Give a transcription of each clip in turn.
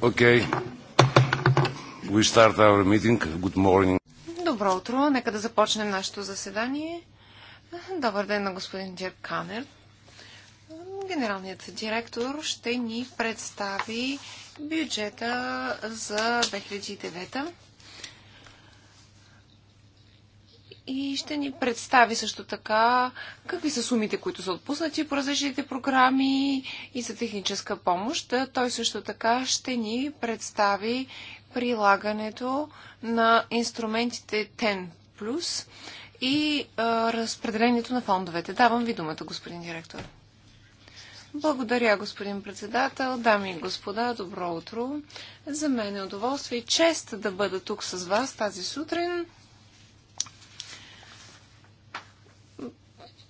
Okay. We start our meeting. Good morning. Добро утро. Нека да започнем нашето заседание. Добър ден на господин Джерб Канер. Генералният директор ще ни представи бюджета за 2009 и ще ни представи също така какви са сумите, които са отпуснати по различните програми и за техническа помощ. Той също така ще ни представи прилагането на инструментите TEN+, и а, разпределението на фондовете. Давам ви думата, господин директор. Благодаря, господин председател. Дами и господа, добро утро. За мен е удоволствие и чест да бъда тук с вас тази сутрин.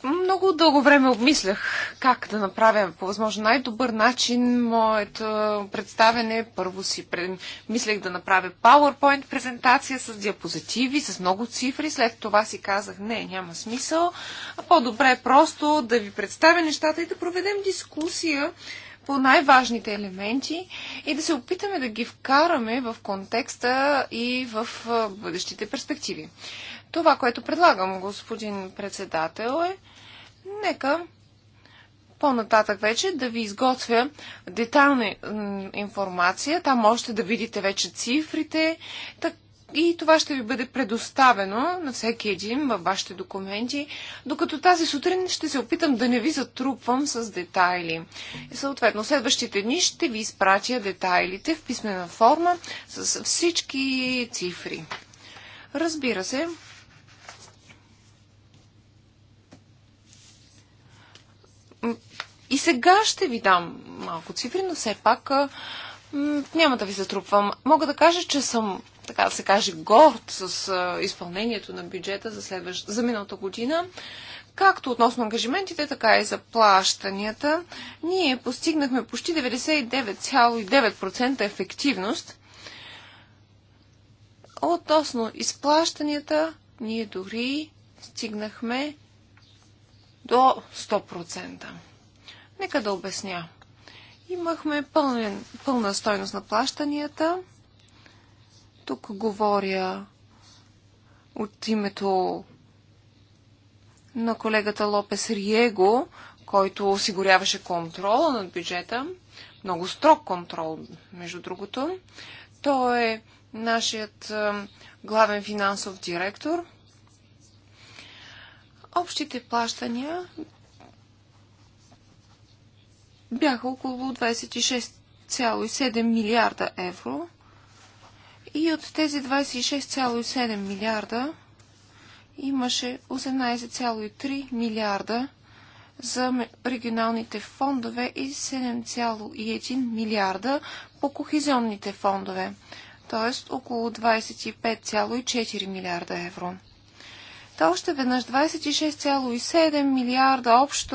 Много дълго време обмислях как да направя по възможно най-добър начин моето представене. Първо си пред... мислех да направя PowerPoint презентация с диапозитиви, с много цифри. След това си казах, не, няма смисъл. А По-добре е просто да ви представя нещата и да проведем дискусия по най-важните елементи и да се опитаме да ги вкараме в контекста и в бъдещите перспективи. Това, което предлагам, господин председател, е нека по-нататък вече да ви изготвя детална информация. Там можете да видите вече цифрите и това ще ви бъде предоставено на всеки един във вашите документи, докато тази сутрин ще се опитам да не ви затрупвам с детайли. И съответно, следващите дни ще ви изпратя детайлите в писмена форма с всички цифри. Разбира се, И сега ще ви дам малко цифри, но все пак няма да ви затрупвам. Мога да кажа, че съм, така да се каже, горд с изпълнението на бюджета за, следващ, за миналата година. Както относно ангажиментите, така и за плащанията, ние постигнахме почти 99,9% ефективност. Относно изплащанията, ние дори стигнахме до 100%. Нека да обясня. Имахме пълнен, пълна стойност на плащанията. Тук говоря от името на колегата Лопес Риего, който осигуряваше контрола над бюджета. Много строг контрол, между другото. Той е нашият е, главен финансов директор. Общите плащания бяха около 26,7 милиарда евро. И от тези 26,7 милиарда имаше 18,3 милиарда за регионалните фондове и 7,1 милиарда по кохезионните фондове, т.е. около 25,4 милиарда евро. Та още веднъж 26,7 милиарда, общо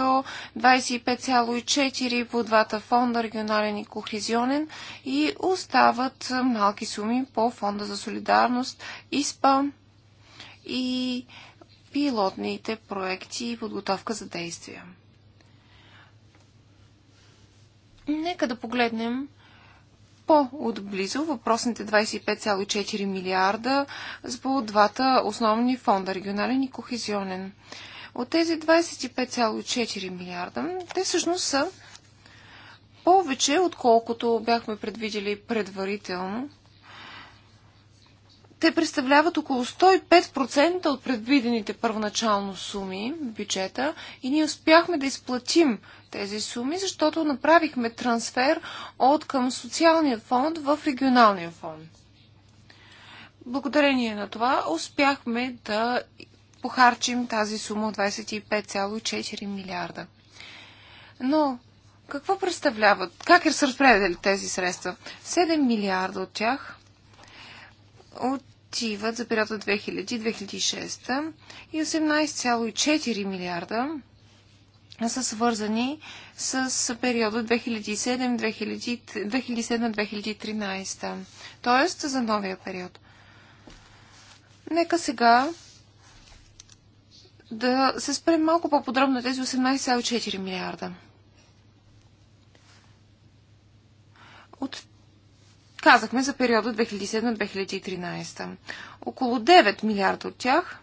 25,4 по двата фонда, регионален и кохезионен, и остават малки суми по фонда за солидарност, ИСПА и пилотните проекти и подготовка за действия. Нека да погледнем по-отблизо въпросните 25,4 милиарда по двата основни фонда регионален и кохезионен. От тези 25,4 милиарда, те всъщност са повече, отколкото бяхме предвидели предварително. Те представляват около 105% от предвидените първоначално суми в бюджета и ние успяхме да изплатим тези суми, защото направихме трансфер от към социалния фонд в регионалния фонд. Благодарение на това успяхме да похарчим тази сума от 25,4 милиарда. Но какво представляват? Как е са разпределили тези средства? 7 милиарда от тях от активът за периода 2000-2006 и 18,4 милиарда са свързани с периода 2007-2013, т.е. за новия период. Нека сега да се спрем малко по-подробно тези 18,4 милиарда. От казахме за периода 2007-2013. Около 9 милиарда от тях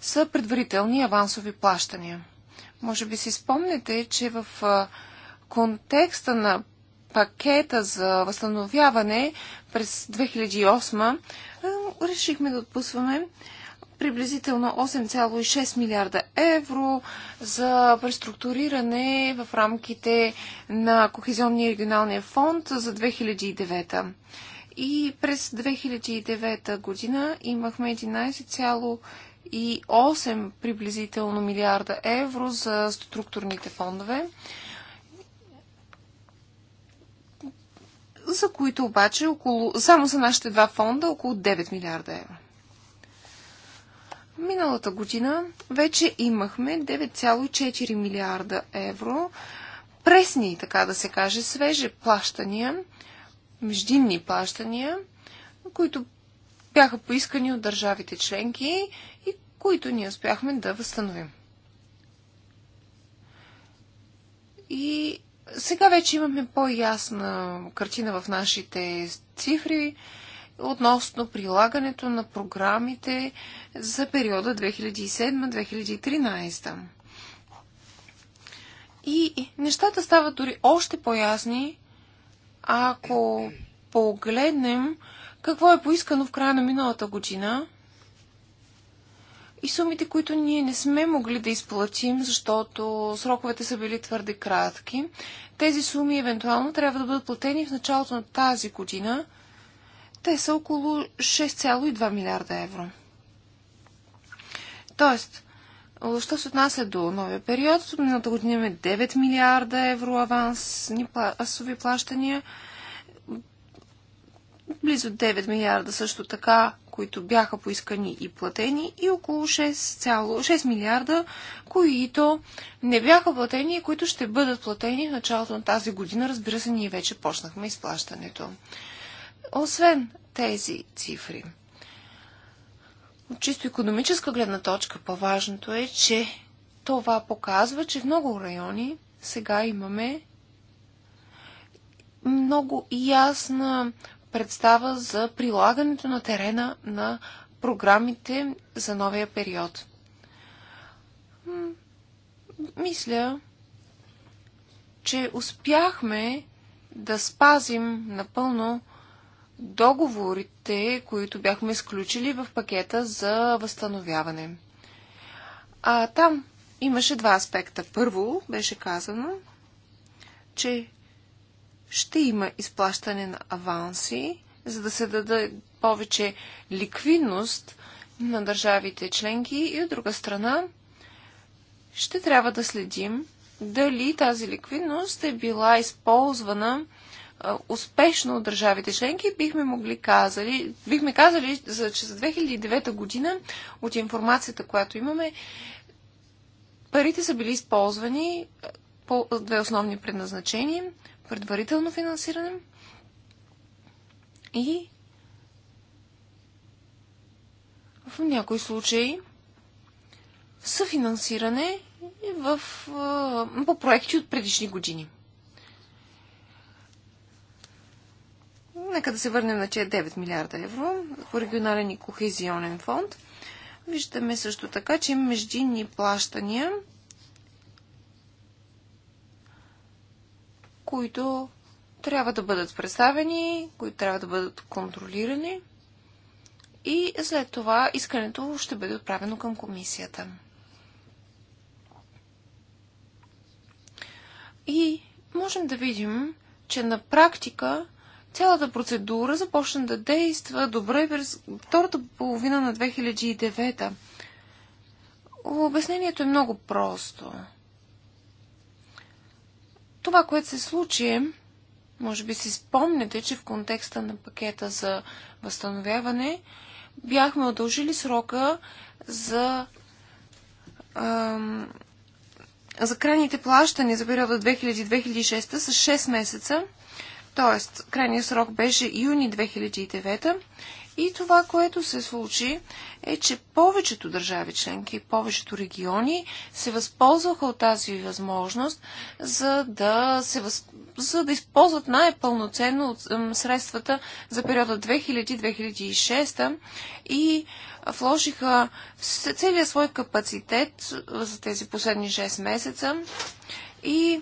са предварителни авансови плащания. Може би си спомнете, че в контекста на пакета за възстановяване през 2008 решихме да отпусваме приблизително 8,6 милиарда евро за преструктуриране в рамките на Кохезионния регионалния фонд за 2009. И през 2009 година имахме 11,8 приблизително милиарда евро за структурните фондове. за които обаче около, само за нашите два фонда около 9 милиарда евро. Миналата година вече имахме 9,4 милиарда евро пресни, така да се каже, свежи плащания, междинни плащания, които бяха поискани от държавите членки и които ние успяхме да възстановим. И сега вече имаме по-ясна картина в нашите цифри относно прилагането на програмите за периода 2007-2013. И нещата стават дори още по-ясни, ако погледнем какво е поискано в края на миналата година и сумите, които ние не сме могли да изплатим, защото сроковете са били твърде кратки. Тези суми евентуално трябва да бъдат платени в началото на тази година – те са около 6,2 милиарда евро. Тоест, що се отнася до новия период, миналата година имаме 9 милиарда евро авансни асови плащания, близо 9 милиарда също така, които бяха поискани и платени, и около 6, 6 милиарда, които не бяха платени и които ще бъдат платени в началото на тази година. Разбира се, ние вече почнахме изплащането. Освен тези цифри, от чисто економическа гледна точка по-важното е, че това показва, че в много райони сега имаме много ясна представа за прилагането на терена на програмите за новия период. Мисля, че успяхме да спазим напълно договорите, които бяхме изключили в пакета за възстановяване. А там имаше два аспекта. Първо беше казано, че ще има изплащане на аванси, за да се даде повече ликвидност на държавите членки и от друга страна ще трябва да следим дали тази ликвидност е била използвана успешно от държавите членки, бихме могли казали, бихме казали, че за 2009 година от информацията, която имаме, парите са били използвани по две основни предназначения предварително финансиране и в някои случаи съфинансиране в, по проекти от предишни години. Нека да се върнем на 9 е милиарда евро по регионален и кохезионен фонд. Виждаме също така, че има междинни плащания, които трябва да бъдат представени, които трябва да бъдат контролирани и след това искането ще бъде отправено към комисията. И можем да видим, че на практика Цялата процедура започна да действа добре през втората половина на 2009. Обяснението е много просто. Това, което се случи, може би си спомняте, че в контекста на пакета за възстановяване бяхме удължили срока за, ам, за крайните плащания за периода 2000-2006 с 6 месеца – т.е. крайният срок беше юни 2009 и това, което се случи, е, че повечето държави членки, повечето региони се възползваха от тази възможност, за да, се въз... за да използват най-пълноценно средствата за периода 2000-2006 и вложиха целият свой капацитет за тези последни 6 месеца и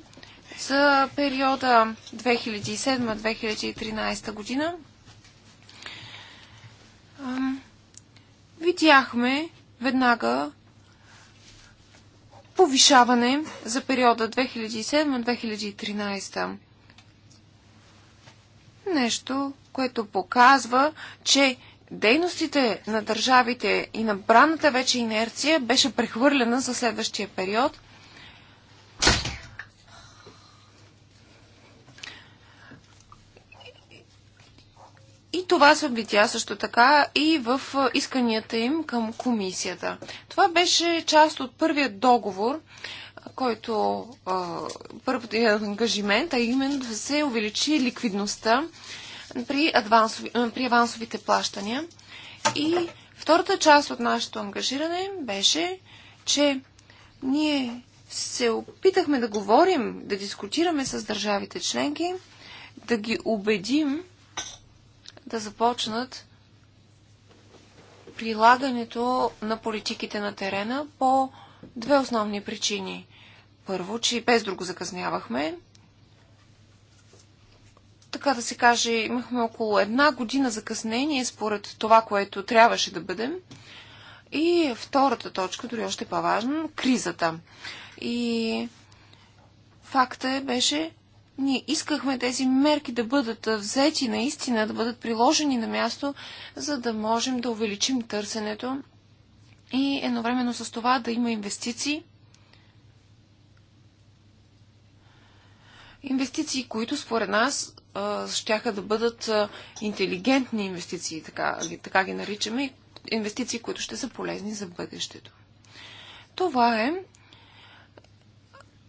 за периода 2007-2013 година видяхме веднага повишаване за периода 2007-2013. Нещо, което показва, че дейностите на държавите и набраната вече инерция беше прехвърлена за следващия период това се отбитя също така и в исканията им към комисията. Това беше част от първият договор, който първият е ангажимент, а именно да се увеличи ликвидността при, адвансови, при авансовите плащания. И втората част от нашето ангажиране беше, че ние се опитахме да говорим, да дискутираме с държавите членки, да ги убедим, да започнат прилагането на политиките на терена по две основни причини. Първо, че и без друго закъснявахме. Така да се каже, имахме около една година закъснение според това, което трябваше да бъдем. И втората точка, дори още по-важна, кризата. И факта е, беше, ние искахме тези мерки да бъдат взети наистина, да бъдат приложени на място, за да можем да увеличим търсенето и едновременно с това да има инвестиции. Инвестиции, които според нас щяха да бъдат интелигентни инвестиции, така, така ги наричаме, инвестиции, които ще са полезни за бъдещето. Това е.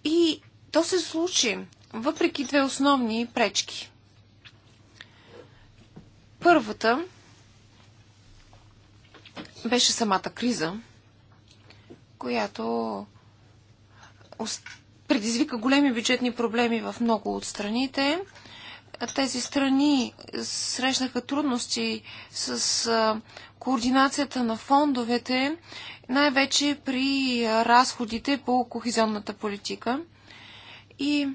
И то се случи въпреки две основни пречки. Първата беше самата криза, която предизвика големи бюджетни проблеми в много от страните. Тези страни срещнаха трудности с координацията на фондовете, най-вече при разходите по кохезионната политика. И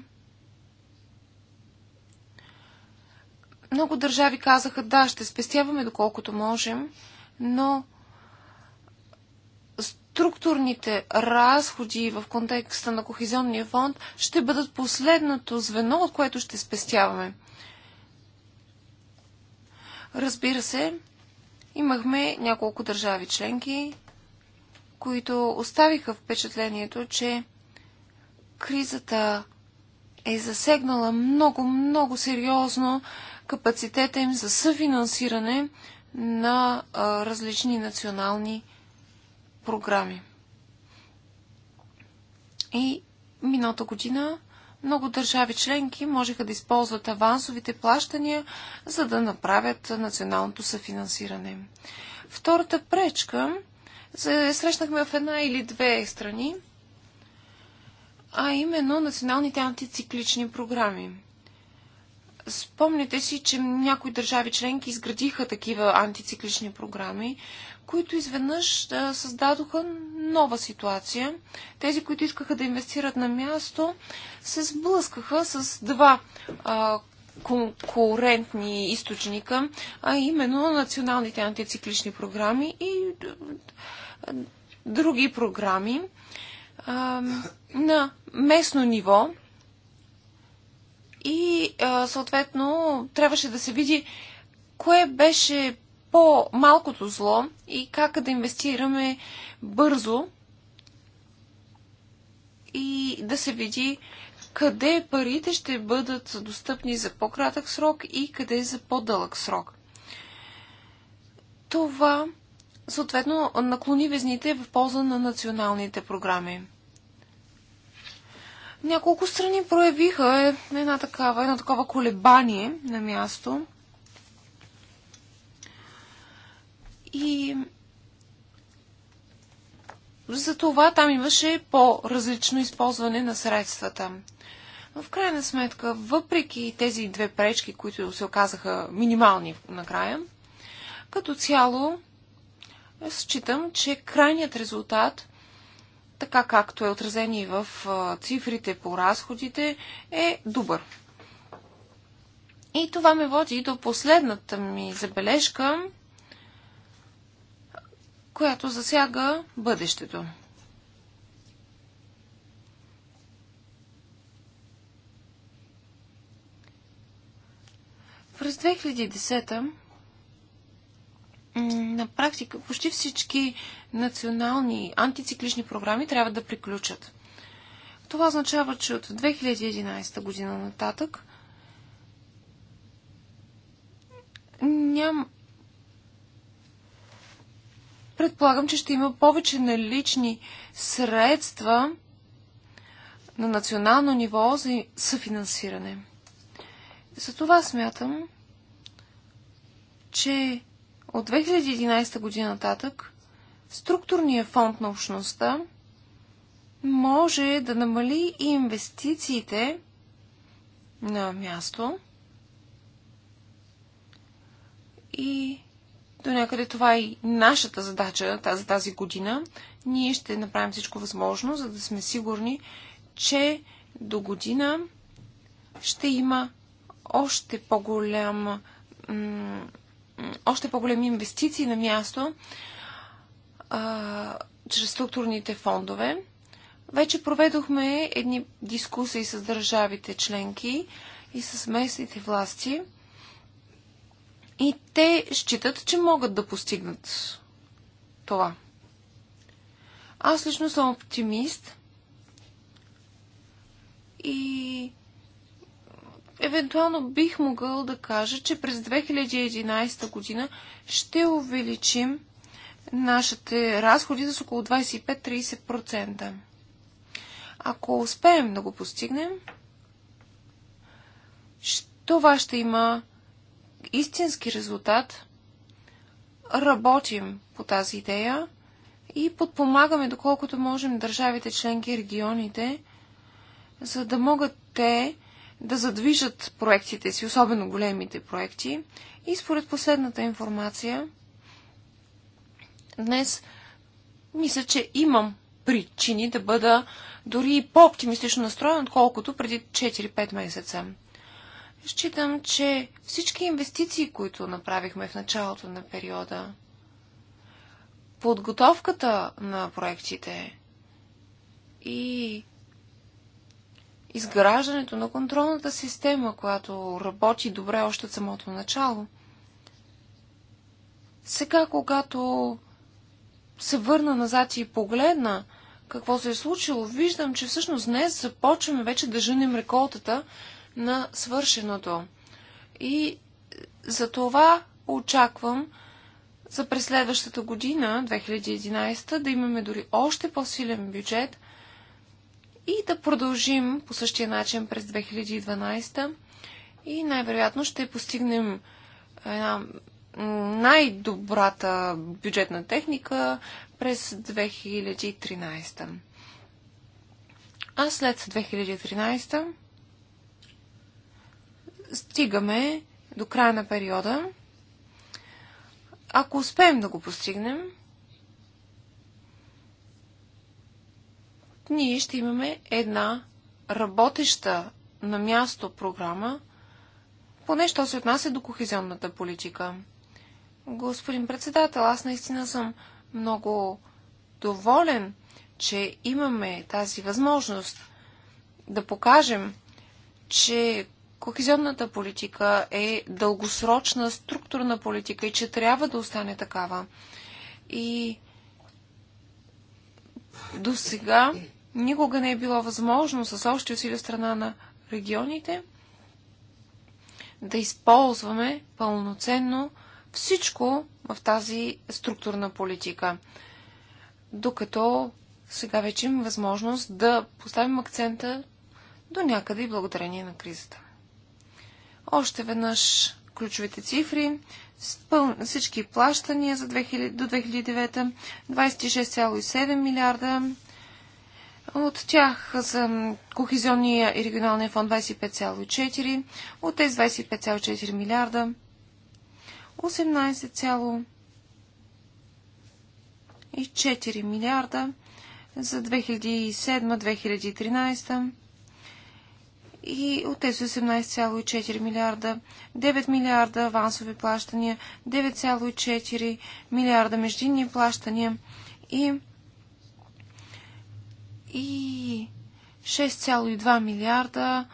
много държави казаха, да, ще спестяваме доколкото можем, но структурните разходи в контекста на Кохизионния фонд ще бъдат последното звено, от което ще спестяваме. Разбира се, имахме няколко държави членки, които оставиха впечатлението, че кризата е засегнала много, много сериозно капацитета им за съфинансиране на а, различни национални програми. И миналата година много държави членки можеха да използват авансовите плащания, за да направят националното съфинансиране. Втората пречка срещнахме в една или две страни, а именно националните антициклични програми. Спомняте си, че някои държави членки изградиха такива антициклични програми, които изведнъж създадоха нова ситуация. Тези, които искаха да инвестират на място, се сблъскаха с два а, конкурентни източника, а именно националните антициклични програми и други програми а, на местно ниво и а, съответно трябваше да се види кое беше по-малкото зло и как да инвестираме бързо и да се види къде парите ще бъдат достъпни за по-кратък срок и къде за по-дълъг срок. Това съответно наклони везните в полза на националните програми. Няколко страни проявиха е, една такава, едно такова колебание на място. И за това там имаше по-различно използване на средствата. Но в крайна сметка, въпреки тези две пречки, които се оказаха минимални накрая, като цяло считам, че крайният резултат така както е отразен и в цифрите по разходите, е добър. И това ме води до последната ми забележка, която засяга бъдещето. През 2010 на практика почти всички национални антициклични програми трябва да приключат. Това означава, че от 2011 година нататък ням... Предполагам, че ще има повече налични средства на национално ниво за съфинансиране. Затова смятам, че от 2011 година нататък структурния фонд на общността може да намали и инвестициите на място и до някъде това е и нашата задача за тази година. Ние ще направим всичко възможно, за да сме сигурни, че до година ще има още по-голям още по-големи инвестиции на място а, чрез структурните фондове. Вече проведохме едни дискусии с държавите членки и с местните власти. И те считат, че могат да постигнат това. Аз лично съм оптимист и евентуално бих могъл да кажа, че през 2011 година ще увеличим нашите разходи с около 25-30%. Ако успеем да го постигнем, това ще има истински резултат. Работим по тази идея и подпомагаме доколкото можем държавите членки и регионите, за да могат те да задвижат проектите си, особено големите проекти. И според последната информация, днес мисля, че имам причини да бъда дори и по-оптимистично настроен, отколкото преди 4-5 месеца. Считам, че всички инвестиции, които направихме в началото на периода, подготовката на проектите и изграждането на контролната система, която работи добре още от самото начало, сега, когато се върна назад и погледна какво се е случило, виждам, че всъщност днес започваме вече да женим реколтата на свършеното. И за това очаквам за през следващата година, 2011, да имаме дори още по-силен бюджет и да продължим по същия начин през 2012 и най-вероятно ще постигнем една най-добрата бюджетна техника през 2013. А след 2013 стигаме до края на периода. Ако успеем да го постигнем, ние ще имаме една работеща на място програма, поне що се отнася до кохезионната политика. Господин председател, аз наистина съм много доволен, че имаме тази възможност да покажем, че кохезионната политика е дългосрочна структурна политика и че трябва да остане такава. И до сега никога не е било възможно с още усилия страна на регионите да използваме пълноценно всичко в тази структурна политика. Докато сега вече имаме възможност да поставим акцента до някъде и благодарение на кризата. Още веднъж ключовите цифри. Всички плащания за 2000, до 2009 26,7 милиарда. От тях за Кохезионния и регионалния фонд 25,4. От тези 25,4 милиарда 18,4 милиарда за 2007-2013 и от тези 18,4 милиарда 9 милиарда авансови плащания, 9,4 милиарда междинни плащания и, и 6,2 милиарда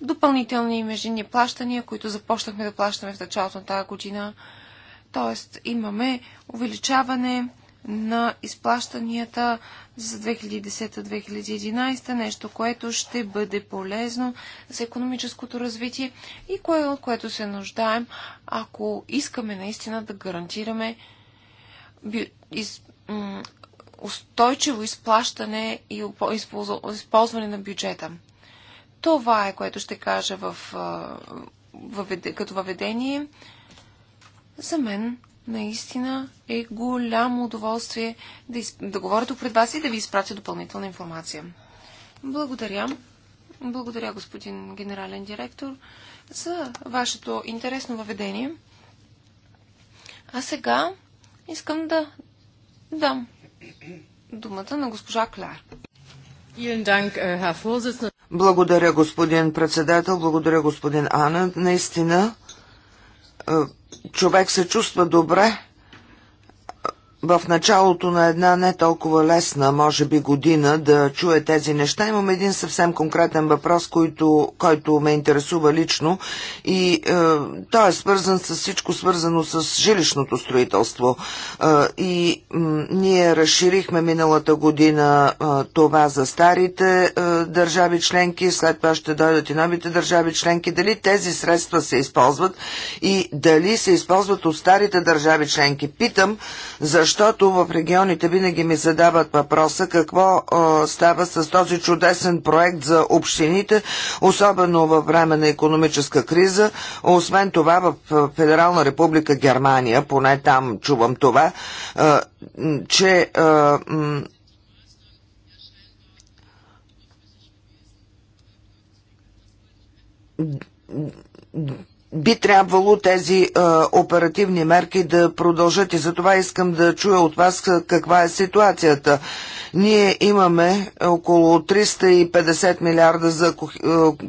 допълнителни междинни плащания, които започнахме да плащаме в началото на тази година. Тоест имаме увеличаване на изплащанията за 2010-2011, нещо, което ще бъде полезно за економическото развитие и кое, от което се нуждаем, ако искаме наистина да гарантираме устойчиво изплащане и използване на бюджета. Това е което ще кажа в, въвед, като въведение. За мен наистина е голямо удоволствие да, из... да говоря тук пред вас и да ви изпратя допълнителна информация. Благодаря. Благодаря, господин генерален директор, за вашето интересно въведение. А сега искам да дам думата на госпожа Клар. Благодаря, господин председател, благодаря, господин Ана. Наистина, е, човек се чувства добре, в началото на една не толкова лесна, може би година, да чуе тези неща. Имам един съвсем конкретен въпрос, който, който ме интересува лично и е, той е свързан с всичко свързано с жилищното строителство. Е, и е, ние разширихме миналата година е, това за старите е, държави членки, след това ще дойдат и новите държави членки. Дали тези средства се използват и дали се използват от старите държави членки? Питам, защо защото в регионите винаги ми задават въпроса какво а, става с този чудесен проект за общините, особено във време на економическа криза. Освен това в Федерална република Германия, поне там чувам това, а, че а, би трябвало тези а, оперативни мерки да продължат и затова искам да чуя от вас каква е ситуацията. Ние имаме около 350 милиарда за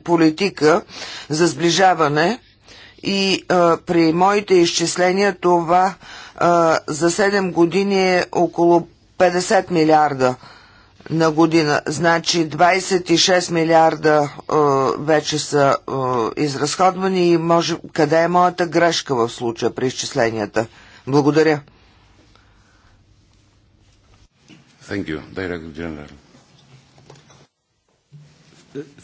политика за сближаване и а, при моите изчисления това а, за 7 години е около 50 милиарда. А, на година. Значи 26 милиарда е, вече са е, изразходвани и може... Къде е моята грешка в случая при изчисленията? Благодаря. Thank you, Director General.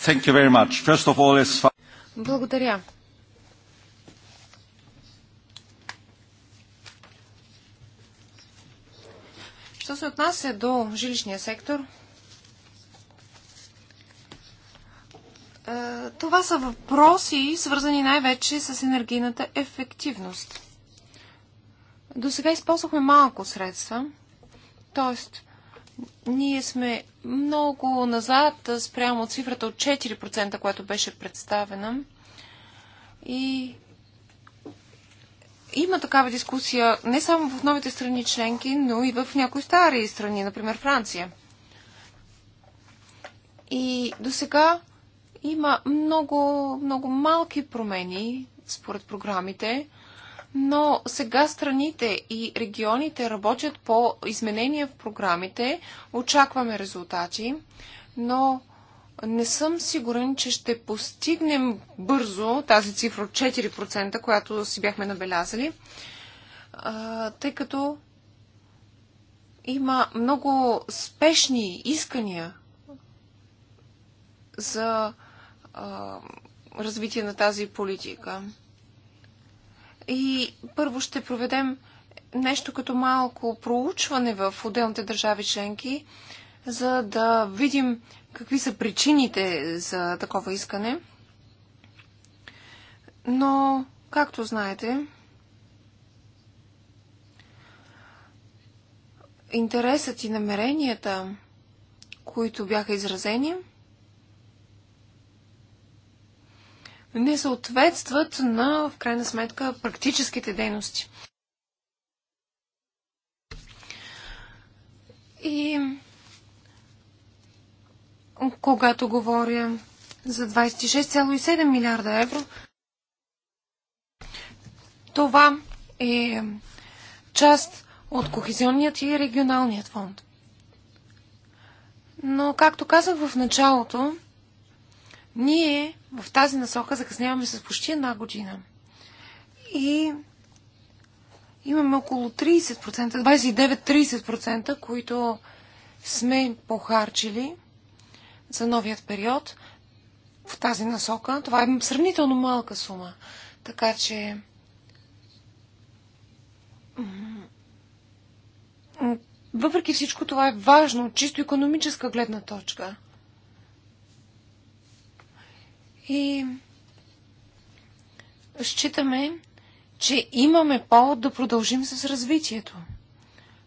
Thank you very much. First of all, is... Благодаря. Що се отнася до жилищния сектор, е, това са въпроси, свързани най-вече с енергийната ефективност. До сега използвахме малко средства, т.е. ние сме много назад спрямо от цифрата от 4%, която беше представена. И има такава дискусия не само в новите страни членки, но и в някои стари страни, например Франция. И до сега има много, много малки промени според програмите, но сега страните и регионите работят по изменения в програмите, очакваме резултати, но не съм сигурен, че ще постигнем бързо тази цифра от 4%, която си бяхме набелязали, тъй като има много спешни искания за развитие на тази политика. И първо ще проведем нещо като малко проучване в отделните държави членки, за да видим какви са причините за такова искане. Но, както знаете, интересът и намеренията, които бяха изразени, не съответстват на, в крайна сметка, практическите дейности. И когато говоря за 26,7 милиарда евро. Това е част от Кохезионният и регионалният фонд. Но, както казах в началото, ние в тази насока закъсняваме с почти една година. И имаме около 30%, 29-30%, които сме похарчили – за новият период в тази насока. Това е сравнително малка сума. Така че въпреки всичко това е важно чисто економическа гледна точка. И считаме, че имаме повод да продължим с развитието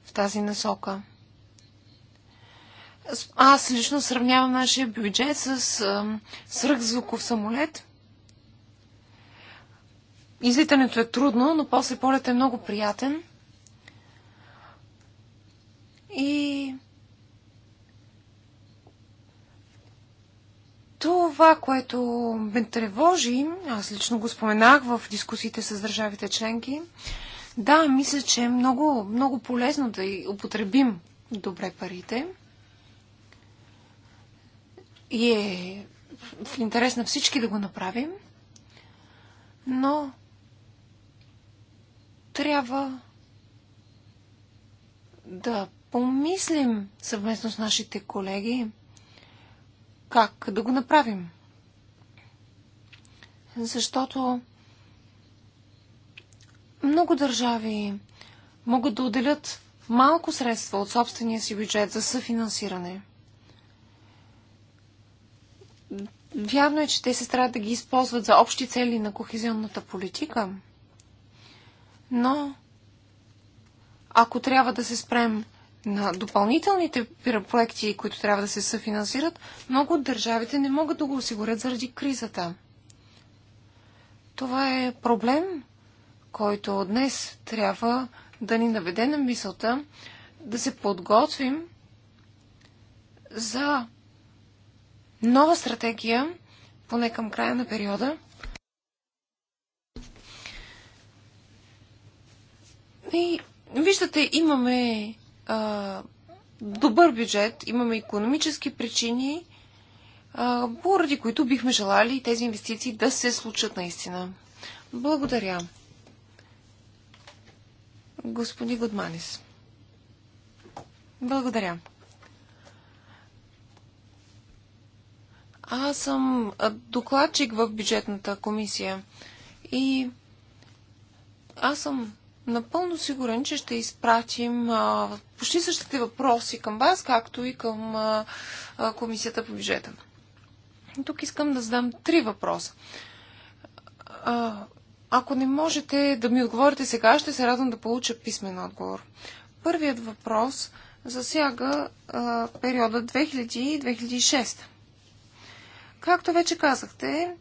в тази насока. Аз лично сравнявам нашия бюджет с а, свръхзвуков самолет. Излитането е трудно, но после полет е много приятен. И това, което ме тревожи, аз лично го споменах в дискусиите с държавите членки, да, мисля, че е много, много полезно да употребим добре парите и е в интерес на всички да го направим, но трябва да помислим съвместно с нашите колеги как да го направим. Защото много държави могат да отделят малко средства от собствения си бюджет за съфинансиране – Вярно е, че те се старат да ги използват за общи цели на кохезионната политика, но ако трябва да се спрем на допълнителните проекти, които трябва да се съфинансират, много от държавите не могат да го осигурят заради кризата. Това е проблем, който днес трябва да ни наведе на мисълта да се подготвим за нова стратегия, поне към края на периода. И виждате, имаме а, добър бюджет, имаме економически причини, а, поради които бихме желали тези инвестиции да се случат наистина. Благодаря. Господи Годманис. Благодаря. Аз съм докладчик в бюджетната комисия и аз съм напълно сигурен, че ще изпратим а, почти същите въпроси към вас, както и към а, а, комисията по бюджета. Тук искам да задам три въпроса. А, ако не можете да ми отговорите сега, ще се радвам да получа писмен отговор. Първият въпрос засяга а, периода 2000-2006. и Както вече казахте,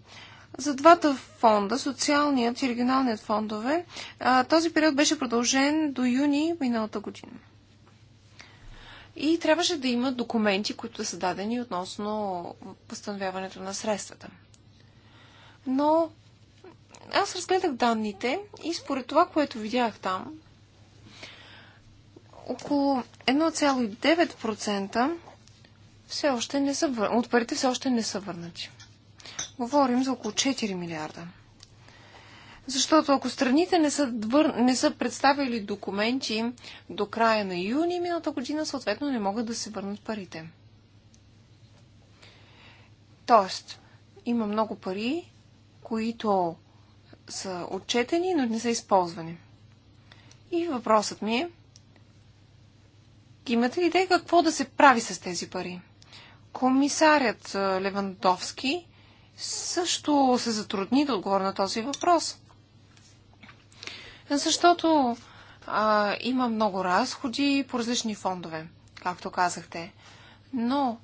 за двата фонда, социалният и регионалният фондове, този период беше продължен до юни миналата година. И трябваше да има документи, които са дадени относно възстановяването на средствата. Но аз разгледах данните и според това, което видях там, около 1,9% все още не са вър... от парите все още не са върнати. Говорим за около 4 милиарда. Защото ако страните не са, вър... не са представили документи до края на юни миналата година, съответно не могат да се върнат парите. Тоест, има много пари, които са отчетени, но не са използвани. И въпросът ми е, имате ли идея какво да се прави с тези пари? Комисарят Левандовски също се затрудни да отговори на този въпрос. Защото а, има много разходи по различни фондове, както казахте. Но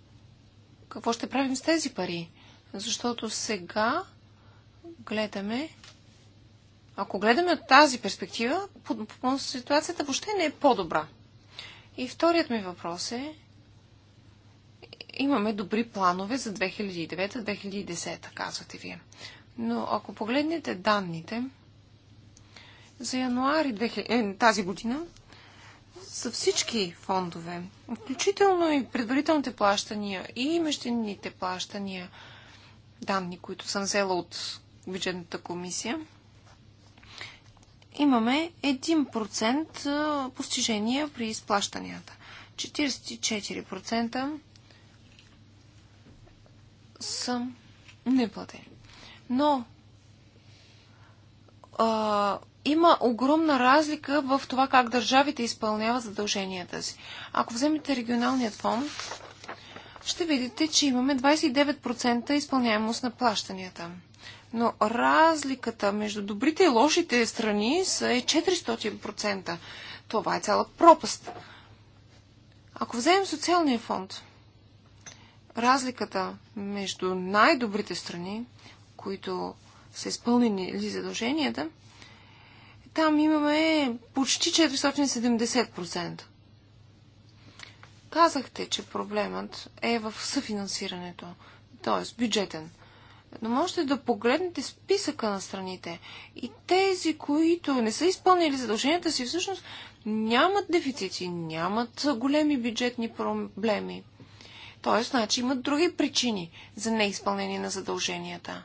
какво ще правим с тези пари? Защото сега гледаме. Ако гледаме от тази перспектива, ситуацията въобще не е по-добра. И вторият ми въпрос е имаме добри планове за 2009-2010, казвате вие. Но ако погледнете данните за януари 2000, е, тази година, за всички фондове, включително и предварителните плащания и междинните плащания, данни, които съм взела от бюджетната комисия, имаме 1% постижения при изплащанията. 44% съм неплатен. Но а, има огромна разлика в това как държавите изпълняват задълженията си. Ако вземете регионалният фонд, ще видите, че имаме 29% изпълняемост на плащанията. Но разликата между добрите и лошите страни са 400%. Е това е цяла пропаст. Ако вземем социалния фонд, разликата между най-добрите страни, които са изпълнени ли задълженията, там имаме почти 470%. Казахте, че проблемът е в съфинансирането, т.е. бюджетен. Но можете да погледнете списъка на страните и тези, които не са изпълнили задълженията си, всъщност нямат дефицити, нямат големи бюджетни проблеми. Тоест, значи имат други причини за неизпълнение на задълженията.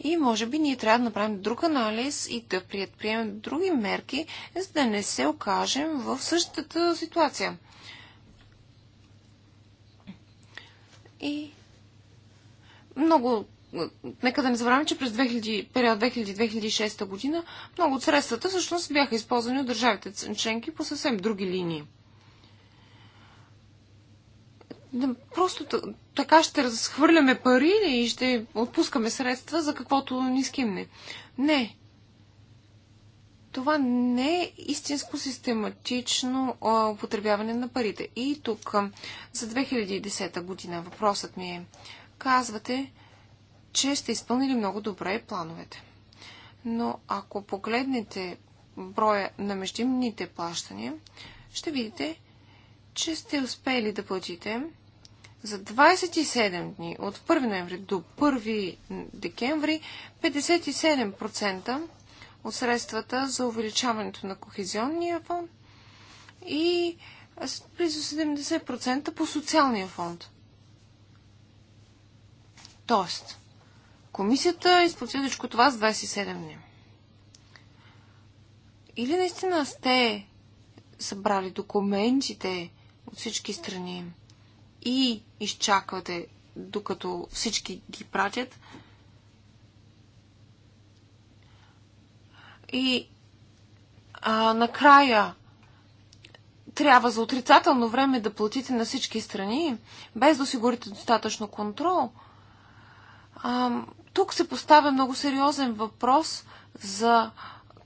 И може би ние трябва да направим друг анализ и да приемем други мерки, за да не се окажем в същата ситуация. И много нека да не забравяме, че през 2000, период 2000-2006 година много от средствата всъщност бяха използвани от държавите членки по съвсем други линии. Просто така ще разхвърляме пари и ще отпускаме средства за каквото ни скимне. Не. Това не е истинско систематично употребяване на парите. И тук за 2010 година въпросът ми е. Казвате, че сте изпълнили много добре плановете. Но ако погледнете броя на междинните плащания, ще видите, че сте успели да платите за 27 дни от 1 ноември до 1 декември 57% от средствата за увеличаването на кохезионния фонд и близо 70% по социалния фонд. Тоест, комисията е изплатила всичко това с 27 дни. Или наистина сте събрали документите от всички страни? и изчаквате докато всички ги пратят. И а, накрая трябва за отрицателно време да платите на всички страни, без да осигурите достатъчно контрол. А, тук се поставя много сериозен въпрос за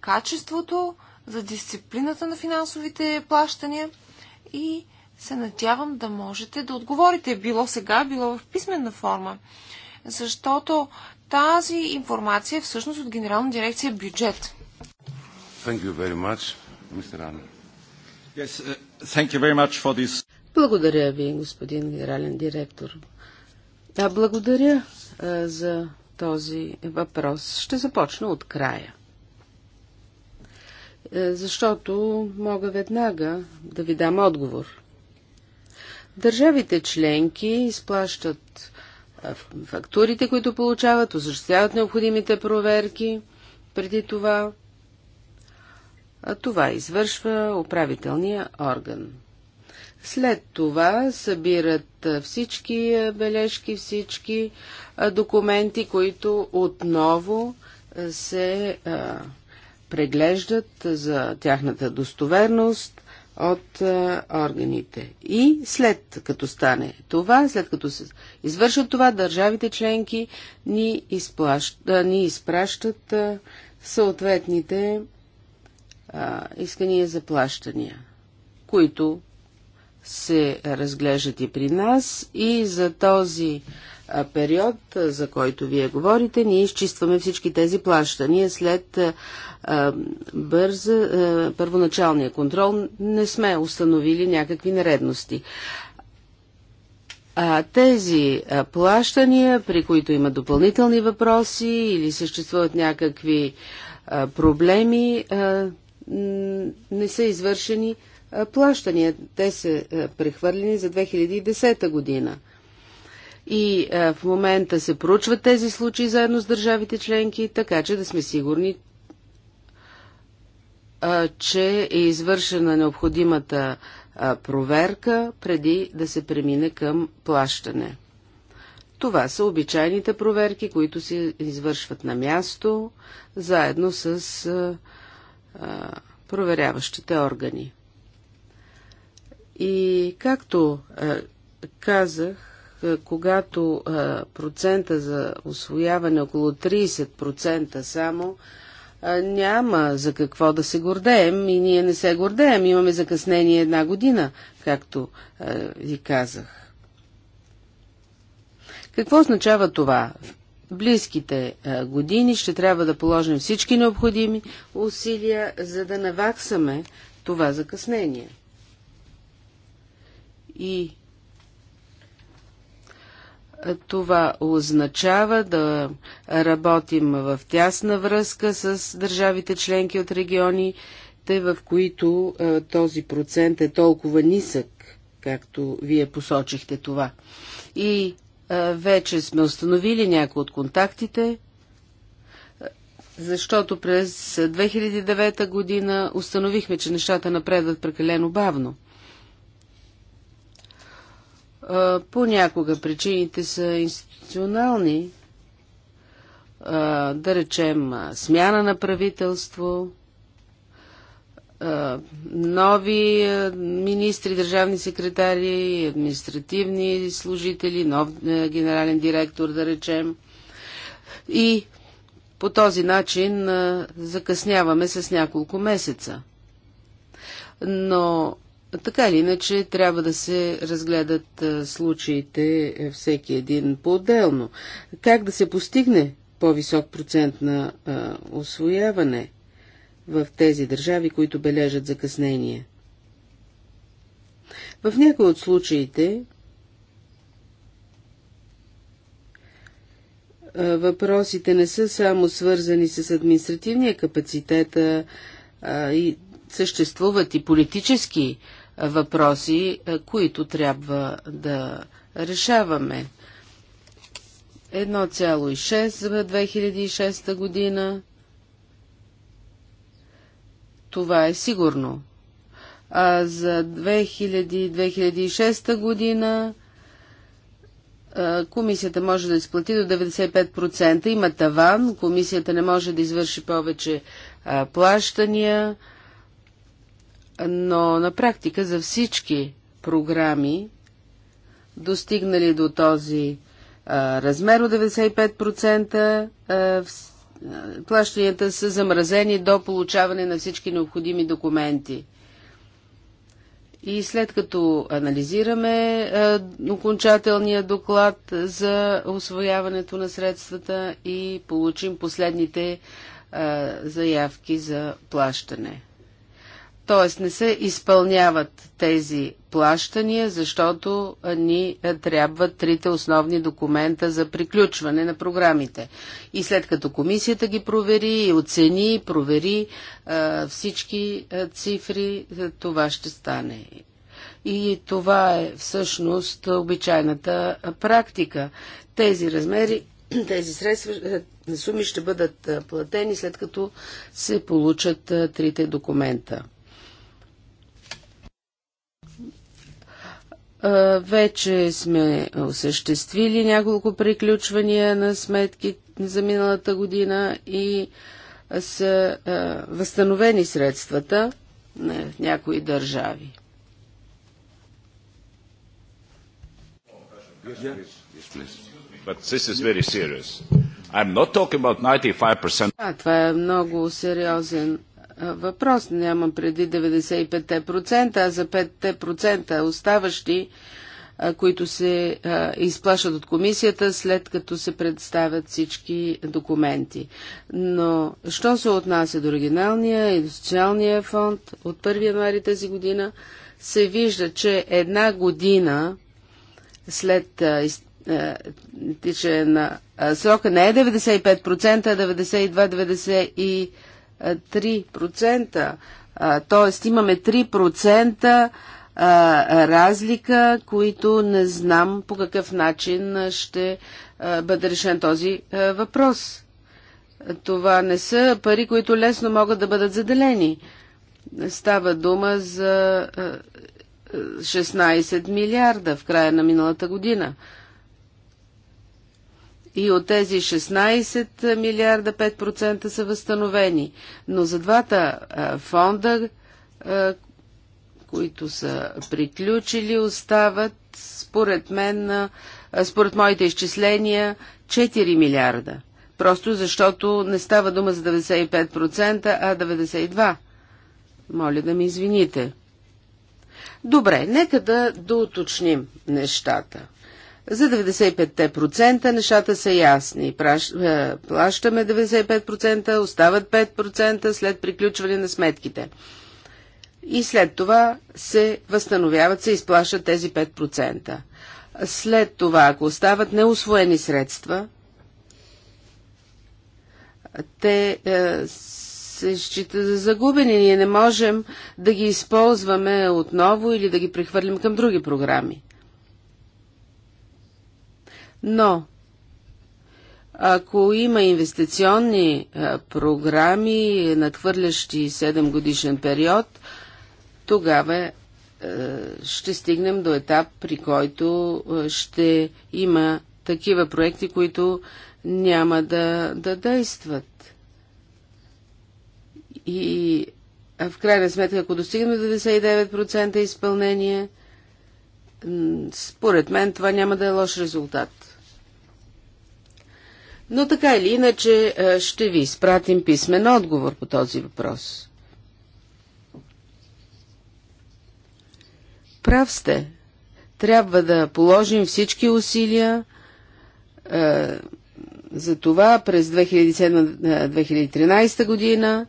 качеството, за дисциплината на финансовите плащания и се надявам да можете да отговорите, било сега, било в писменна форма. Защото тази информация е всъщност от Генерална дирекция бюджет. Much, yes, uh, благодаря ви, господин генерален директор. Да, благодаря uh, за този въпрос. Ще започна от края uh, защото мога веднага да ви дам отговор. Държавите членки изплащат фактурите, които получават, осъществяват необходимите проверки преди това. А това извършва управителния орган. След това събират всички бележки, всички документи, които отново се преглеждат за тяхната достоверност от а, органите. И след като стане това, след като се извършат това, държавите членки ни, изплащ, а, ни изпращат а, съответните а, искания за плащания, които се разглеждат и при нас. И за този период, за който вие говорите, ние изчистваме всички тези плащания. След бърза, първоначалния контрол не сме установили някакви нередности. А тези плащания, при които има допълнителни въпроси или съществуват някакви проблеми, не са извършени плащания. Те са прехвърлени за 2010 година. И е, в момента се проучват тези случаи заедно с държавите членки, така че да сме сигурни, е, че е извършена необходимата е, проверка преди да се премине към плащане. Това са обичайните проверки, които се извършват на място, заедно с проверяващите органи. И както казах, е, когато е, процента за освояване е около 30% само, няма за какво да се гордеем и ние не се гордеем. Имаме закъснение една година, както ви казах. Какво означава това? В близките години ще трябва да положим всички необходими усилия, за да наваксаме това закъснение. И това означава да работим в тясна връзка с държавите членки от те в които е, този процент е толкова нисък, както вие посочихте това. И е, вече сме установили някои от контактите, е, защото през 2009 година установихме, че нещата напредват прекалено бавно – Понякога причините са институционални, да речем смяна на правителство, нови министри, държавни секретари, административни служители, нов генерален директор, да речем. И по този начин закъсняваме с няколко месеца. Но така или иначе, трябва да се разгледат случаите е, всеки един по-отделно. Как да се постигне по-висок процент на а, освояване в тези държави, които бележат закъснение? В някои от случаите а, въпросите не са само свързани с административния капацитет, а и съществуват и политически а, въпроси, е, които трябва да решаваме. 1,6 за 2006 година. Това е сигурно. А за 2000-2006 година е, комисията може да изплати до 95%. Има таван, комисията не може да извърши повече плащания но на практика за всички програми, достигнали до този а, размер от 95%, а, в, а, плащанията са замразени до получаване на всички необходими документи. И след като анализираме а, окончателния доклад за освояването на средствата и получим последните а, заявки за плащане. Т.е. не се изпълняват тези плащания, защото ни е, трябват трите основни документа за приключване на програмите. И след като комисията ги провери, оцени, провери е, всички е, цифри, това ще стане. И това е всъщност обичайната практика. Тези размери, тези средства, суми ще бъдат платени след като се получат трите документа. Вече сме осъществили няколко приключвания на сметки за миналата година и са възстановени средствата на някои държави. това е много сериозен въпрос. Нямам преди 95%, а за 5% оставащи, които се изплашат от комисията, след като се представят всички документи. Но, що се отнася до оригиналния и до социалния фонд, от 1 януари тази година се вижда, че една година след тича на срока не е 95%, а 92-93%. 3%. Тоест имаме 3% разлика, които не знам по какъв начин ще бъде решен този въпрос. Това не са пари, които лесно могат да бъдат заделени. Става дума за 16 милиарда в края на миналата година. И от тези 16 милиарда 5% са възстановени. Но за двата фонда, които са приключили, остават, според мен, според моите изчисления, 4 милиарда. Просто защото не става дума за 95%, а 92%. Моля да ми извините. Добре, нека да доуточним нещата. За 95% нещата са ясни. Е, плащаме 95%, остават 5% след приключване на сметките. И след това се възстановяват, се изплащат тези 5%. След това, ако остават неусвоени средства, те е, се считат за загубени. Ние не можем да ги използваме отново или да ги прехвърлим към други програми. Но ако има инвестиционни програми, надхвърлящи 7 годишен период, тогава е, ще стигнем до етап, при който е, ще има такива проекти, които няма да, да действат. И в крайна сметка, ако достигнем до 99% изпълнение, според мен това няма да е лош резултат. Но така или иначе е, ще ви изпратим писмен отговор по този въпрос. Прав сте. Трябва да положим всички усилия е, за това през 2007-2013 година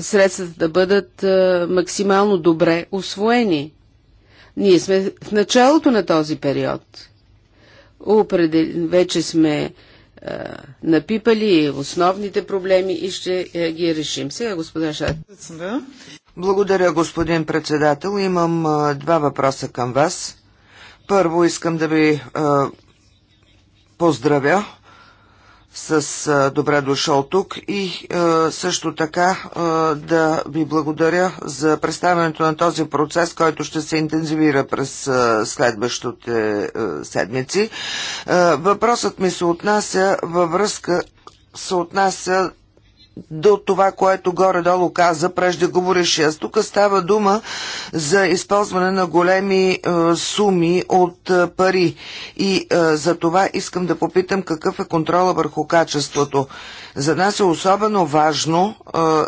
средствата да бъдат е, максимално добре освоени. Ние сме в началото на този период. Определ... Вече сме е, напипали основните проблеми и ще е, ги решим. Сега, господин Шат. Благодаря, господин председател. Имам е, два въпроса към вас. Първо искам да ви поздравя с добре дошъл тук и а, също така а, да ви благодаря за представянето на този процес, който ще се интензивира през а, следващите седмици. Въпросът ми се отнася във връзка се отнася до това, което горе-долу каза аз. Тук става дума за използване на големи е, суми от е, пари и е, за това искам да попитам какъв е контрола върху качеството. За нас е особено важно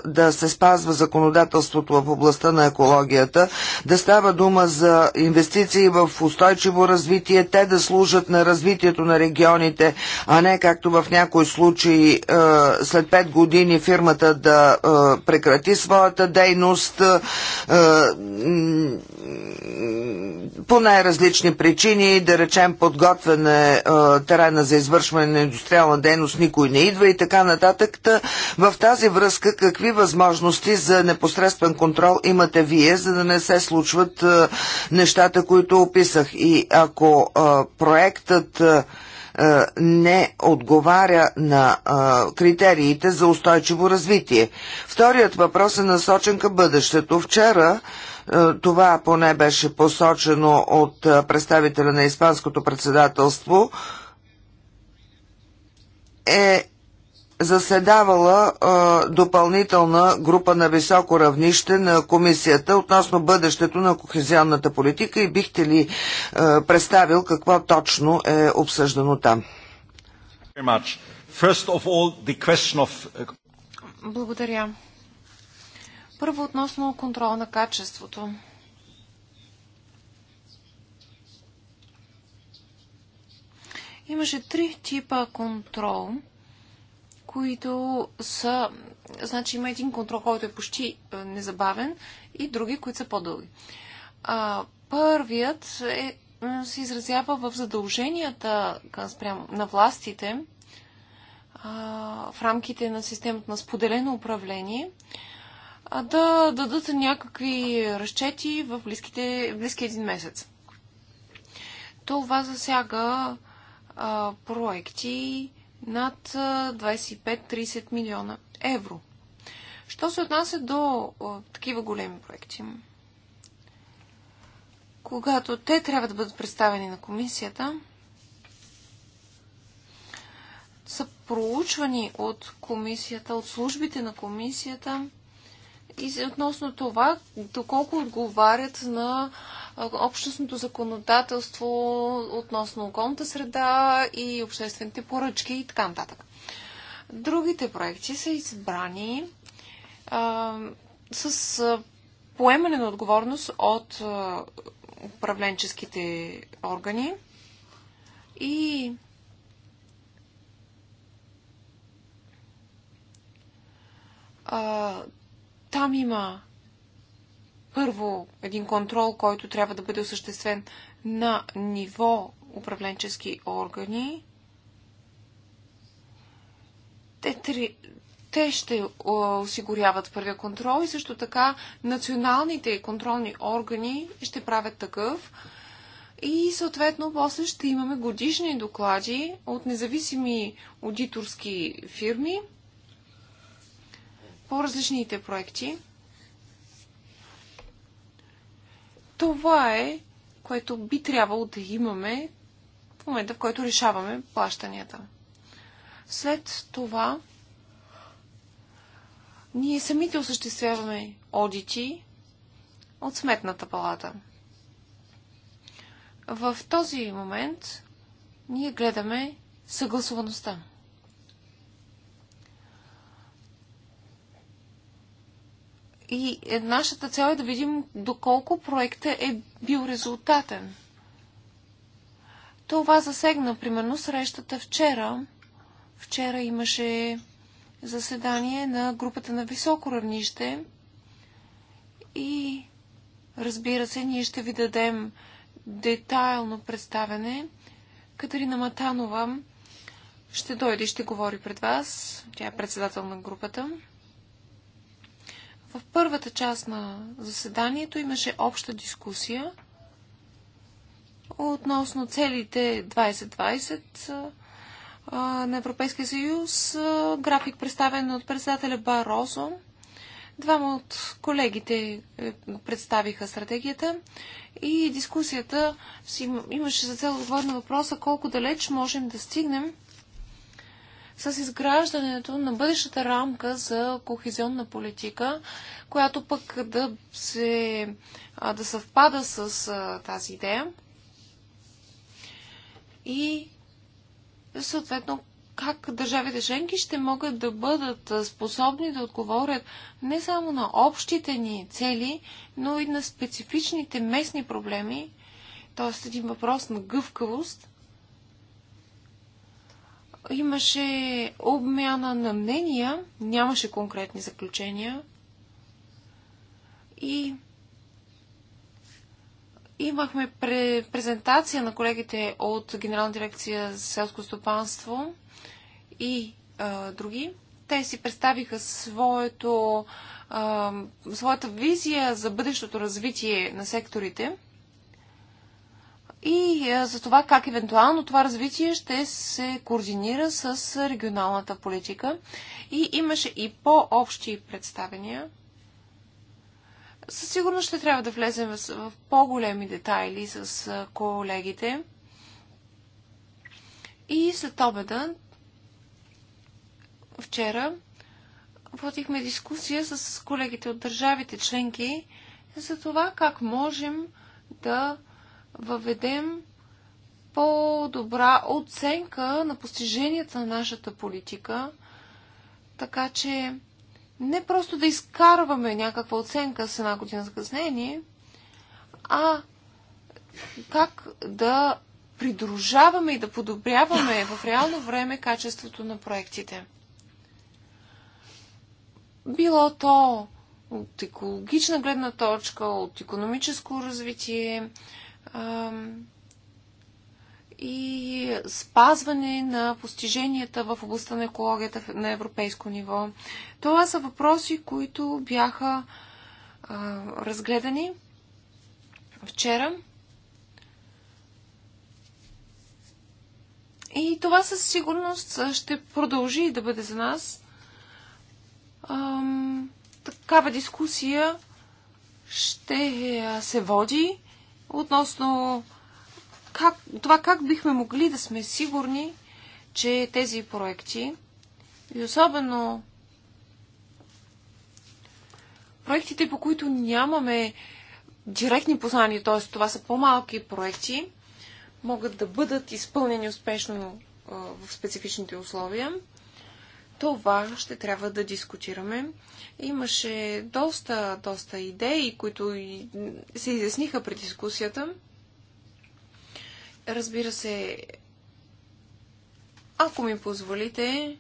да се спазва законодателството в областта на екологията, да става дума за инвестиции в устойчиво развитие, те да служат на развитието на регионите, а не както в някои случаи след 5 години фирмата да прекрати своята дейност по най-различни причини, да речем подготвяне терена за извършване на индустриална дейност, никой не идва и така на нататък. В тази връзка какви възможности за непосредствен контрол имате вие, за да не се случват нещата, които описах? И ако проектът не отговаря на а, критериите за устойчиво развитие. Вторият въпрос е насочен към бъдещето. Вчера а, това поне беше посочено от а, представителя на Испанското председателство е заседавала а, допълнителна група на високо равнище на комисията относно бъдещето на кохезионната политика и бихте ли а, представил какво точно е обсъждано там? Uh, Благодаря. Първо относно контрол на качеството. Имаше три типа контрол – които са... Значи има един контрол, който е почти е, незабавен и други, които са по-дълги. Първият е, се изразява в задълженията на властите а, в рамките на системата на споделено управление а, да дадат някакви разчети в близките, близки един месец. Това засяга а, проекти, над 25-30 милиона евро. Що се отнася до такива големи проекти? Когато те трябва да бъдат представени на комисията, са проучвани от комисията, от службите на комисията и относно това, доколко отговарят на общностното законодателство относно околната среда и обществените поръчки и така нататък. Другите проекти са избрани а, с поемане на отговорност от а, управленческите органи и а, там има първо един контрол, който трябва да бъде осъществен на ниво управленчески органи. Те, три, те ще осигуряват първия контрол и също така националните контролни органи ще правят такъв. И съответно после ще имаме годишни доклади от независими аудиторски фирми по различните проекти. Това е, което би трябвало да имаме в момента, в който решаваме плащанията. След това ние самите осъществяваме одити от сметната палата. В този момент ние гледаме съгласуваността. И нашата цел е да видим доколко проектът е бил резултатен. Това засегна, примерно, срещата вчера. Вчера имаше заседание на групата на високо равнище и разбира се, ние ще ви дадем детайлно представяне. Катерина Матанова ще дойде и ще говори пред вас. Тя е председател на групата. В първата част на заседанието имаше обща дискусия относно целите 2020 на Европейския съюз, график представен от председателя Барозо. Двама от колегите е, представиха стратегията и дискусията имаше за цел отговор на въпроса колко далеч можем да стигнем с изграждането на бъдещата рамка за кохезионна политика, която пък да, се, да съвпада с тази идея. И съответно как държавите членки ще могат да бъдат способни да отговорят не само на общите ни цели, но и на специфичните местни проблеми, т.е. един въпрос на гъвкавост – имаше обмяна на мнения, нямаше конкретни заключения и имахме презентация на колегите от Генерална дирекция за селско стопанство и а, други. Те си представиха своето, а, своята визия за бъдещото развитие на секторите и е, за това как евентуално това развитие ще се координира с регионалната политика. И имаше и по-общи представения. Със сигурност ще трябва да влезем в по-големи детайли с е, колегите. И след обеда, вчера, водихме дискусия с колегите от държавите членки за това как можем да въведем по-добра оценка на постиженията на нашата политика, така че не просто да изкарваме някаква оценка с една година закъснение, а как да придружаваме и да подобряваме в реално време качеството на проектите. Било то от екологична гледна точка, от економическо развитие, и спазване на постиженията в областта на екологията на европейско ниво. Това са въпроси, които бяха разгледани вчера. И това със сигурност ще продължи да бъде за нас. Ам, такава дискусия ще се води относно как, това как бихме могли да сме сигурни, че тези проекти и особено проектите, по които нямаме директни познания, т.е. това са по-малки проекти, могат да бъдат изпълнени успешно в специфичните условия. Това ще трябва да дискутираме. Имаше доста, доста идеи, които се изясниха при дискусията. Разбира се, ако ми позволите,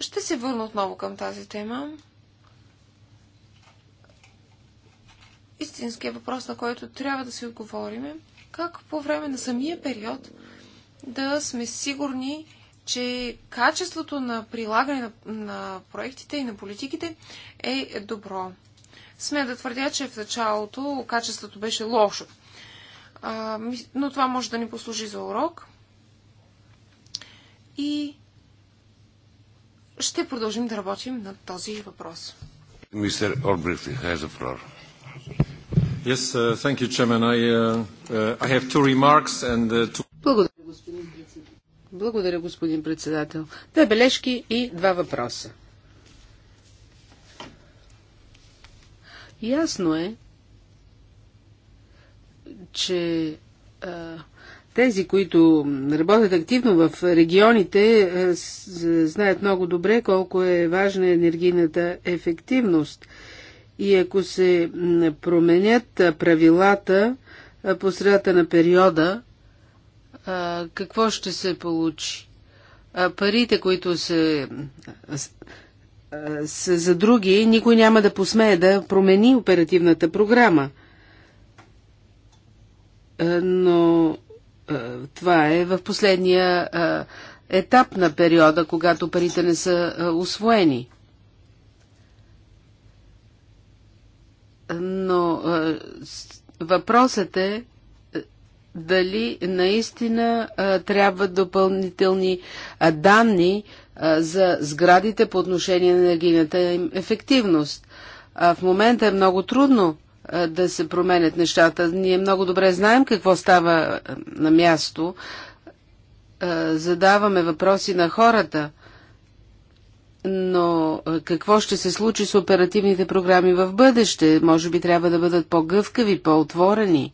ще се върна отново към тази тема. Истинският въпрос, на който трябва да си отговорим е как по време на самия период да сме сигурни, че качеството на прилагане на, на проектите и на политиките е добро. Смея да твърдя, че в началото качеството беше лошо. А, но това може да ни послужи за урок. И ще продължим да работим над този въпрос. Мистер Орбрихт, has за флор. Благодаря, господин благодаря, господин председател. Две бележки и два въпроса. Ясно е, че а, тези, които работят активно в регионите, а, знаят много добре колко е важна енергийната ефективност. И ако се променят правилата по средата на периода, а, какво ще се получи? А, парите, които се, са за други, никой няма да посмее да промени оперативната програма. но това е в последния етап на периода, когато парите не са освоени. Но въпросът е дали наистина а, трябва допълнителни а, данни а, за сградите по отношение на енергийната им ефективност. А, в момента е много трудно а, да се променят нещата. Ние много добре знаем какво става а, на място. А, задаваме въпроси на хората. Но какво ще се случи с оперативните програми в бъдеще? Може би трябва да бъдат по-гъвкави, по-отворени.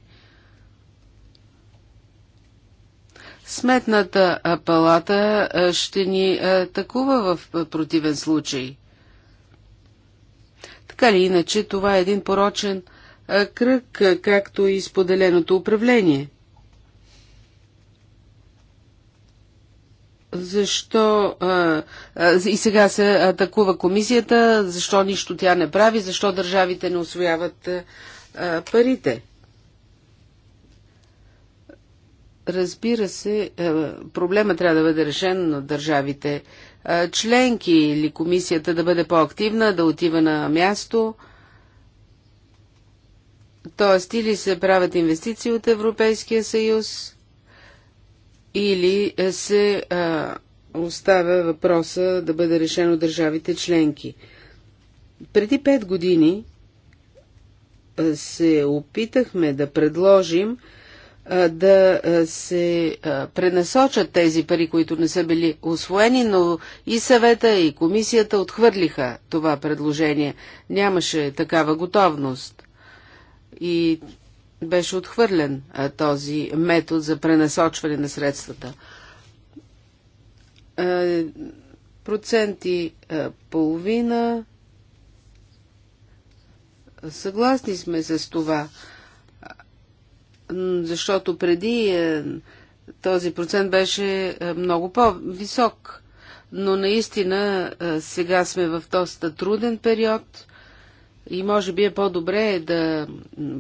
Сметната палата ще ни атакува в противен случай. Така ли иначе, това е един порочен кръг, както и споделеното управление. защо а, и сега се атакува комисията, защо нищо тя не прави, защо държавите не освояват а, парите. Разбира се, е, проблема трябва да бъде решен от държавите е, членки или комисията да бъде по-активна, да отива на място. Тоест, или се правят инвестиции от Европейския съюз, или е, се а, оставя въпроса да бъде решен от държавите членки. Преди пет години се опитахме да предложим да се пренасочат тези пари, които не са били освоени, но и съвета, и комисията отхвърлиха това предложение. Нямаше такава готовност. И беше отхвърлен този метод за пренасочване на средствата. Проценти половина. Съгласни сме с това защото преди е, този процент беше е, много по-висок. Но наистина е, сега сме в доста труден период и може би е по-добре да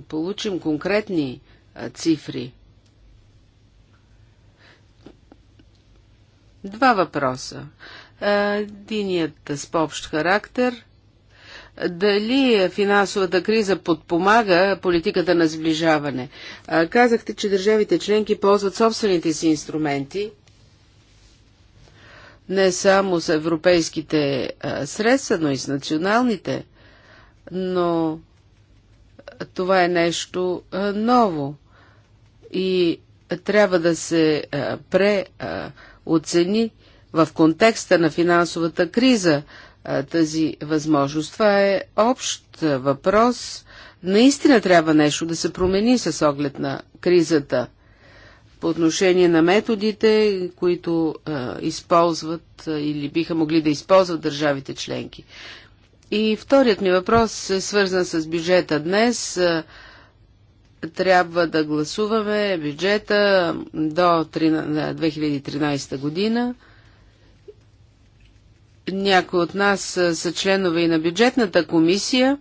получим конкретни цифри. Два въпроса. Единият с по-общ характер – дали финансовата криза подпомага политиката на сближаване. Казахте, че държавите членки ползват собствените си инструменти, не само с европейските средства, но и с националните. Но това е нещо ново и трябва да се преоцени в контекста на финансовата криза, тази възможност. Това е общ въпрос. Наистина трябва нещо да се промени с оглед на кризата по отношение на методите, които а, използват а, или биха могли да използват държавите членки. И вторият ми въпрос е свързан с бюджета. Днес а, трябва да гласуваме бюджета до 3, 2013 година. Някои от нас са членове и на бюджетната комисия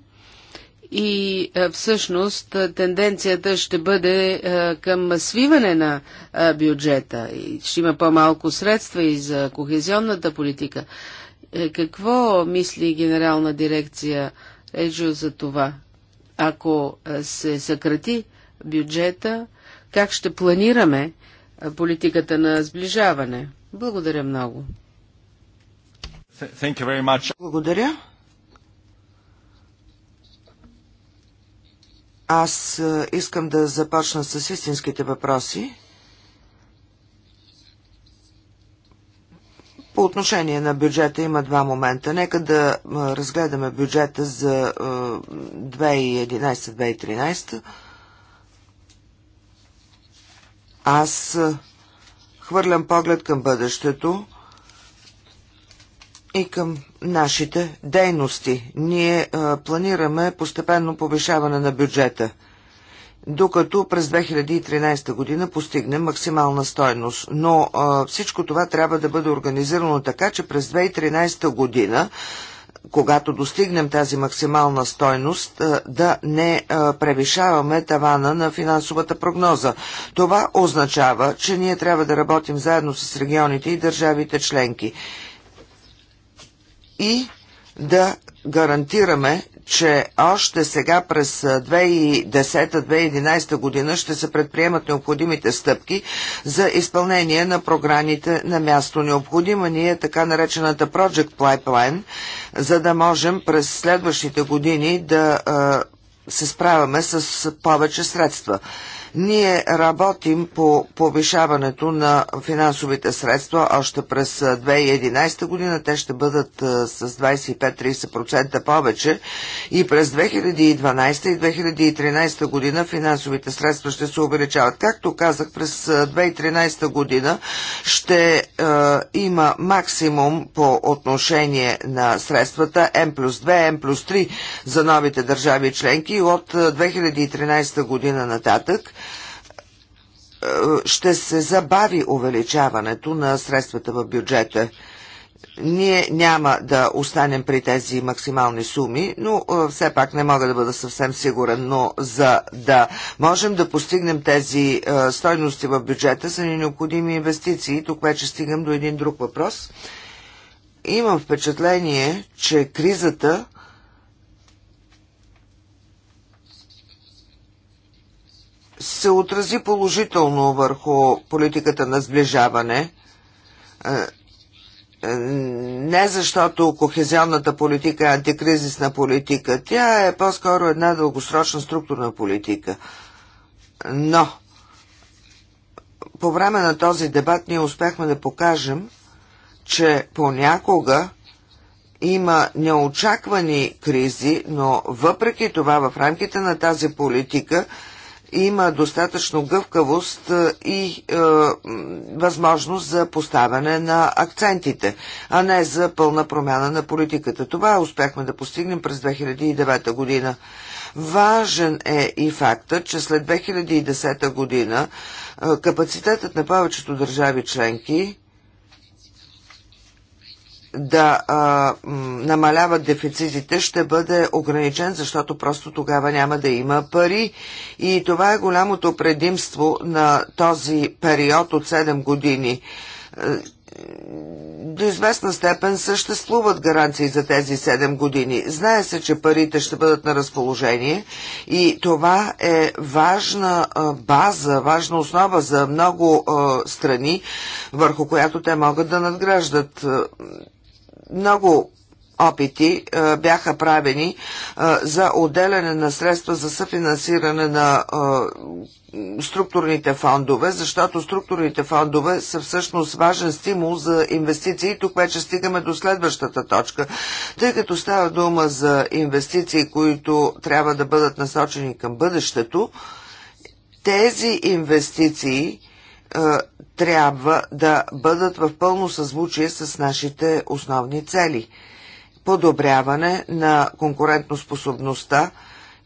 и всъщност тенденцията ще бъде към свиване на бюджета. Ще има по-малко средства и за кохезионната политика. Е, какво мисли генерална дирекция Реджо за това? Ако се съкрати бюджета, как ще планираме политиката на сближаване? Благодаря много. Thank you very much. Благодаря. Аз е, искам да започна с истинските въпроси. По отношение на бюджета има два момента. Нека да е, разгледаме бюджета за 2011-2013. Е, Аз хвърлям поглед към бъдещето и към нашите дейности. Ние а, планираме постепенно повишаване на бюджета, докато през 2013 година постигнем максимална стойност. Но а, всичко това трябва да бъде организирано така, че през 2013 година когато достигнем тази максимална стойност, да не превишаваме тавана на финансовата прогноза. Това означава, че ние трябва да работим заедно с регионите и държавите членки и да гарантираме, че още сега през 2010-2011 година ще се предприемат необходимите стъпки за изпълнение на програмите на място. Необходима ни е така наречената Project Pipeline, за да можем през следващите години да се справяме с повече средства. Ние работим по повишаването на финансовите средства още през 2011 година. Те ще бъдат с 25-30% повече и през 2012 и 2013 година финансовите средства ще се увеличават. Както казах, през 2013 година ще е, има максимум по отношение на средствата М плюс 2, М плюс 3 за новите държави членки от 2013 година нататък ще се забави увеличаването на средствата в бюджета. Ние няма да останем при тези максимални суми, но все пак не мога да бъда съвсем сигурен, но за да можем да постигнем тези стойности в бюджета са ни необходими инвестиции. Тук вече стигам до един друг въпрос. Имам впечатление, че кризата – се отрази положително върху политиката на сближаване. Е, е, не защото кохезионната политика е антикризисна политика, тя е по-скоро една дългосрочна структурна политика. Но по време на този дебат ние успяхме да покажем, че понякога има неочаквани кризи, но въпреки това в рамките на тази политика – има достатъчно гъвкавост е, и е, възможност за поставяне на акцентите, а не за пълна промяна на политиката. Това успяхме да постигнем през 2009 година. Важен е и факта, че след 2010 година е, капацитетът на повечето държави членки да а, намаляват дефицитите, ще бъде ограничен, защото просто тогава няма да има пари. И това е голямото предимство на този период от 7 години е, до известна степен съществуват гаранции за тези 7 години. Знае се, че парите ще бъдат на разположение и това е важна база, важна основа за много страни, върху която те могат да надграждат. Е, много опити бяха правени за отделяне на средства за съфинансиране на структурните фондове, защото структурните фондове са всъщност важен стимул за инвестиции. Тук вече стигаме до следващата точка. Тъй като става дума за инвестиции, които трябва да бъдат насочени към бъдещето, тези инвестиции трябва да бъдат в пълно съзвучие с нашите основни цели. Подобряване на конкурентоспособността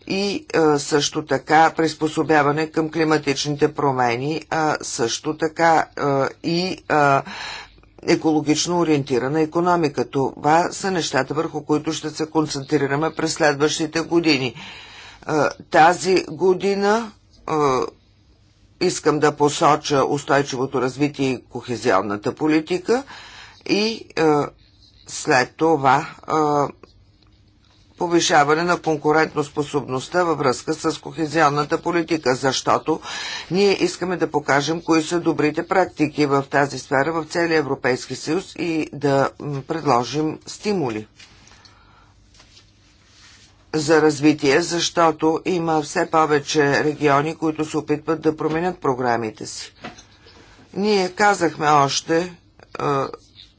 и е, също така приспособяване към климатичните промени, а също така е, и е, екологично ориентирана економика. Това са нещата, върху които ще се концентрираме през следващите години. Тази година искам да посоча устойчивото развитие и кохезионната политика и е, след това е, повишаване на конкурентоспособността във връзка с кохезионната политика, защото ние искаме да покажем кои са добрите практики в тази сфера в целия Европейски съюз и да предложим стимули за развитие, защото има все повече региони, които се опитват да променят програмите си. Ние казахме още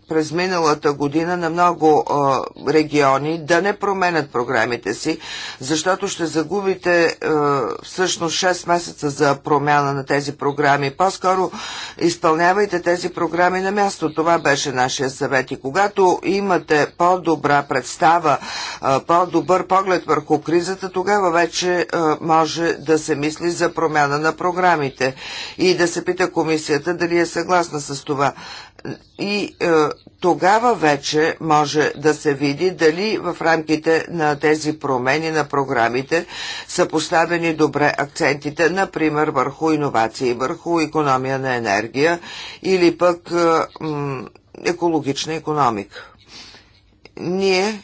през миналата година на много а, региони да не променят програмите си, защото ще загубите а, всъщност 6 месеца за промяна на тези програми. По-скоро изпълнявайте тези програми на място. Това беше нашия съвет. И когато имате по-добра представа, по-добър поглед върху кризата, тогава вече а, може да се мисли за промяна на програмите и да се пита комисията дали е съгласна с това и е, тогава вече може да се види дали в рамките на тези промени на програмите са поставени добре акцентите, например върху иновации, върху економия на енергия или пък е, екологична економика. Ние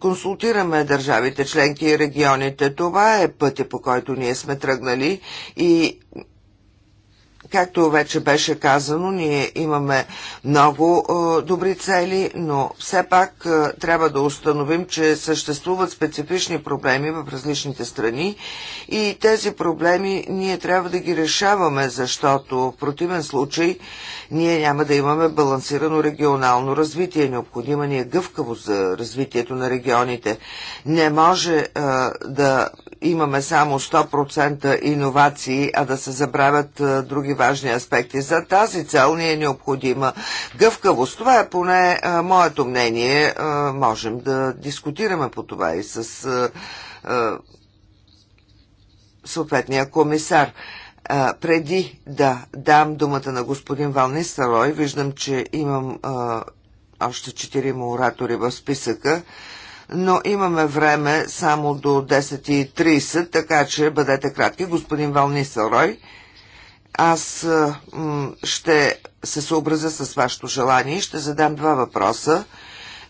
консултираме държавите, членки и регионите. Това е пътя, по който ние сме тръгнали и Както вече беше казано, ние имаме много е, добри цели, но все пак е, трябва да установим, че съществуват специфични проблеми в различните страни и тези проблеми ние трябва да ги решаваме, защото в противен случай ние няма да имаме балансирано регионално развитие. Необходима ни е гъвкавост за развитието на регионите. Не може е, да имаме само 100% иновации, а да се забравят други важни аспекти. За тази цел ни е необходима гъвкавост. Това е поне моето мнение. можем да дискутираме по това и с съответния комисар. преди да дам думата на господин Валнисарой, виждам, че имам още още му оратори в списъка но имаме време само до 10.30, така че бъдете кратки. Господин Рой, аз ще се съобразя с вашето желание и ще задам два въпроса.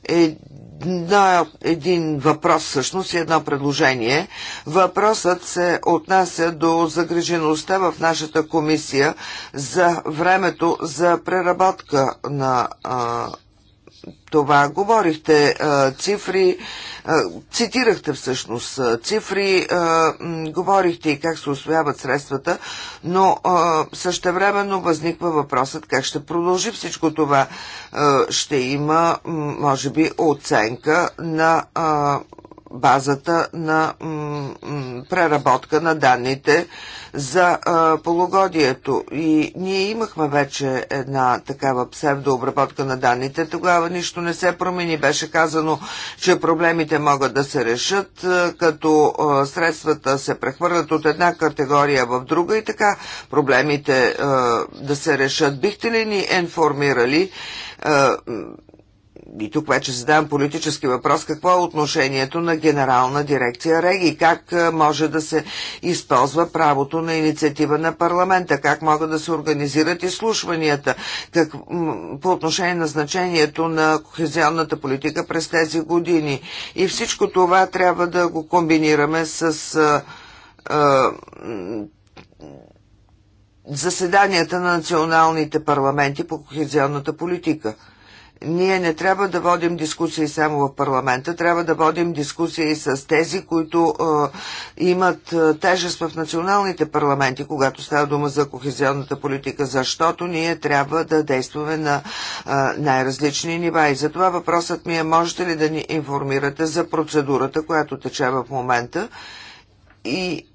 Една, един въпрос всъщност и едно предложение. Въпросът се отнася до загрежеността в нашата комисия за времето за преработка на а, това говорихте, цифри, цитирахте всъщност цифри, говорихте и как се освояват средствата, но същевременно възниква въпросът как ще продължи всичко това. Ще има, може би, оценка на базата на преработка на данните за полугодието. И ние имахме вече една такава псевдообработка на данните. Тогава нищо не се промени. Беше казано, че проблемите могат да се решат, като средствата се прехвърлят от една категория в друга и така проблемите да се решат. Бихте ли ни информирали? и тук вече задавам политически въпрос, какво е отношението на генерална дирекция Реги? Как може да се използва правото на инициатива на парламента? Как могат да се организират изслушванията? Как, по отношение на значението на кохезионната политика през тези години? И всичко това трябва да го комбинираме с а, а, заседанията на националните парламенти по кохезионната политика ние не трябва да водим дискусии само в парламента, трябва да водим дискусии с тези, които е, имат тежест в националните парламенти, когато става дума за кохезионната политика, защото ние трябва да действаме на е, най-различни нива. И затова въпросът ми е, можете ли да ни информирате за процедурата, която тече в момента и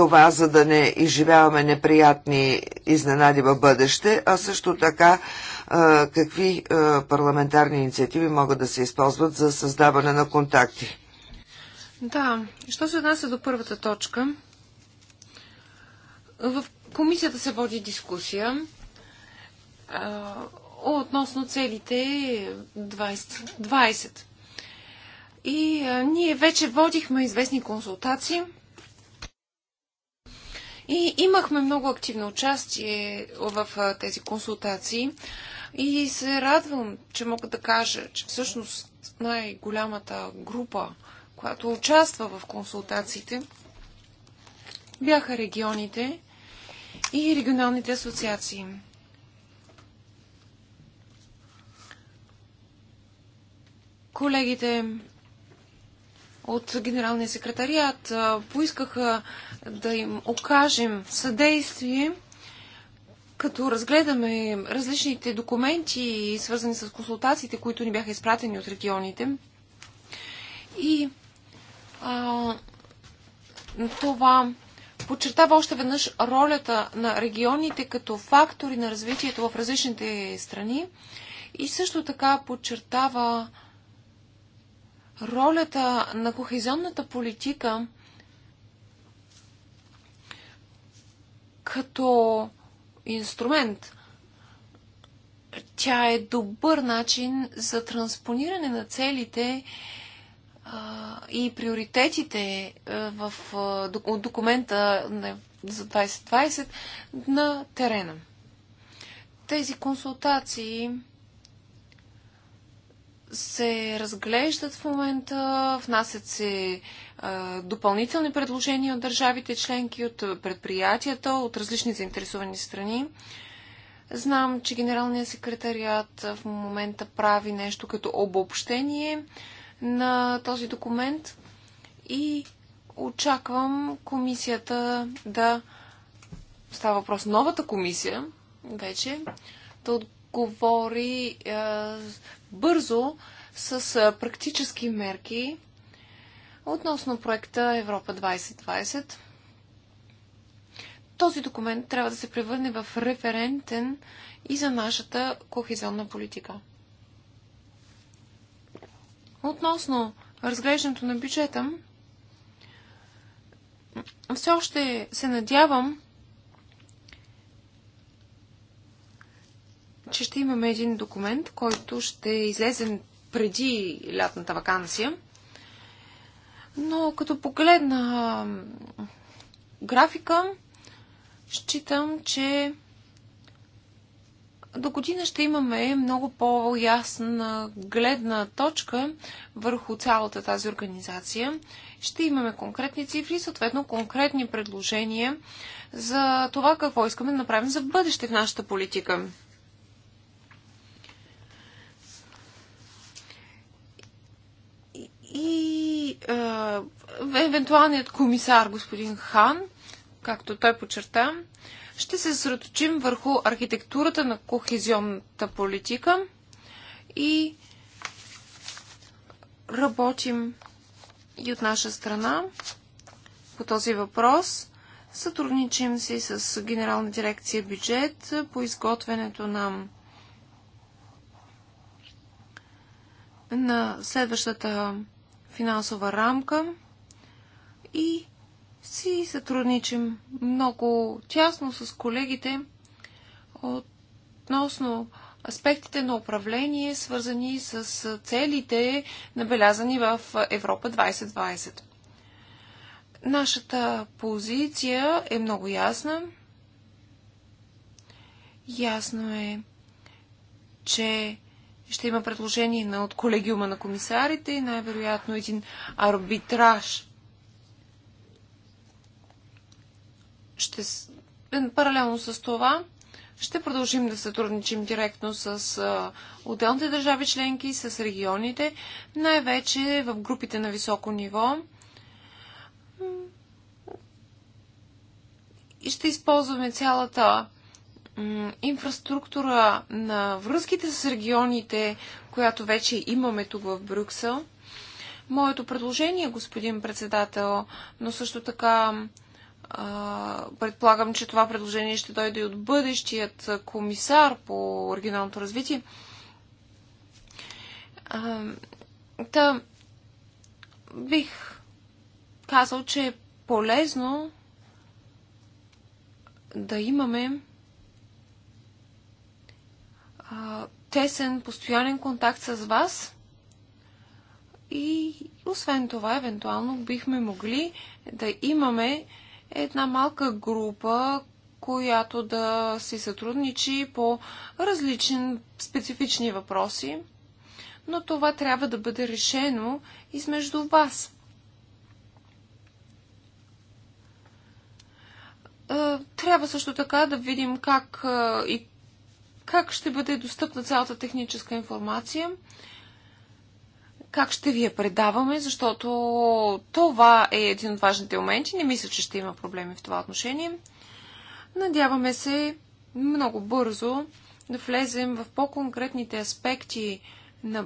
това, за да не изживяваме неприятни изненади в бъдеще, а също така какви парламентарни инициативи могат да се използват за създаване на контакти. Да, що се отнася до първата точка? В комисията се води дискусия а, относно целите 20. 20. И а, ние вече водихме известни консултации – и имахме много активно участие в тези консултации и се радвам, че мога да кажа, че всъщност най-голямата група, която участва в консултациите, бяха регионите и регионалните асоциации. Колегите от Генералния секретариат поискаха да им окажем съдействие, като разгледаме различните документи, свързани с консултациите, които ни бяха изпратени от регионите. И а, това подчертава още веднъж ролята на регионите като фактори на развитието в различните страни и също така подчертава ролята на кохезионната политика като инструмент. Тя е добър начин за транспониране на целите и приоритетите в, документа за 2020 на терена. Тези консултации се разглеждат в момента, внасят се а, допълнителни предложения от държавите членки, от предприятията, от различни заинтересовани страни. Знам, че Генералният секретариат в момента прави нещо като обобщение на този документ и очаквам комисията да става въпрос новата комисия вече да отговори бързо с практически мерки относно проекта Европа 2020. Този документ трябва да се превърне в референтен и за нашата кохезионна политика. Относно разглеждането на бюджета, все още се надявам че ще имаме един документ, който ще излезе преди лятната вакансия. Но като погледна графика, считам, че до година ще имаме много по-ясна гледна точка върху цялата тази организация. Ще имаме конкретни цифри, съответно конкретни предложения за това какво искаме да направим за бъдеще в нашата политика. и а, е, евентуалният комисар господин Хан, както той почерта, ще се съсредоточим върху архитектурата на кохезионната политика и работим и от наша страна по този въпрос. Сътрудничим си с Генерална дирекция бюджет по изготвянето на на следващата финансова рамка и си сътрудничим много тясно с колегите относно аспектите на управление, свързани с целите, набелязани в Европа 2020. Нашата позиция е много ясна. Ясно е, че ще има предложение на, от колегиума на комисарите и най-вероятно един арбитраж. Ще, е, паралелно с това ще продължим да сътрудничим директно с отделните държави членки, с регионите, най-вече в групите на високо ниво. И ще използваме цялата инфраструктура на връзките с регионите, която вече имаме тук в Брюксел. Моето предложение, господин председател, но също така предполагам, че това предложение ще дойде и от бъдещият комисар по регионалното развитие. Та, бих казал, че е полезно да имаме тесен, постоянен контакт с вас. И освен това, евентуално бихме могли да имаме една малка група, която да си сътрудничи по различни специфични въпроси. Но това трябва да бъде решено измежду вас. Трябва също така да видим как и как ще бъде достъпна цялата техническа информация, как ще ви я предаваме, защото това е един от важните моменти. Не мисля, че ще има проблеми в това отношение. Надяваме се много бързо да влезем в по-конкретните аспекти, на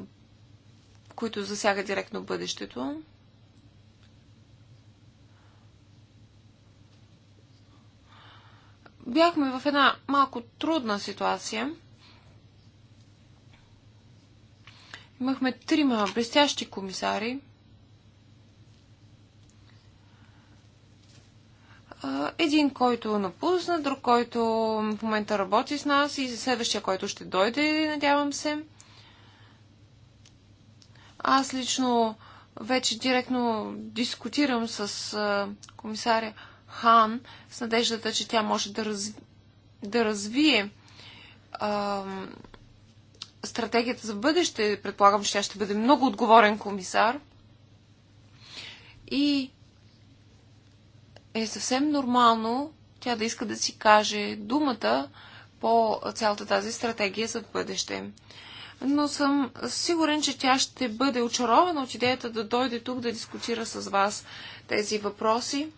които засяга директно бъдещето. бяхме в една малко трудна ситуация. Имахме трима блестящи комисари. Един, който напусна, друг, който в момента работи с нас и следващия, който ще дойде, надявам се. Аз лично вече директно дискутирам с комисаря Хан с надеждата, че тя може да, раз... да развие а, стратегията за бъдеще. Предполагам, че тя ще бъде много отговорен комисар. И е съвсем нормално тя да иска да си каже думата по цялата тази стратегия за бъдеще. Но съм сигурен, че тя ще бъде очарована от идеята да дойде тук да дискутира с вас тези въпроси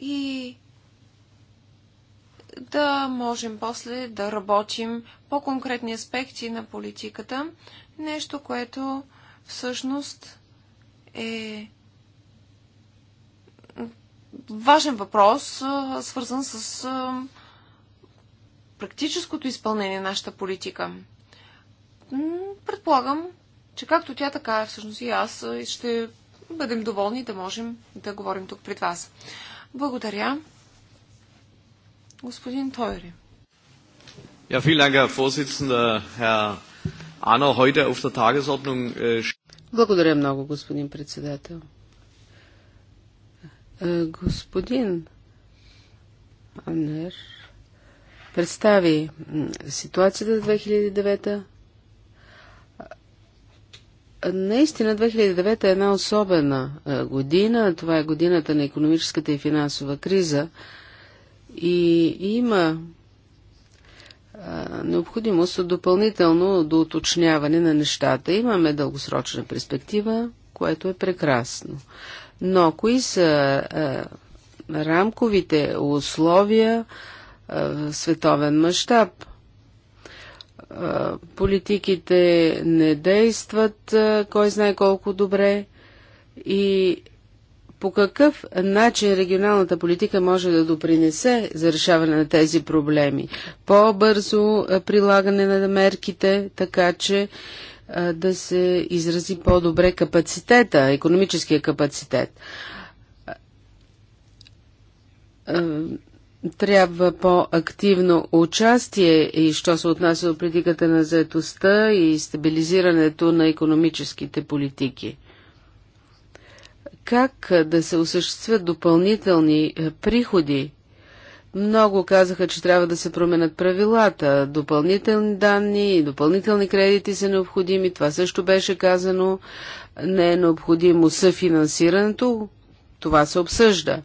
и да можем после да работим по конкретни аспекти на политиката. Нещо, което всъщност е важен въпрос, свързан с практическото изпълнение на нашата политика. Предполагам, че както тя, така е всъщност и аз ще бъдем доволни да можем да говорим тук пред вас. Благодаря. Господин Тойри. Ja, vielen Dank, Herr Vorsitzender. Herr Anna, heute auf der Tagesordnung. Äh... Благодаря много, господин председател. Е, господин Анер представи ситуацията 2009 Наистина 2009 е една особена е, година. Това е годината на економическата и финансова криза. И има е, необходимост от допълнително до уточняване на нещата. Имаме дългосрочна перспектива, което е прекрасно. Но кои са е, рамковите условия в световен мащаб? политиките не действат, кой знае колко добре и по какъв начин регионалната политика може да допринесе за решаване на тези проблеми? По-бързо прилагане на мерките, така че да се изрази по-добре капацитета, економическия капацитет трябва по-активно участие и що се отнася до политиката на заетостта и стабилизирането на економическите политики. Как да се осъществят допълнителни е, приходи? Много казаха, че трябва да се променят правилата. Допълнителни данни и допълнителни кредити са необходими. Това също беше казано. Не е необходимо съфинансирането, това се обсъжда.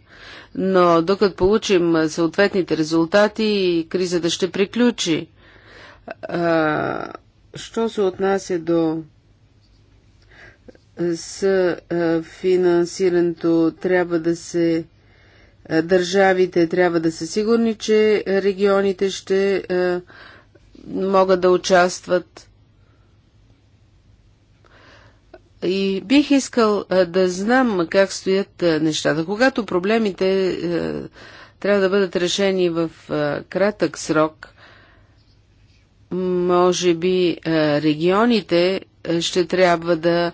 Но докато получим съответните резултати, кризата ще приключи. А, що се отнася до с финансирането трябва да се държавите трябва да са сигурни, че регионите ще могат да участват. И бих искал да знам как стоят нещата. Когато проблемите трябва да бъдат решени в кратък срок, може би регионите ще трябва да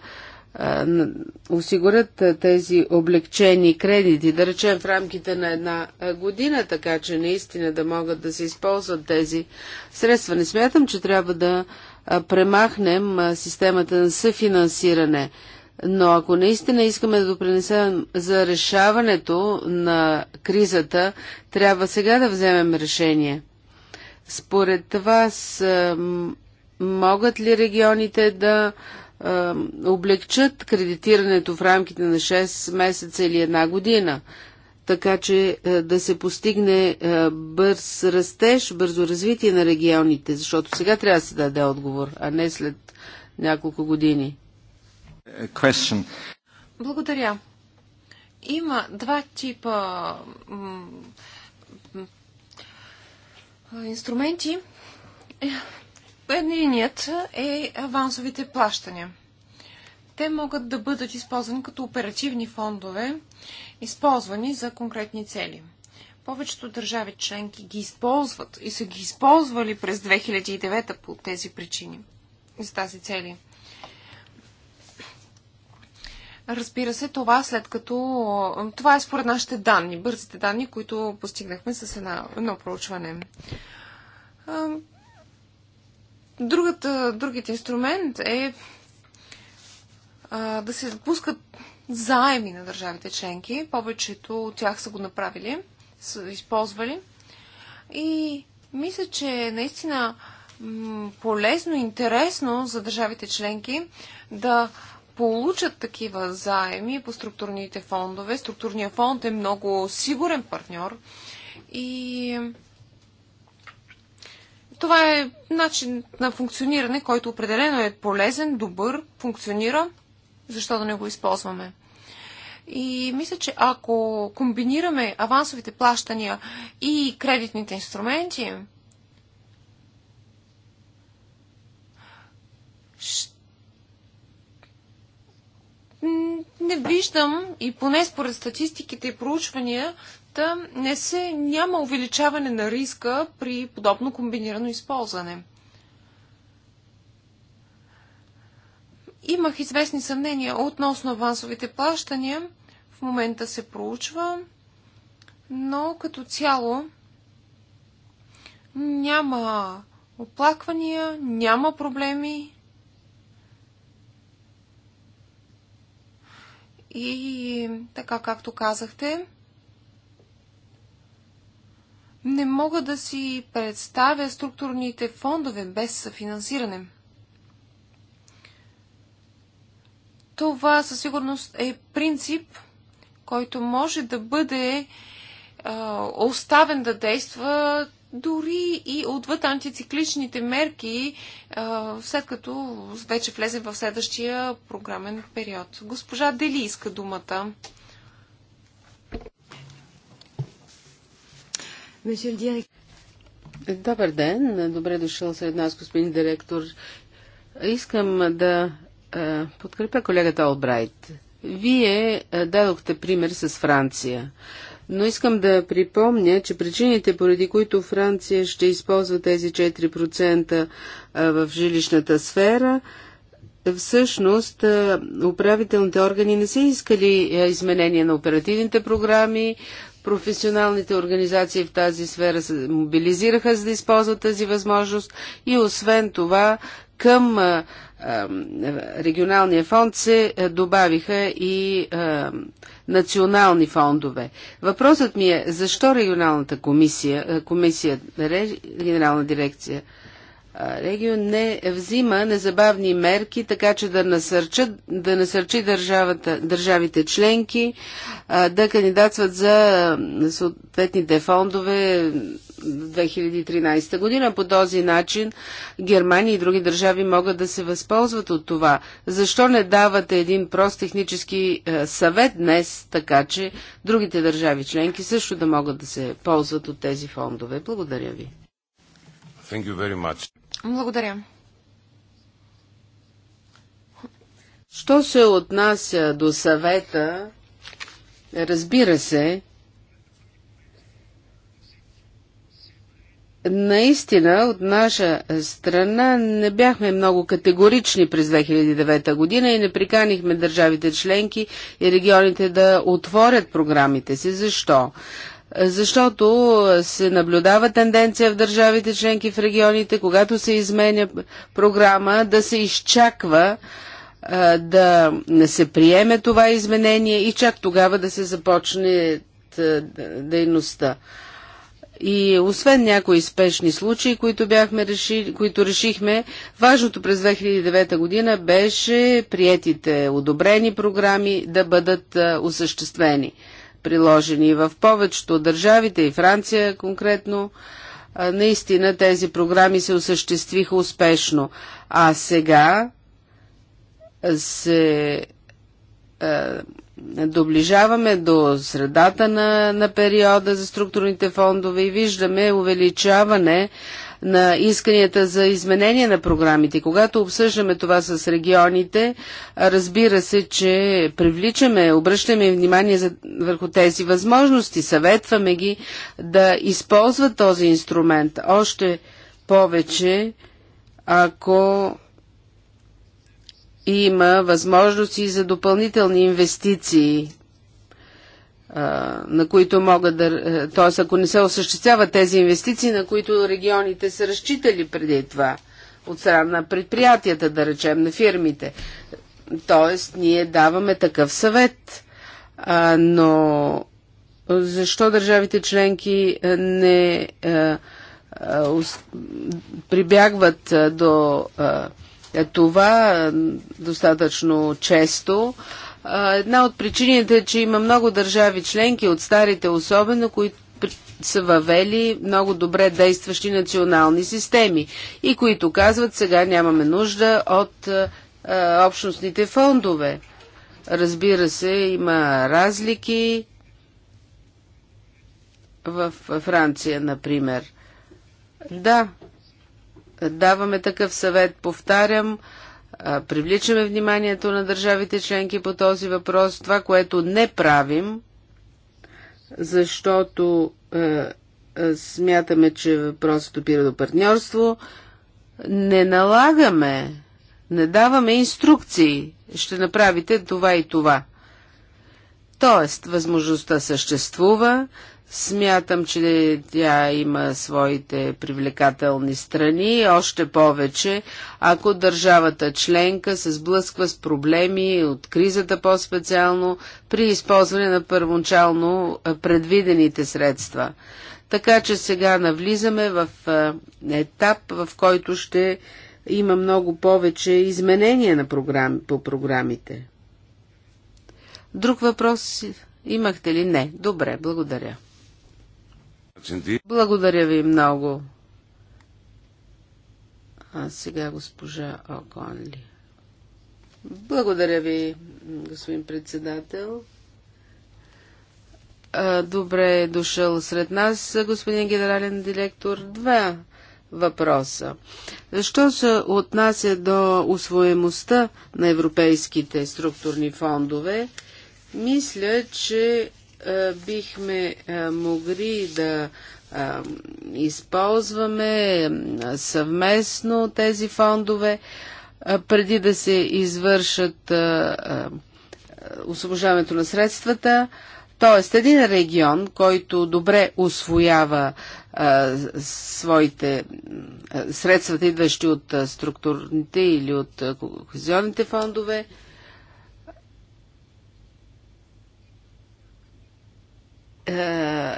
осигурят тези облегчени кредити, да речем в рамките на една година, така че наистина да могат да се използват тези средства. Не смятам, че трябва да премахнем системата на съфинансиране. Но ако наистина искаме да допринесем за решаването на кризата, трябва сега да вземем решение. Според вас, могат ли регионите да облегчат кредитирането в рамките на 6 месеца или една година? така че е, да се постигне е, бърз растеж, бързо развитие на регионите, защото сега трябва да се даде отговор, а не след няколко години. Question. Благодаря. Има два типа инструменти. Единият е авансовите плащания. Те могат да бъдат използвани като оперативни фондове използвани за конкретни цели. Повечето държави членки ги използват и са ги използвали през 2009 по тези причини, за тази цели. Разбира се, това след като... Това е според нашите данни, бързите данни, които постигнахме с една, едно проучване. Другата, другият инструмент е а, да се запускат заеми на държавите членки. Повечето от тях са го направили, са използвали. И мисля, че е наистина полезно, интересно за държавите членки да получат такива заеми по структурните фондове. Структурния фонд е много сигурен партньор и това е начин на функциониране, който определено е полезен, добър, функционира. Защо да не го използваме? И мисля, че ако комбинираме авансовите плащания и кредитните инструменти, не виждам и поне според статистиките и проучвания, да не се няма увеличаване на риска при подобно комбинирано използване. Имах известни съмнения относно авансовите плащания момента се проучва, но като цяло няма оплаквания, няма проблеми. И така както казахте, не мога да си представя структурните фондове без съфинансиране. Това със сигурност е принцип, който може да бъде а, оставен да действа дори и отвъд антицикличните мерки, а, след като вече влезе в следващия програмен период. Госпожа Дели иска думата. Добър ден, добре дошъл сред нас, господин директор. Искам да подкрепя колегата Олбрайт. Вие е, дадохте пример с Франция. Но искам да припомня, че причините, поради които Франция ще използва тези 4% е, в жилищната сфера, всъщност е, управителните органи не са искали изменения на оперативните програми, професионалните организации в тази сфера се мобилизираха за да използват тази възможност и освен това към регионалния фонд се е, добавиха и национални фондове. Въпросът ми е, защо регионалната комисия, е, комисия генерална дирекция Регио не взима незабавни мерки, така че да, насърчат, да насърчи държавата, държавите членки да кандидатстват за съответните фондове 2013 година. По този начин Германия и други държави могат да се възползват от това. Защо не давате един прост технически е, съвет днес, така че другите държави членки също да могат да се ползват от тези фондове? Благодаря ви. Thank you very much. Благодаря. Що се отнася до съвета, разбира се, Наистина, от наша страна не бяхме много категорични през 2009 година и не приканихме държавите членки и регионите да отворят програмите си. Защо? Защото се наблюдава тенденция в държавите членки в регионите, когато се изменя програма, да се изчаква да се приеме това изменение и чак тогава да се започне дейността. И освен някои спешни случаи, които, бяхме реши, които решихме, важното през 2009 година беше приетите одобрени програми да бъдат осъществени, приложени. В повечето държавите и Франция конкретно, наистина тези програми се осъществиха успешно. А сега се доближаваме до средата на, на периода за структурните фондове и виждаме увеличаване на исканията за изменение на програмите. Когато обсъждаме това с регионите, разбира се, че привличаме, обръщаме внимание за, върху тези възможности, съветваме ги да използват този инструмент още повече, ако има възможности за допълнителни инвестиции, на които могат да... т.е. ако не се осъществяват тези инвестиции, на които регионите са разчитали преди това, от страна на предприятията, да речем, на фирмите. Т.е. ние даваме такъв съвет. но защо държавите членки не прибягват до е, това е, достатъчно често. Е, една от причините е, че има много държави членки, от старите особено, които са въвели много добре действащи национални системи и които казват сега нямаме нужда от а, общностните фондове. Разбира се, има разлики в Франция, например. Да, даваме такъв съвет, повтарям, привличаме вниманието на държавите членки по този въпрос, това, което не правим, защото е, е, смятаме, че въпросът опира до партньорство, не налагаме, не даваме инструкции, ще направите това и това. Тоест, възможността съществува, Смятам, че тя има своите привлекателни страни, още повече, ако държавата членка се сблъсква с проблеми от кризата по-специално при използване на първоначално предвидените средства. Така че сега навлизаме в етап, в който ще има много повече изменения на програм... по програмите. Друг въпрос имахте ли? Не. Добре, благодаря. Благодаря ви много. А сега госпожа Оконли. Благодаря ви, господин председател. Добре е дошъл сред нас, господин генерален директор. Два въпроса. Що се отнася до освоемостта на европейските структурни фондове, мисля, че е, бихме е, могли да е, използваме съвместно тези фондове, преди да се извършат освобождаването на средствата. Тоест, един регион, който добре освоява а, своите а, средствата, идващи от а, структурните или от кохезионните фондове, Е,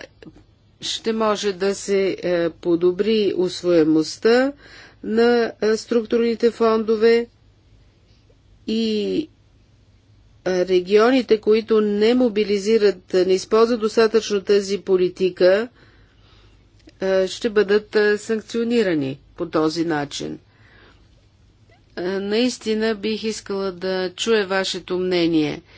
ще може да се е, подобри усвоемостта на е, структурните фондове и регионите, които не мобилизират, не използват достатъчно тази политика, ще бъдат санкционирани по този начин. Наистина бих искала да чуя вашето мнение –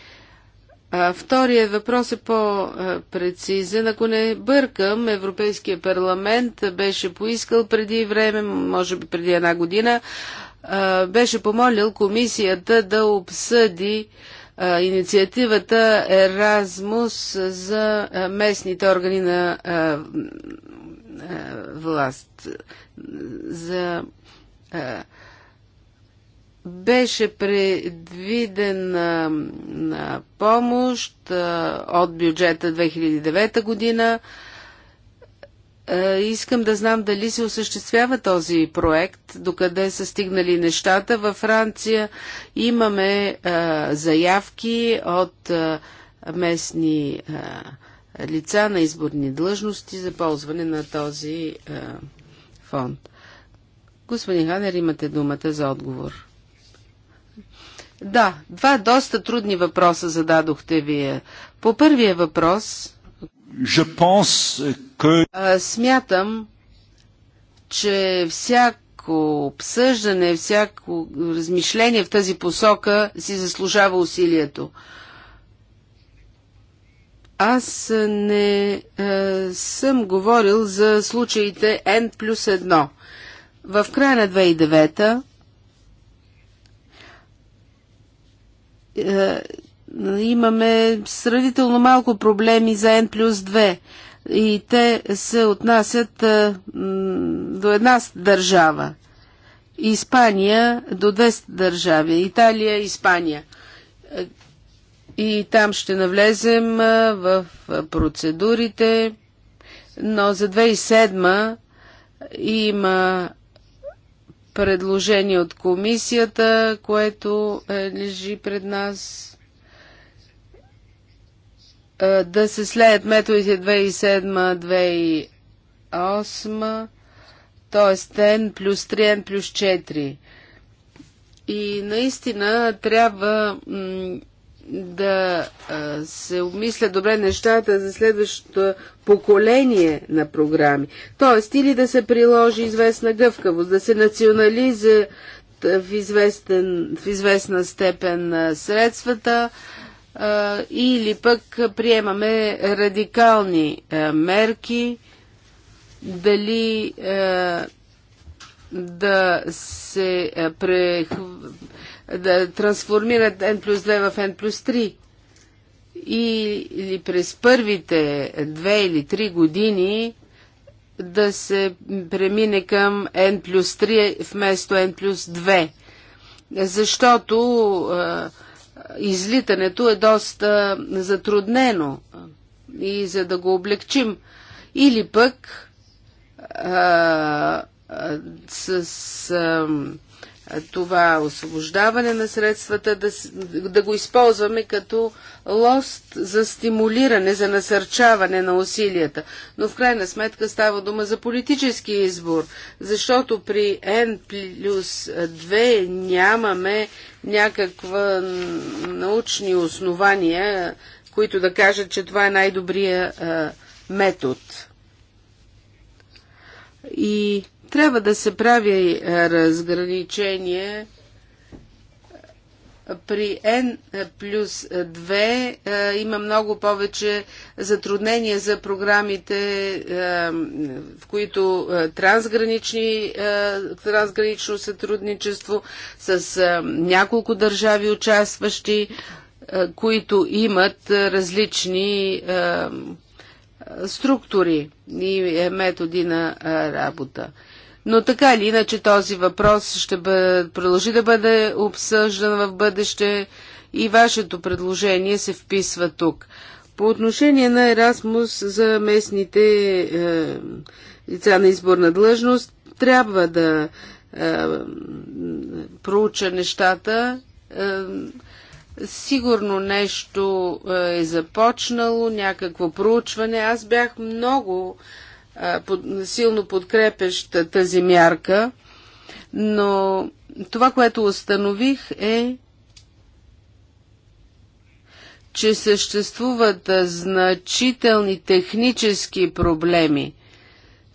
Вторият въпрос е по-прецизен. Ако не бъркам, Европейския парламент беше поискал преди време, може би преди една година, беше помолил комисията да обсъди инициативата Еразмус за местните органи на власт за беше предвидена на помощ от бюджета 2009 година. Искам да знам дали се осъществява този проект, докъде са стигнали нещата. Във Франция имаме заявки от местни лица на изборни длъжности за ползване на този фонд. Господин Ханер, имате думата за отговор. Да, два доста трудни въпроса зададохте вие. По първия въпрос... Je pense que... а, смятам, че всяко обсъждане, всяко размишление в тази посока си заслужава усилието. Аз не а, съм говорил за случаите N плюс 1. В края на 2009 Е, имаме сравнително малко проблеми за N плюс 2 и те се отнасят е, до една държава. Испания до две държави. Италия, Испания. Е, и там ще навлезем в процедурите, но за 2007 има предложение от комисията, което е, лежи пред нас е, да се слеят методите 2007-2008, т.е. N плюс 3, N плюс 4. И наистина трябва да се обмисля добре нещата за следващото поколение на програми. Тоест, или да се приложи известна гъвкавост, да се национализа в, известен, в известна степен на средствата, или пък приемаме радикални мерки, дали да се прех да трансформират N плюс 2 в N плюс 3. И, или през първите две или три години да се премине към N плюс 3 вместо N плюс 2. Защото а, излитането е доста затруднено и за да го облегчим. Или пък а, с а, това освобождаване на средствата, да, да го използваме като лост за стимулиране, за насърчаване на усилията. Но в крайна сметка става дума за политически избор, защото при N плюс 2 нямаме някаква научни основания, които да кажат, че това е най-добрия метод. И трябва да се прави е, разграничение е, при N плюс 2 е, има много повече затруднения за програмите, в които трансгранични, трансгранично сътрудничество с няколко държави участващи, които имат различни структури и методи на работа. Но така или иначе този въпрос ще бъде, продължи да бъде обсъждан в бъдеще и вашето предложение се вписва тук. По отношение на Ерасмус за местните е, лица на изборна длъжност, трябва да е, проуча нещата. Е, сигурно нещо е започнало, някакво проучване. Аз бях много е, силно подкрепящ тази мярка, но това, което установих е, че съществуват значителни технически проблеми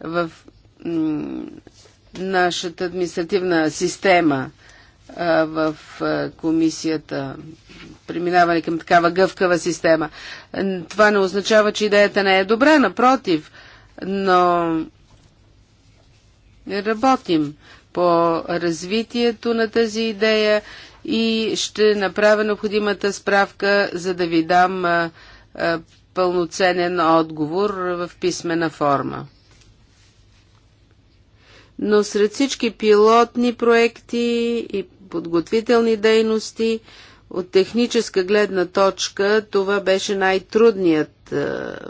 в нашата административна система в комисията, преминаване към такава гъвкава система. Това не означава, че идеята не е добра, напротив – но работим по развитието на тази идея и ще направя необходимата справка, за да ви дам а, а, пълноценен отговор в писмена форма. Но сред всички пилотни проекти и подготвителни дейности, от техническа гледна точка, това беше най-трудният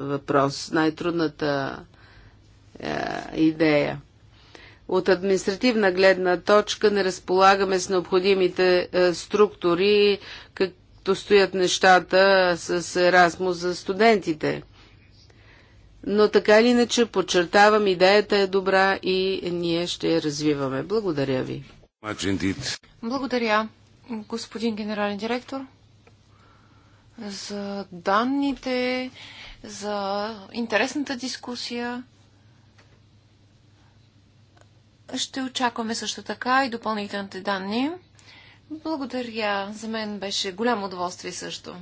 въпрос, най-трудната е, идея. От административна гледна точка не разполагаме с необходимите е, структури, както стоят нещата с Erasmus за студентите. Но така или иначе, подчертавам, идеята е добра и ние ще я развиваме. Благодаря ви. Благодаря, господин генерален директор, за данните, за интересната дискусия. Ще очакваме също така и допълнителните данни. Благодаря. За мен беше голямо удоволствие също.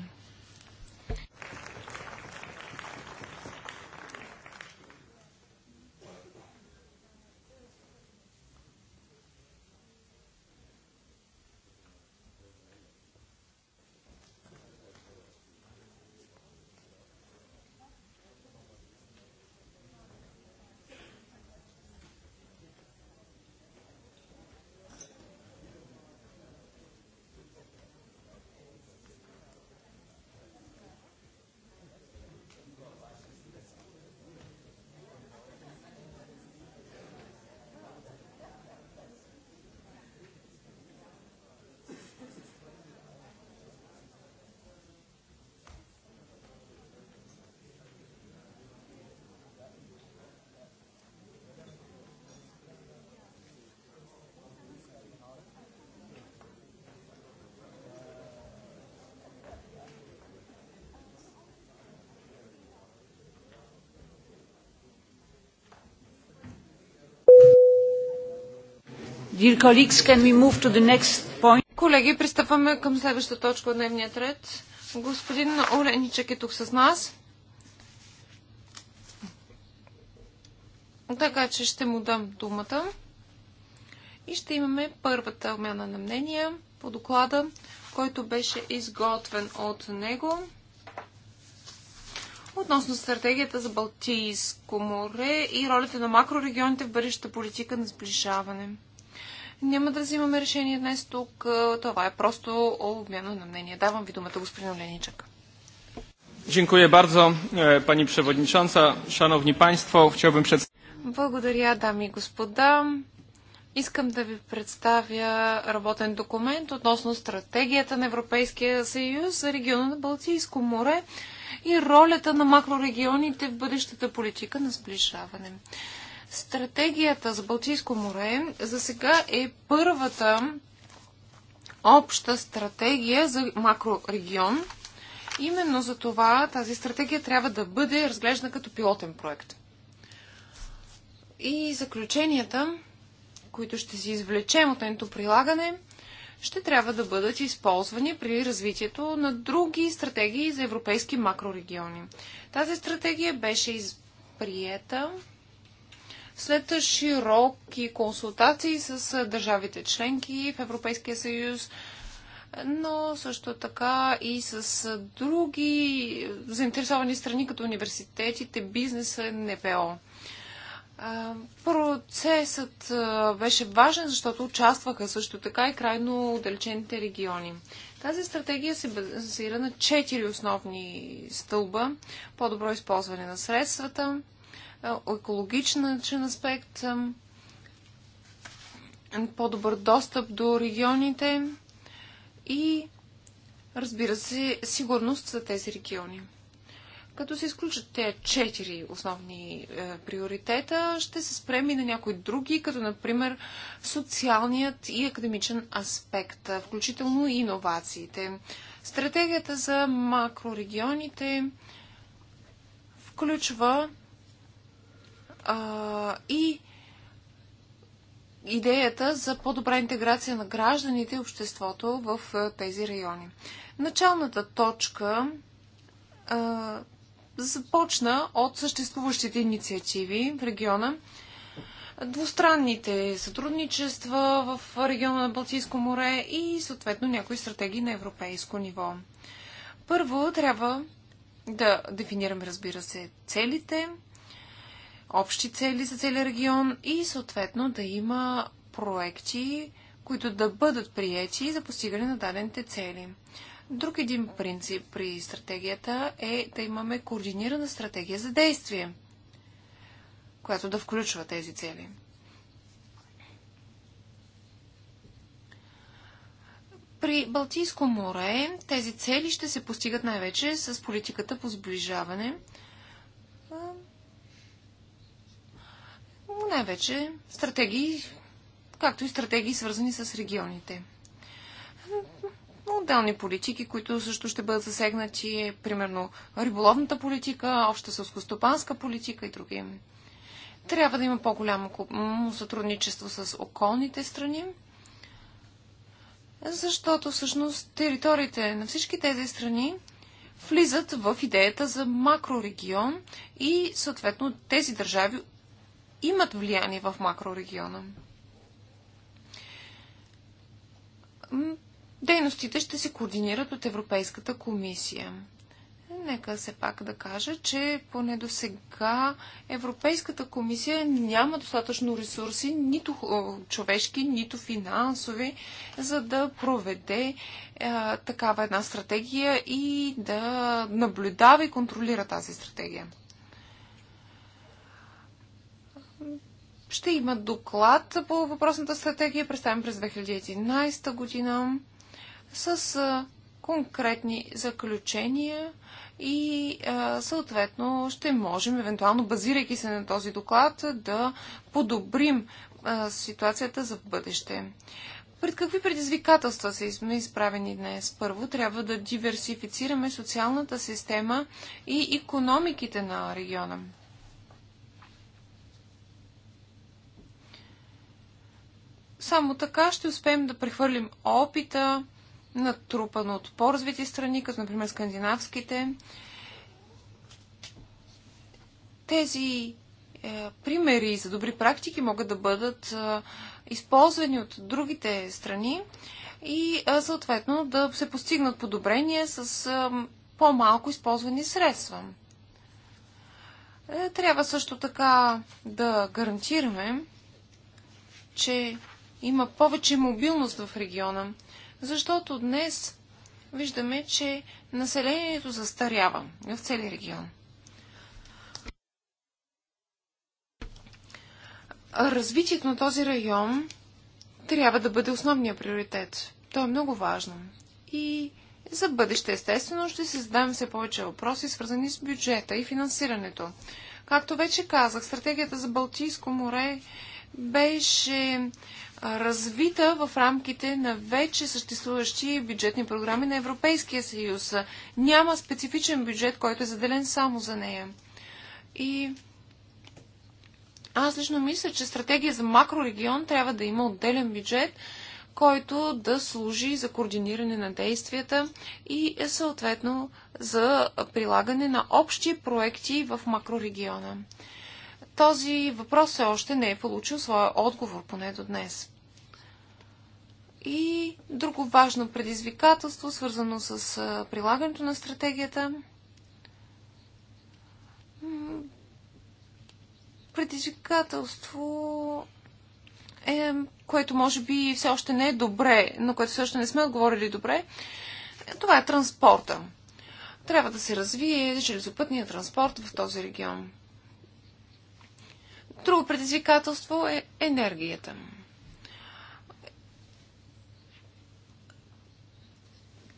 Колеги, пристъпваме към следващата точка от дневния ред. Господин Оленичек е тук с нас. Така че ще му дам думата. И ще имаме първата обмяна на мнения по доклада, който беше изготвен от него относно стратегията за Балтийско море и ролята на макрорегионите в бъдещата политика на сближаване. Няма да взимаме решение днес тук. Е, това е просто обмяна на мнение. Давам ви думата, господин Оленичък. Dziękuję bardzo, е, pani przewodnicząca, szanowni państwo. Chciałbym przedstawić. Благодаря, дами и господа. Искам да ви представя работен документ относно стратегията на Европейския съюз за региона на Балтийско море и ролята на макрорегионите в бъдещата политика на сближаване. Стратегията за Балтийско море за сега е първата обща стратегия за макрорегион. Именно за това тази стратегия трябва да бъде разглеждана като пилотен проект. И заключенията, които ще си извлечем от нейното прилагане, ще трябва да бъдат използвани при развитието на други стратегии за европейски макрорегиони. Тази стратегия беше изприета след широки консултации с държавите членки в Европейския съюз, но също така и с други заинтересовани страни, като университетите, бизнеса, НПО. Процесът беше важен, защото участваха също така и крайно отдалечените региони. Тази стратегия се базира на четири основни стълба. По-добро използване на средствата, е, екологичен аспект, е, по-добър достъп до регионите и, разбира се, сигурност за тези региони. Като се изключат тези четири основни е, приоритета, ще се спрем и на някои други, като например социалният и академичен аспект, е, включително и иновациите. Стратегията за макрорегионите включва а, и идеята за по-добра интеграция на гражданите и обществото в тези райони. Началната точка а, започна от съществуващите инициативи в региона, двустранните сътрудничества в региона на Балтийско море и съответно някои стратегии на европейско ниво. Първо трябва да дефинираме, разбира се, целите, общи цели за целия регион и съответно да има проекти, които да бъдат приети за постигане на дадените цели. Друг един принцип при стратегията е да имаме координирана стратегия за действие, която да включва тези цели. При Балтийско море тези цели ще се постигат най-вече с политиката по сближаване – най-вече стратегии, както и стратегии свързани с регионите. Отделни политики, които също ще бъдат засегнати, е, примерно риболовната политика, обща сълскостопанска политика и други. Трябва да има по-голямо сътрудничество с околните страни, защото всъщност териториите на всички тези страни влизат в идеята за макрорегион и съответно тези държави имат влияние в макрорегиона. Дейностите ще се координират от Европейската комисия. Нека се пак да кажа, че поне до сега Европейската комисия няма достатъчно ресурси, нито е, човешки, нито финансови, за да проведе е, такава една стратегия и да наблюдава и контролира тази стратегия. Ще има доклад по въпросната стратегия, представен през 2011 година, с конкретни заключения и съответно ще можем, евентуално базирайки се на този доклад, да подобрим ситуацията за бъдеще. Пред какви предизвикателства сме изправени днес? Първо, трябва да диверсифицираме социалната система и економиките на региона. Само така ще успеем да прехвърлим опита, на от по-развити страни, като например скандинавските. Тези е, примери за добри практики могат да бъдат е, използвани от другите страни и е, съответно да се постигнат подобрения с е, по-малко използвани средства. Е, трябва също така да гарантираме, че има повече мобилност в региона, защото днес виждаме, че населението застарява в цели регион. Развитието на този район трябва да бъде основния приоритет. То е много важно. И за бъдеще, естествено, ще се задам все повече въпроси, свързани с бюджета и финансирането. Както вече казах, стратегията за Балтийско море беше развита в рамките на вече съществуващи бюджетни програми на Европейския съюз. Няма специфичен бюджет, който е заделен само за нея. И аз лично мисля, че стратегия за макрорегион трябва да има отделен бюджет, който да служи за координиране на действията и е съответно за прилагане на общи проекти в макрорегиона. Този въпрос все още не е получил своя отговор, поне до днес. И друго важно предизвикателство, свързано с прилагането на стратегията. Предизвикателство е, което може би все още не е добре, на което все още не сме отговорили добре. Това е транспорта. Трябва да се развие железопътния транспорт в този регион. Друго предизвикателство е енергията.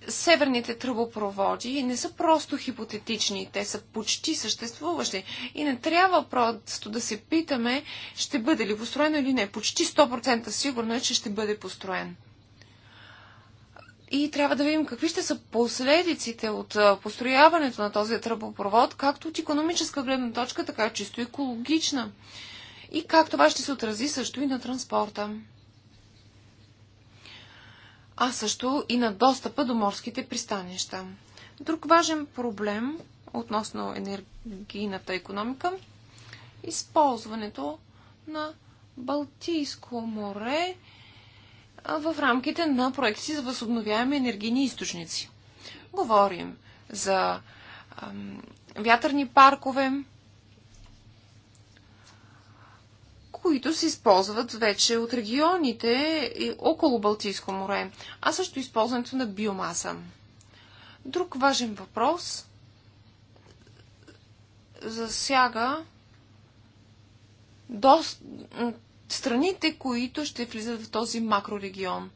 Северните тръбопроводи не са просто хипотетични, те са почти съществуващи и не трябва просто да се питаме, ще бъде ли построено или не. Почти 100% сигурно е, че ще бъде построен. И трябва да видим какви ще са последиците от построяването на този тръбопровод, както от економическа гледна точка, така и чисто екологична и как това ще се отрази също и на транспорта. А също и на достъпа до морските пристанища. Друг важен проблем относно енергийната економика използването на Балтийско море в рамките на проекти за възобновяеми енергийни източници. Говорим за ам, вятърни паркове, които се използват вече от регионите около Балтийско море, а също използването на биомаса. Друг важен въпрос засяга до страните, които ще влизат в този макрорегион.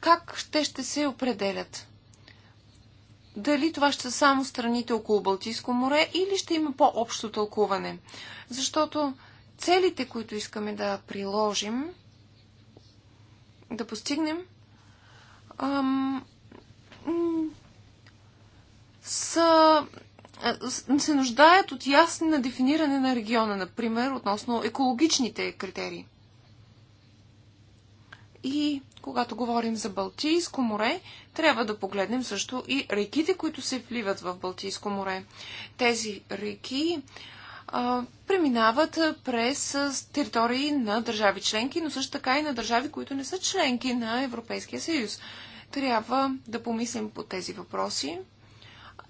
Как те ще се определят? Дали това ще са само страните около Балтийско море или ще има по-общо тълкуване? Защото целите, които искаме да приложим, да постигнем, ам, са, се нуждаят от ясно дефиниране на региона, например, относно екологичните критерии. И когато говорим за Балтийско море, трябва да погледнем също и реките, които се вливат в Балтийско море. Тези реки преминават през територии на държави членки, но също така и на държави, които не са членки на Европейския съюз. Трябва да помислим по тези въпроси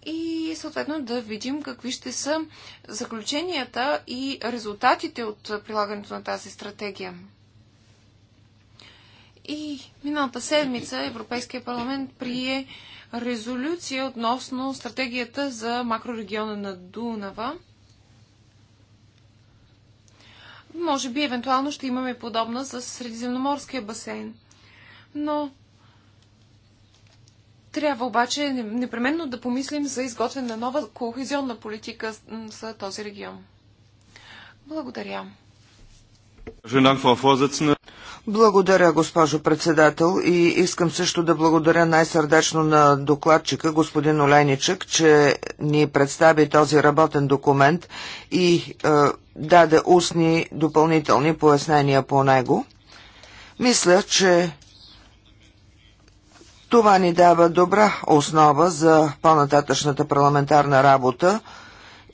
и съответно да видим какви ще са заключенията и резултатите от прилагането на тази стратегия. И миналата седмица Европейския парламент прие резолюция относно стратегията за макрорегиона на Дунава – може би, евентуално ще имаме подобна с Средиземноморския басейн. Но трябва обаче непременно да помислим за изготвяне на нова кохезионна политика за този регион. Благодаря. Благодаря, госпожо председател, и искам също да благодаря най-сърдечно на докладчика, господин Оленичък, че ни представи този работен документ и е, даде устни допълнителни пояснения по него. Мисля, че това ни дава добра основа за по-нататъчната парламентарна работа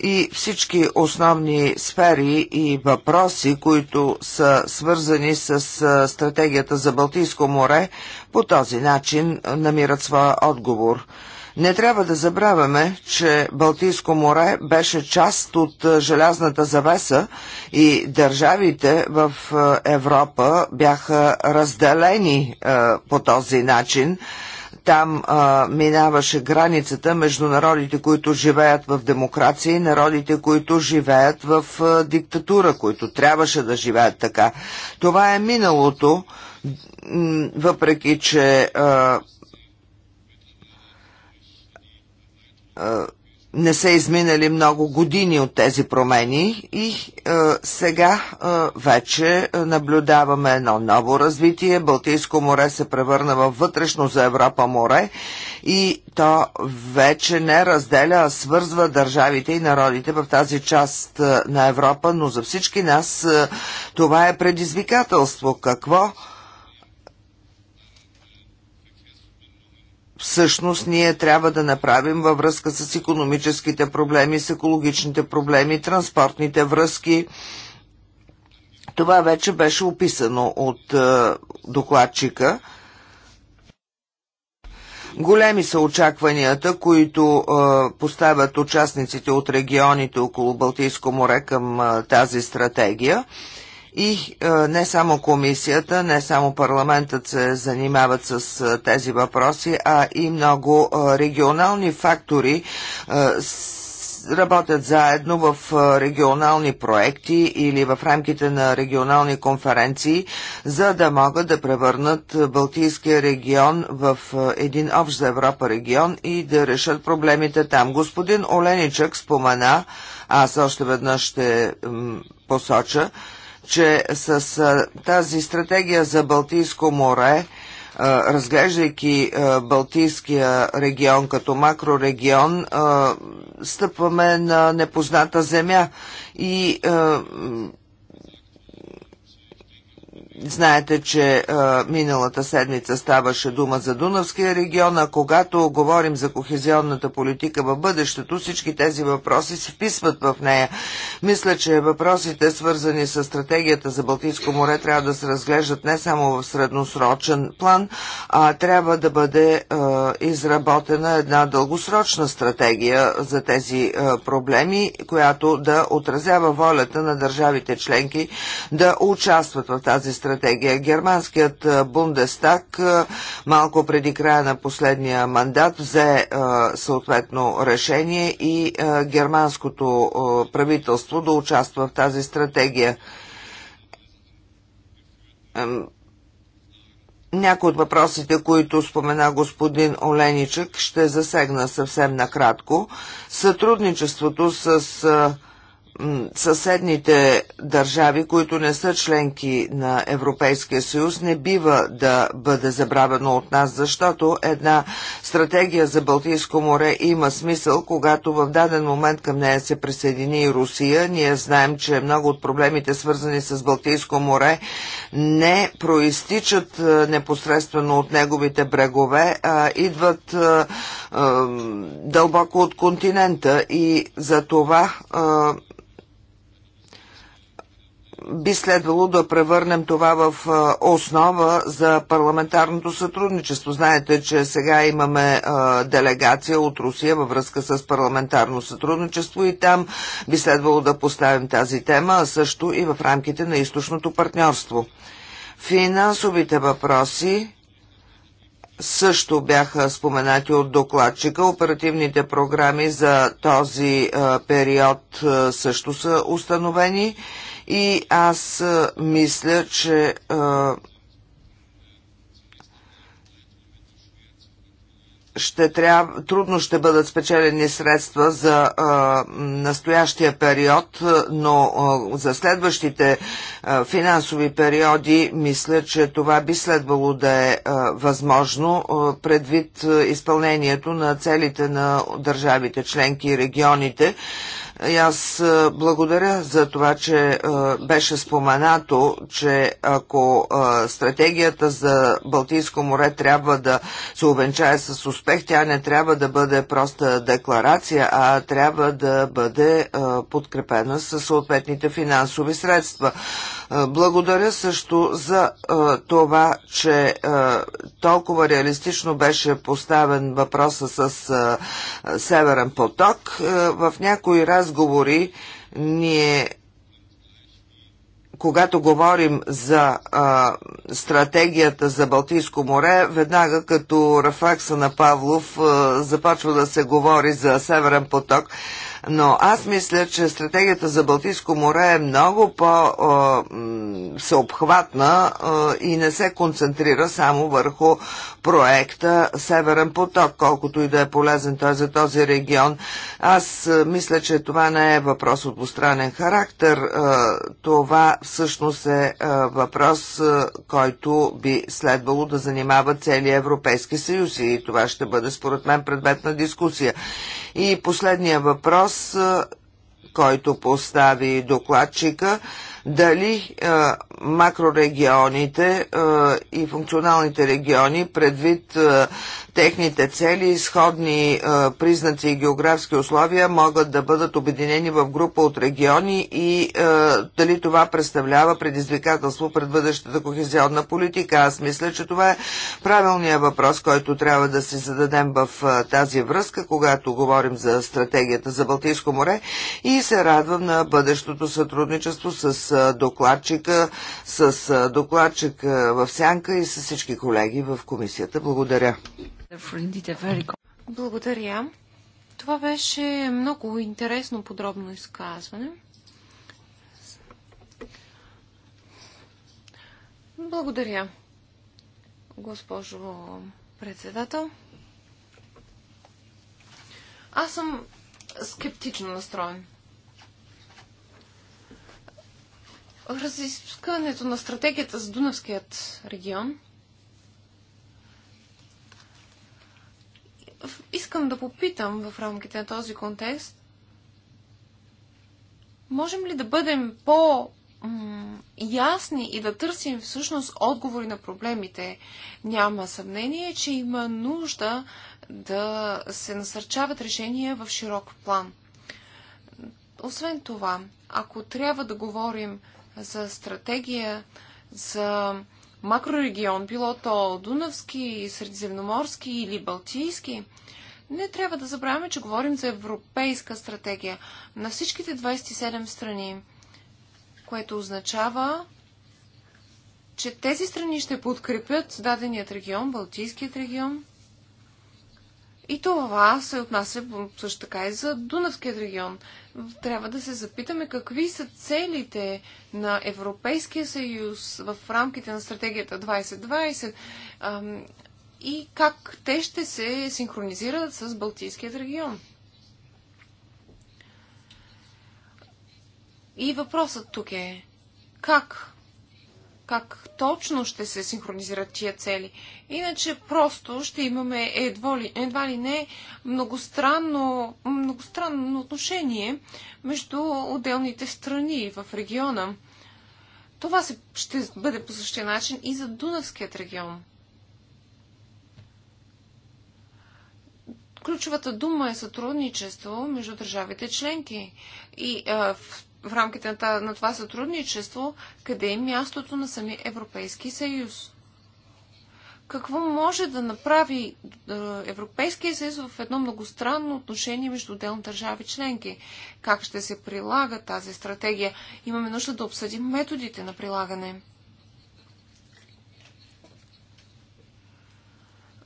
и всички основни сфери и въпроси, които са свързани с стратегията за Балтийско море, по този начин намират своя отговор. Не трябва да забравяме, че Балтийско море беше част от желязната завеса и държавите в Европа бяха разделени по този начин. Там а, минаваше границата между народите, които живеят в демокрация и народите, които живеят в а, диктатура, които трябваше да живеят така. Това е миналото, въпреки че а, не са изминали много години от тези промени и е, сега е, вече наблюдаваме едно ново развитие. Балтийско море се превърна във вътрешно за Европа море и то вече не разделя, а свързва държавите и народите в тази част на Европа, но за всички нас е, това е предизвикателство. Какво? всъщност ние трябва да направим във връзка с економическите проблеми, с екологичните проблеми, транспортните връзки. Това вече беше описано от е, докладчика. Големи са очакванията, които е, поставят участниците от регионите около Балтийско море към е, тази стратегия. И е, не само комисията, не само парламентът се занимават с е, тези въпроси, а и много е, регионални фактори работят заедно в регионални проекти или в рамките на регионални конференции, за да могат да превърнат Балтийския регион в един общ за Европа регион и да решат проблемите там. Господин Оленичък спомена, аз още веднъж ще посоча, че с тази стратегия за Балтийско море, разглеждайки Балтийския регион като макрорегион, стъпваме на непозната земя и Знаете, че а, миналата седмица ставаше дума за Дунавския регион, а когато говорим за кохезионната политика в бъдещето, всички тези въпроси се вписват в нея. Мисля, че въпросите, свързани с стратегията за Балтийско море, трябва да се разглеждат не само в средносрочен план, а трябва да бъде а, изработена една дългосрочна стратегия за тези а, проблеми, която да отразява волята на държавите членки да участват в тази стратегия стратегия. Германският Бундестаг малко преди края на последния мандат взе съответно решение и германското правителство да участва в тази стратегия. Някои от въпросите, които спомена господин Оленичък, ще засегна съвсем накратко. Сътрудничеството с съседните държави, които не са членки на Европейския съюз, не бива да бъде забравено от нас, защото една стратегия за Балтийско море има смисъл, когато в даден момент към нея се присъедини и Русия. Ние знаем, че много от проблемите, свързани с Балтийско море, не проистичат е, непосредствено от неговите брегове, а идват е, е, дълбоко от континента и за това би следвало да превърнем това в основа за парламентарното сътрудничество. Знаете, че сега имаме делегация от Русия във връзка с парламентарно сътрудничество и там би следвало да поставим тази тема, а също и в рамките на източното партньорство. Финансовите въпроси също бяха споменати от докладчика. Оперативните програми за този период също са установени и аз мисля, че ще трябва, трудно ще бъдат спечелени средства за а, настоящия период, но а, за следващите а, финансови периоди мисля, че това би следвало да е а, възможно а, предвид а, изпълнението на целите на държавите членки и регионите. А, и аз е, благодаря за това, че е, беше споменато, че ако е, стратегията за Балтийско море трябва да се увенчае с успех, тя не трябва да бъде проста декларация, а трябва да бъде подкрепена с съответните финансови средства. Благодаря също за това, че толкова реалистично беше поставен въпроса с Северен поток. В някои разговори ние когато говорим за а, стратегията за Балтийско море, веднага като рефлекса на Павлов а, започва да се говори за Северен поток но аз мисля, че стратегията за Балтийско море е много по-съобхватна и не се концентрира само върху проекта Северен поток, колкото и да е полезен той за този регион. Аз мисля, че това не е въпрос от устранен характер. Това всъщност е въпрос, който би следвало да занимава целият Европейски съюз и това ще бъде според мен предмет на дискусия. И последния въпрос въпрос, който постави докладчика, дали макрорегионите и функционалните региони предвид техните цели, изходни признаци и географски условия могат да бъдат обединени в група от региони и дали това представлява предизвикателство пред бъдещата кохезионна политика. Аз мисля, че това е правилният въпрос, който трябва да си зададем в тази връзка, когато говорим за стратегията за Балтийско море и се радвам на бъдещото сътрудничество с докладчика, с докладчик в Сянка и с всички колеги в комисията. Благодаря. Благодаря. Това беше много интересно подробно изказване. Благодаря, госпожо председател. Аз съм скептично настроен. Разискването на стратегията за Дунавският регион искам да попитам в рамките на този контекст, можем ли да бъдем по- ясни и да търсим всъщност отговори на проблемите. Няма съмнение, че има нужда да се насърчават решения в широк план. Освен това, ако трябва да говорим за стратегия, за макрорегион, било то Дунавски, Средиземноморски или Балтийски, не трябва да забравяме, че говорим за европейска стратегия на всичките 27 страни, което означава, че тези страни ще подкрепят даденият регион, Балтийският регион, и това се отнася също така и за Дунавският регион. Трябва да се запитаме какви са целите на Европейския съюз в рамките на стратегията 2020 и как те ще се синхронизират с Балтийският регион. И въпросът тук е как как точно ще се синхронизират тия цели. Иначе просто ще имаме едва ли, едва ли не многостранно, многостранно отношение между отделните страни в региона. Това ще бъде по същия начин и за Дунавският регион. Ключовата дума е сътрудничество между държавите членки. И а, в в рамките на, на това сътрудничество, къде е мястото на самия Европейски съюз? Какво може да направи е, Европейския съюз в едно многостранно отношение между отделни държави членки? Как ще се прилага тази стратегия? Имаме нужда да обсъдим методите на прилагане.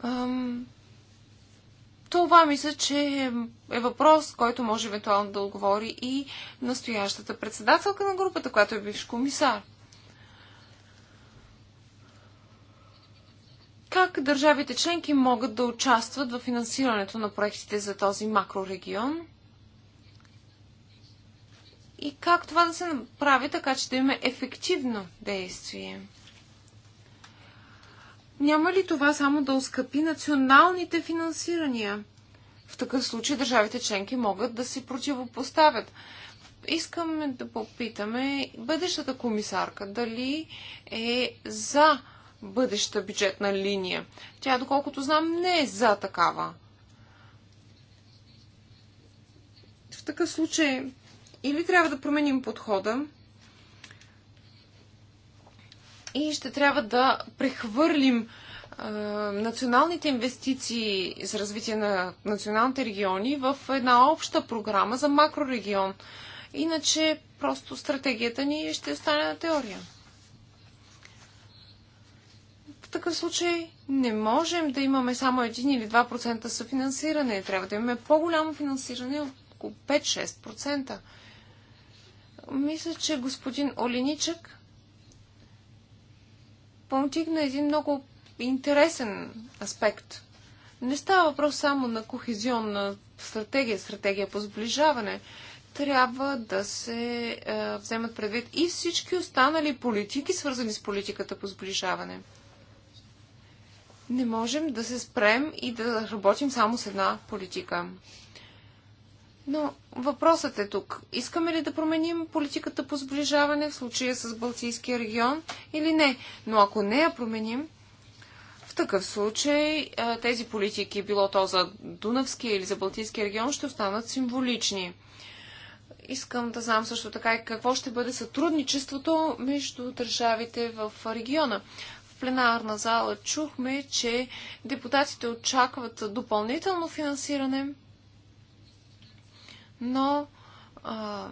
Ам... Това мисля, че е въпрос, който може евентуално да отговори и настоящата председателка на групата, която е бивш комисар. Как държавите членки могат да участват в финансирането на проектите за този макрорегион? И как това да се направи така, че да има ефективно действие? няма ли това само да оскъпи националните финансирания? В такъв случай държавите членки могат да си противопоставят. Искаме да попитаме бъдещата комисарка дали е за бъдеща бюджетна линия. Тя, доколкото знам, не е за такава. В такъв случай или трябва да променим подхода, и ще трябва да прехвърлим е, националните инвестиции за развитие на националните региони в една обща програма за макрорегион. Иначе просто стратегията ни ще остане на теория. В такъв случай не можем да имаме само 1 или 2% съфинансиране. Трябва да имаме по-голямо финансиране, около 5-6%. Мисля, че господин Олиничък на един много интересен аспект. Не става въпрос само на кохезионна стратегия, стратегия по сближаване. Трябва да се е, вземат предвид и всички останали политики, свързани с политиката по сближаване. Не можем да се спрем и да работим само с една политика. Но въпросът е тук. Искаме ли да променим политиката по сближаване в случая с Балтийския регион или не? Но ако не я променим, в такъв случай тези политики, било то за Дунавския или за Балтийския регион, ще останат символични. Искам да знам също така и какво ще бъде сътрудничеството между държавите в региона. В пленарна зала чухме, че депутатите очакват допълнително финансиране – но а,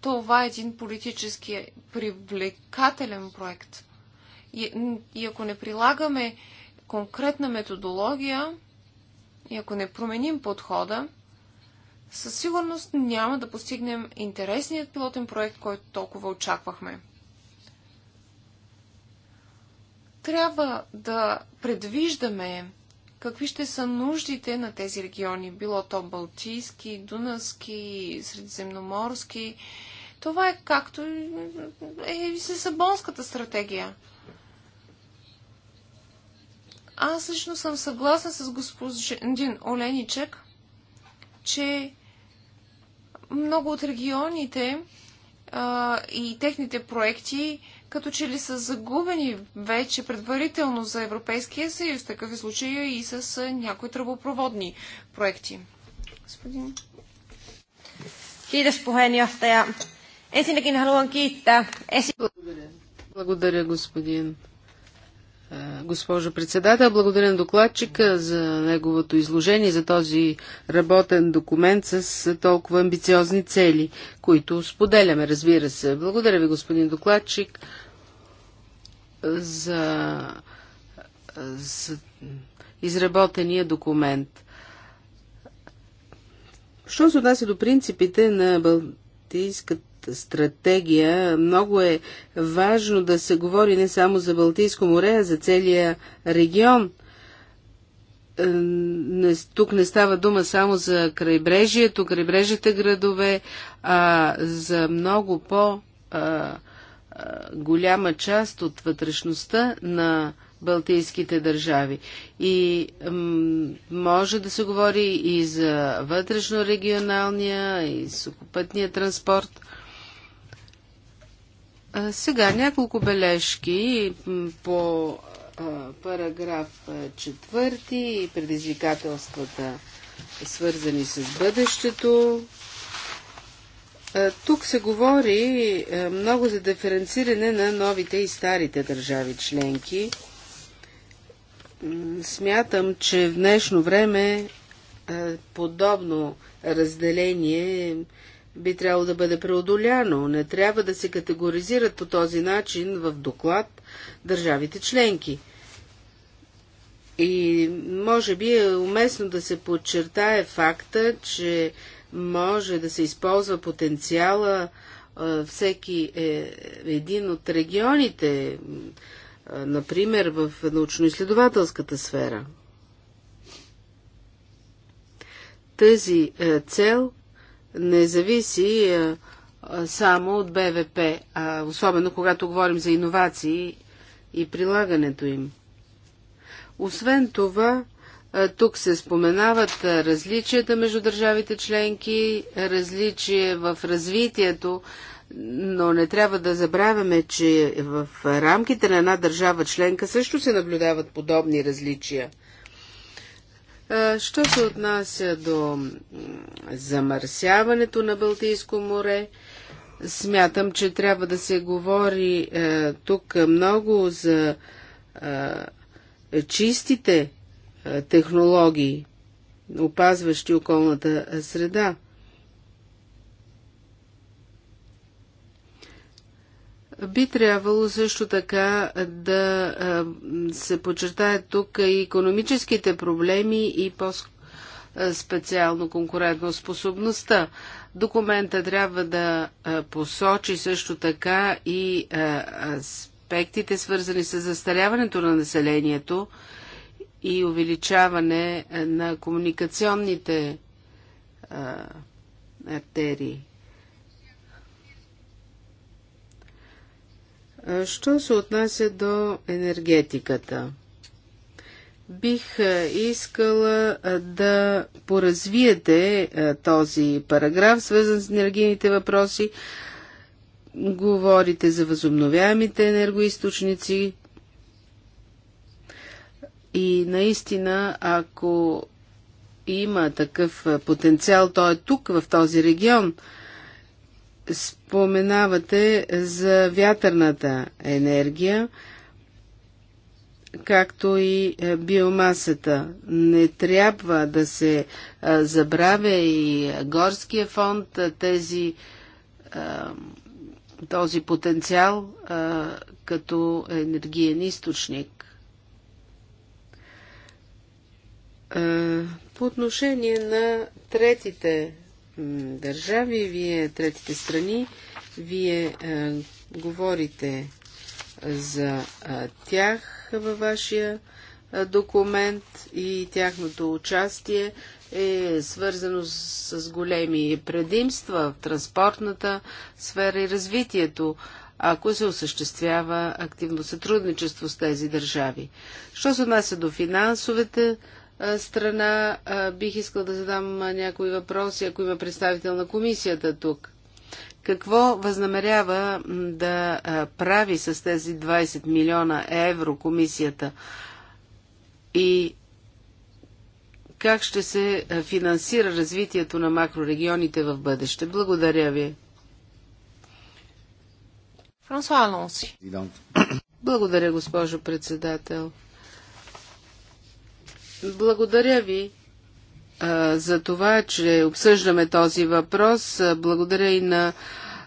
това е един политически привлекателен проект. И, и ако не прилагаме конкретна методология и ако не променим подхода, със сигурност няма да постигнем интересният пилотен проект, който толкова очаквахме. Трябва да предвиждаме какви ще са нуждите на тези региони, било то Балтийски, Дунавски, Средиземноморски. Това е както е и с Лисабонската стратегия. Аз лично съм съгласна с господин Оленичек, че много от регионите а, и техните проекти като че ли са загубени вече предварително за Европейския съюз. Такъв е случай и с някои тръбопроводни проекти. Господин. Кидаш, puheenjohtaja. Ensinnäkin haluan kiittää. Благодаря. Благодаря, господин госпожо председател. Благодаря на докладчика за неговото изложение, за този работен документ с толкова амбициозни цели, които споделяме, разбира се. Благодаря ви, господин докладчик, за, за изработения документ. Що се отнася до принципите на Балтийската стратегия, много е важно да се говори не само за Балтийско море, а за целия регион. Е, тук не става дума само за крайбрежието, крайбрежите градове, а за много по- голяма част от вътрешността на Балтийските държави. И може да се говори и за вътрешно-регионалния, и сухопътния транспорт. Сега няколко бележки по параграф 4 и предизвикателствата, свързани с бъдещето. Тук се говори много за диференциране на новите и старите държави членки. Смятам, че в днешно време подобно разделение би трябвало да бъде преодоляно. Не трябва да се категоризират по този начин в доклад държавите членки. И може би е уместно да се подчертае факта, че може да се използва потенциала всеки е, един от регионите, например в научно-изследователската сфера. Тази е, цел не зависи само от БВП, а особено когато говорим за иновации и прилагането им. Освен това, тук се споменават различията между държавите членки, различия в развитието, но не трябва да забравяме, че в рамките на една държава членка също се наблюдават подобни различия – Що се отнася до замърсяването на Балтийско море, смятам, че трябва да се говори е, тук много за е, чистите е, технологии, опазващи околната среда. Би трябвало също така да се подчертаят тук и економическите проблеми и по-специално конкурентно способността. Документа трябва да посочи също така и аспектите, свързани с застаряването на населението и увеличаване на комуникационните артерии. Що се отнася до енергетиката? Бих искала да поразвиете този параграф, свързан с енергийните въпроси. Говорите за възобновяемите енергоисточници. И наистина, ако има такъв потенциал, той е тук, в този регион – споменавате за вятърната енергия, както и е, биомасата. Не трябва да се е, забравя и горския фонд, е, тези, този потенциал като енергиен източник. По отношение на третите държави, вие третите страни, вие а, говорите за а, тях във вашия а, документ и тяхното участие е свързано с, с големи предимства в транспортната сфера и развитието, ако се осъществява активно сътрудничество с тези държави. Що се отнася до финансовете страна бих искал да задам някои въпроси, ако има представител на комисията тук. Какво възнамерява да прави с тези 20 милиона евро комисията и как ще се финансира развитието на макрорегионите в бъдеще? Благодаря ви. Франсуа Алонси. Благодаря, госпожо председател. Благодаря ви а, за това, че обсъждаме този въпрос. Благодаря и на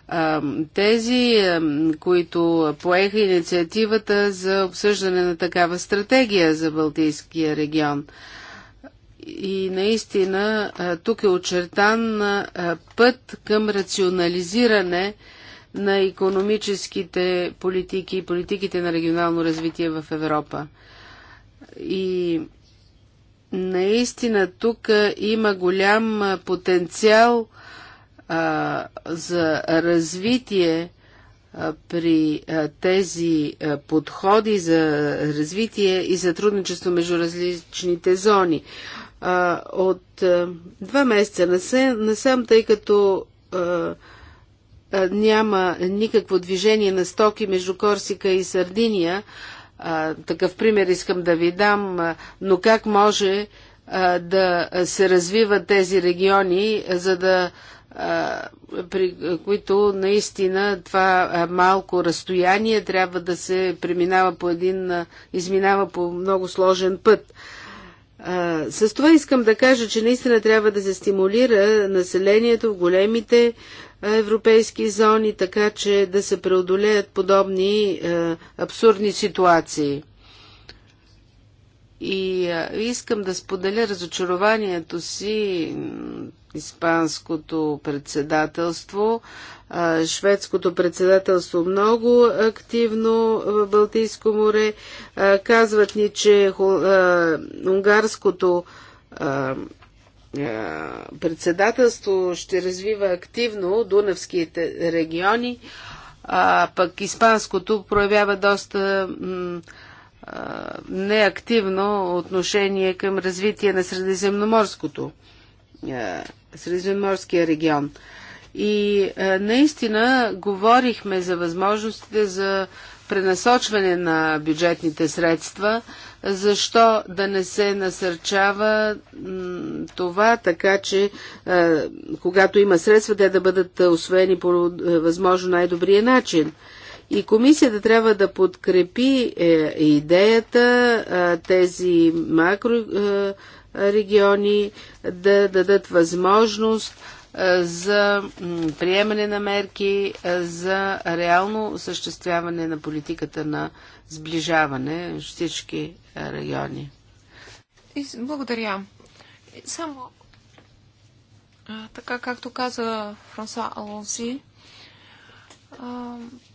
а, тези, а, които поеха инициативата за обсъждане на такава стратегия за Балтийския регион. И наистина тук е очертан път към рационализиране на економическите политики и политиките на регионално развитие в Европа. И Наистина тук има голям потенциал а, за развитие а, при а, тези а, подходи за развитие и сътрудничество между различните зони. А, от а, два месеца насам, насам тъй като а, няма никакво движение на стоки между Корсика и Сардиния, а, такъв пример искам да ви дам, но как може а, да се развиват тези региони, за да при които наистина това малко разстояние трябва да се преминава по един, изминава по много сложен път. с това искам да кажа, че наистина трябва да се стимулира населението в големите европейски зони, така че да се преодолеят подобни е, абсурдни ситуации. И е, искам да споделя разочарованието си испанското председателство. Е, шведското председателство много активно в Балтийско море. Е, казват ни, че е, унгарското е, е, председателство ще развива активно дунавските региони, а пък испанското проявява доста неактивно отношение към развитие на средиземноморското, е, средиземноморския регион. И е, наистина говорихме за възможностите за пренасочване на бюджетните средства – защо да не се насърчава това, така че когато има средства, те да бъдат освоени по възможно най-добрия начин? И комисията трябва да подкрепи е, идеята тези макрорегиони да дадат възможност за приемане на мерки за реално осъществяване на политиката на сближаване всички райони. Благодаря. Само така както каза Франсуа Алонси,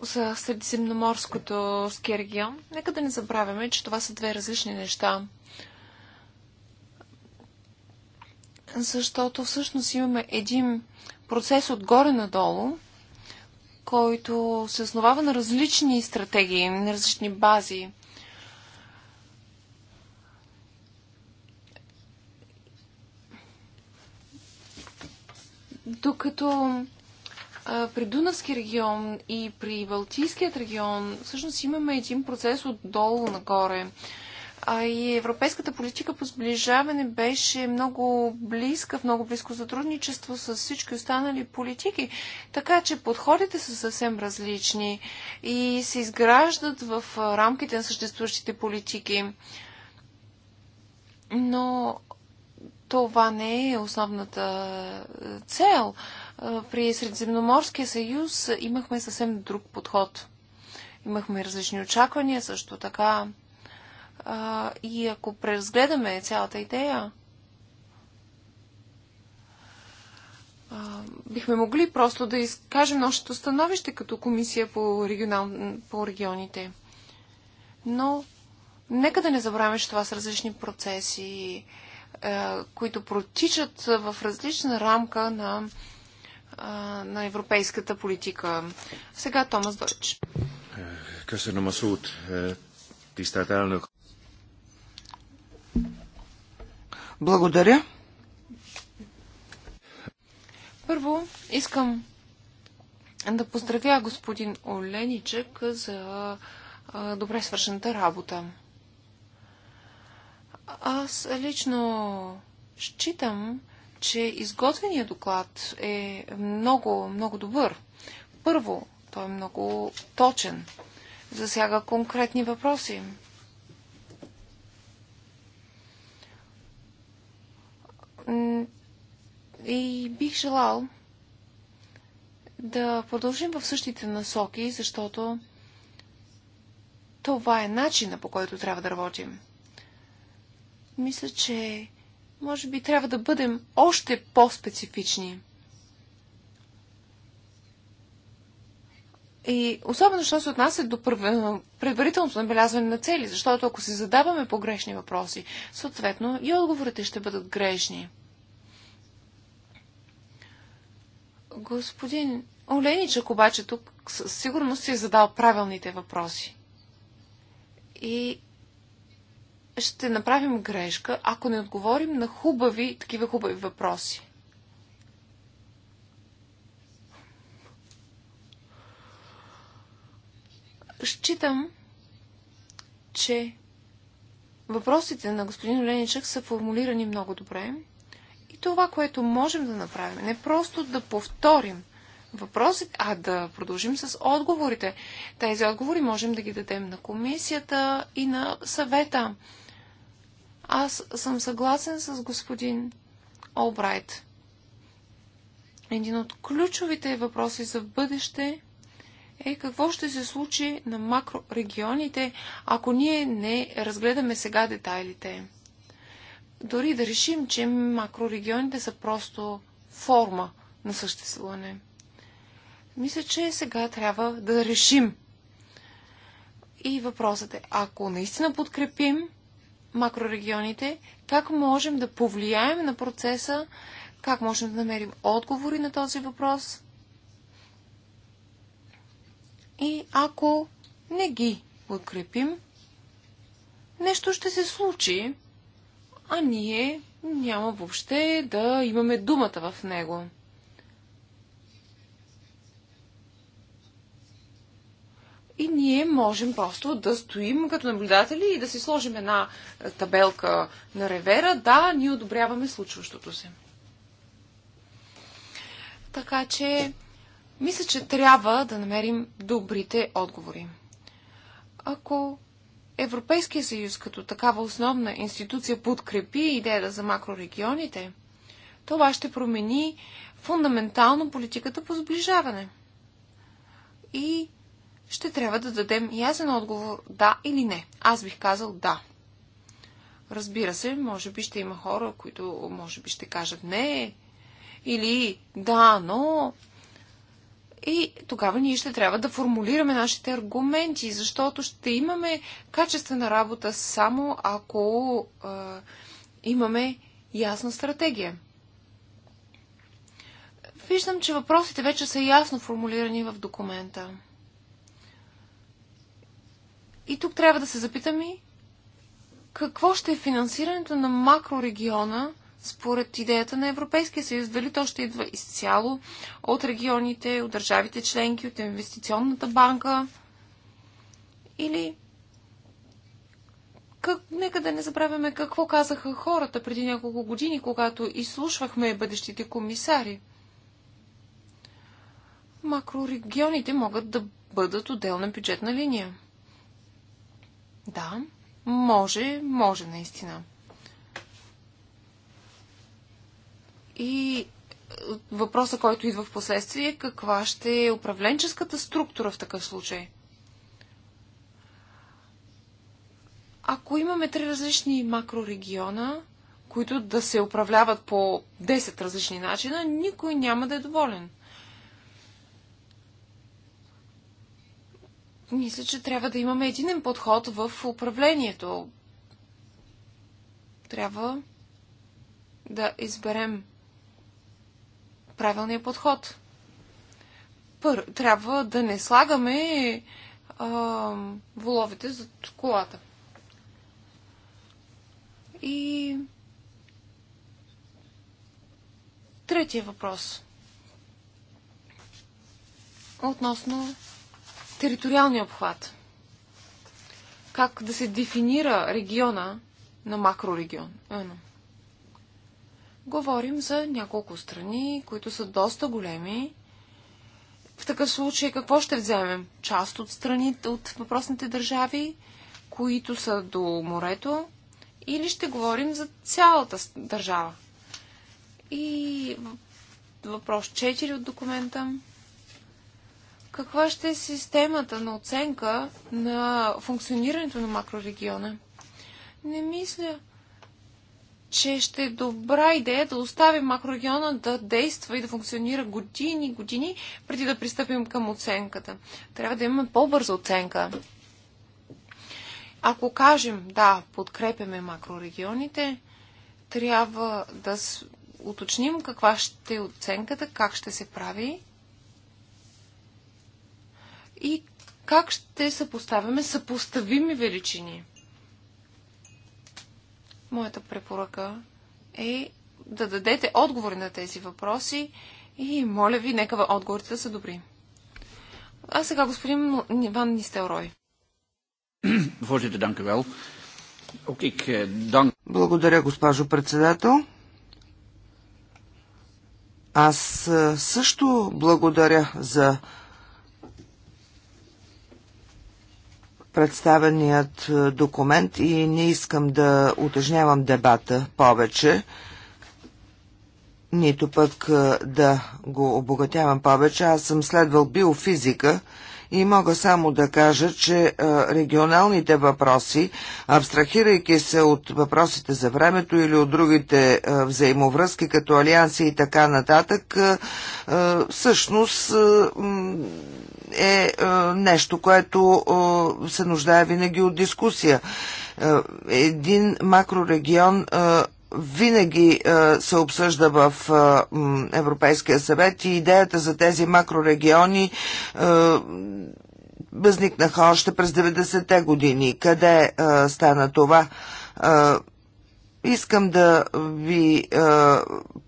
за Средиземноморското ски регион, нека да не забравяме, че това са две различни неща. Защото всъщност имаме един процес отгоре надолу, който се основава на различни стратегии, на различни бази. Докато при Дунавски регион и при Балтийският регион всъщност имаме един процес отдолу нагоре. А и европейската политика по сближаване беше много близка, в много близко сътрудничество с всички останали политики. Така че подходите са съвсем различни и се изграждат в рамките на съществуващите политики. Но това не е основната е, цел. Е, при Средиземноморския съюз имахме съвсем друг подход. Имахме различни очаквания също така. И ако преразгледаме цялата идея, бихме могли просто да изкажем нашето становище като комисия по, регионал, по регионите. Но нека да не забравяме, че това са различни процеси е, които протичат в различна рамка на, е, на европейската политика. Сега Томас Дойч. Е, Благодаря. Първо искам да поздравя господин Оленичек за добре свършената работа. Аз лично считам, че изготвения доклад е много, много добър. Първо, той е много точен, засяга конкретни въпроси. И бих желал да продължим в същите насоки, защото това е начина по който трябва да работим. Мисля, че може би трябва да бъдем още по-специфични. И особено, що се отнася до предварителното набелязване на цели, защото ако се задаваме погрешни въпроси, съответно и отговорите ще бъдат грешни. Господин Оленичък обаче тук със сигурност си е задал правилните въпроси. И ще направим грешка, ако не отговорим на хубави, такива хубави въпроси. Считам, че въпросите на господин Леничък са формулирани много добре. И това, което можем да направим, е не просто да повторим въпросите, а да продължим с отговорите. Тези отговори можем да ги дадем на комисията и на съвета. Аз съм съгласен с господин Олбрайт. Един от ключовите въпроси за бъдеще е какво ще се случи на макрорегионите, ако ние не разгледаме сега детайлите. Дори да решим, че макрорегионите са просто форма на съществуване. Мисля, че сега трябва да решим. И въпросът е, ако наистина подкрепим макрорегионите, как можем да повлияем на процеса, как можем да намерим отговори на този въпрос и ако не ги подкрепим, нещо ще се случи, а ние няма въобще да имаме думата в него. И ние можем просто да стоим като наблюдатели и да си сложим една е, табелка на ревера. Да, ние одобряваме случващото се. Така че, мисля, че трябва да намерим добрите отговори. Ако Европейския съюз като такава основна институция подкрепи идеята за макрорегионите, това ще промени фундаментално политиката по сближаване. И ще трябва да дадем ясен отговор да или не. Аз бих казал да. Разбира се, може би ще има хора, които може би ще кажат не или да, но. И тогава ние ще трябва да формулираме нашите аргументи, защото ще имаме качествена работа само ако е, имаме ясна стратегия. Виждам, че въпросите вече са ясно формулирани в документа. И тук трябва да се запитам и какво ще е финансирането на макрорегиона според идеята на Европейския съюз. Дали то ще идва изцяло от регионите, от държавите членки, от инвестиционната банка или как, нека да не забравяме какво казаха хората преди няколко години, когато изслушвахме бъдещите комисари. Макрорегионите могат да бъдат отделна бюджетна линия. Да, може, може наистина. И е, въпроса, който идва в последствие, е каква ще е управленческата структура в такъв случай? Ако имаме три различни макрорегиона, които да се управляват по 10 различни начина, никой няма да е доволен. мисля, че трябва да имаме единен подход в управлението. Трябва да изберем правилния подход. Пър, трябва да не слагаме а, воловите за колата. И третия въпрос. Относно териториалния обхват. Как да се дефинира региона на макрорегион. Ено. Говорим за няколко страни, които са доста големи. В такъв случай какво ще вземем? Част от страните, от въпросните държави, които са до морето, или ще говорим за цялата държава? И въпрос 4 от документа каква ще е системата на оценка на функционирането на макрорегиона. Не мисля, че ще е добра идея да оставим макрорегиона да действа и да функционира години и години, преди да пристъпим към оценката. Трябва да имаме по-бърза оценка. Ако кажем, да, подкрепяме макрорегионите, трябва да уточним каква ще е оценката, как ще се прави и как ще съпоставяме съпоставими величини. Моята препоръка е да дадете отговори на тези въпроси и моля ви, нека отговорите да са добри. А сега господин Иван Нистелрой. Eh, благодаря, госпожо председател. Аз е, също благодаря за представеният е, документ и не искам да утежнявам дебата повече, нито пък е, да го обогатявам повече. Аз съм следвал биофизика и мога само да кажа, че е, регионалните въпроси, абстрахирайки се от въпросите за времето или от другите взаимовръзки, като алианси и така нататък, всъщност е, е нещо, което е, се нуждае винаги от дискусия. Е, един макрорегион винаги се обсъжда в Европейския съвет и идеята за тези макрорегиони възникнаха още през 90-те години. Къде стана това? Искам да ви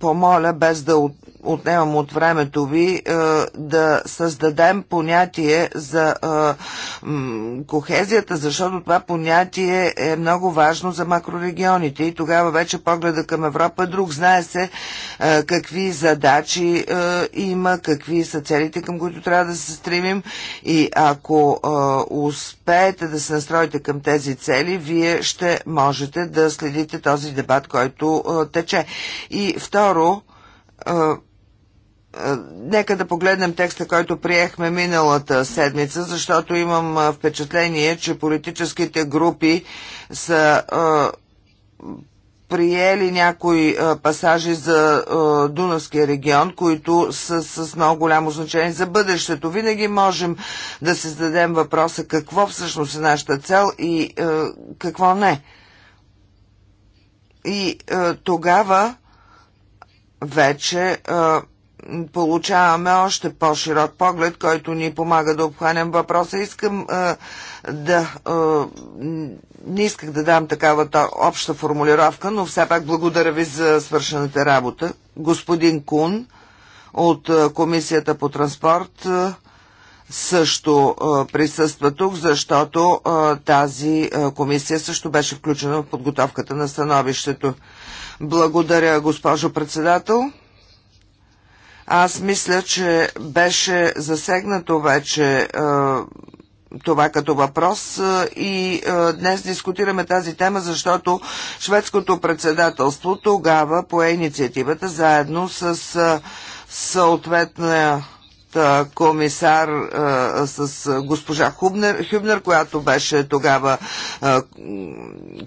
помоля, без да от, отнемам от времето ви, е, да създадем понятие за е, кохезията, защото това понятие е много важно за макрорегионите и тогава вече погледа към Европа друг. Знае се е, какви задачи има, какви са целите, към които трябва да се стремим и ако успеете да се настроите към тези цели, вие ще можете да следите този дебат, който тече. И второ, е, нека да погледнем текста, който приехме миналата седмица, защото имам е, впечатление, че политическите групи са е, приели някои пасажи за Дунавския регион, които са с много голямо значение за бъдещето. Винаги можем да се зададем въпроса какво всъщност е нашата цел и какво не. И тогава вече а, получаваме още по-широк поглед, който ни помага да обхванем въпроса. Искам а, да... А, не исках да дам такава обща формулировка, но все пак благодаря ви за свършената работа. Господин Кун от Комисията по транспорт също присъства тук, защото тази комисия също беше включена в подготовката на становището. Благодаря, госпожо председател. Аз мисля, че беше засегнато вече е, това като въпрос е, и е, днес дискутираме тази тема, защото шведското председателство тогава пое инициативата заедно с съответна е, комисар а, е, с е, госпожа Хубнер, Хюбнер, която беше тогава а,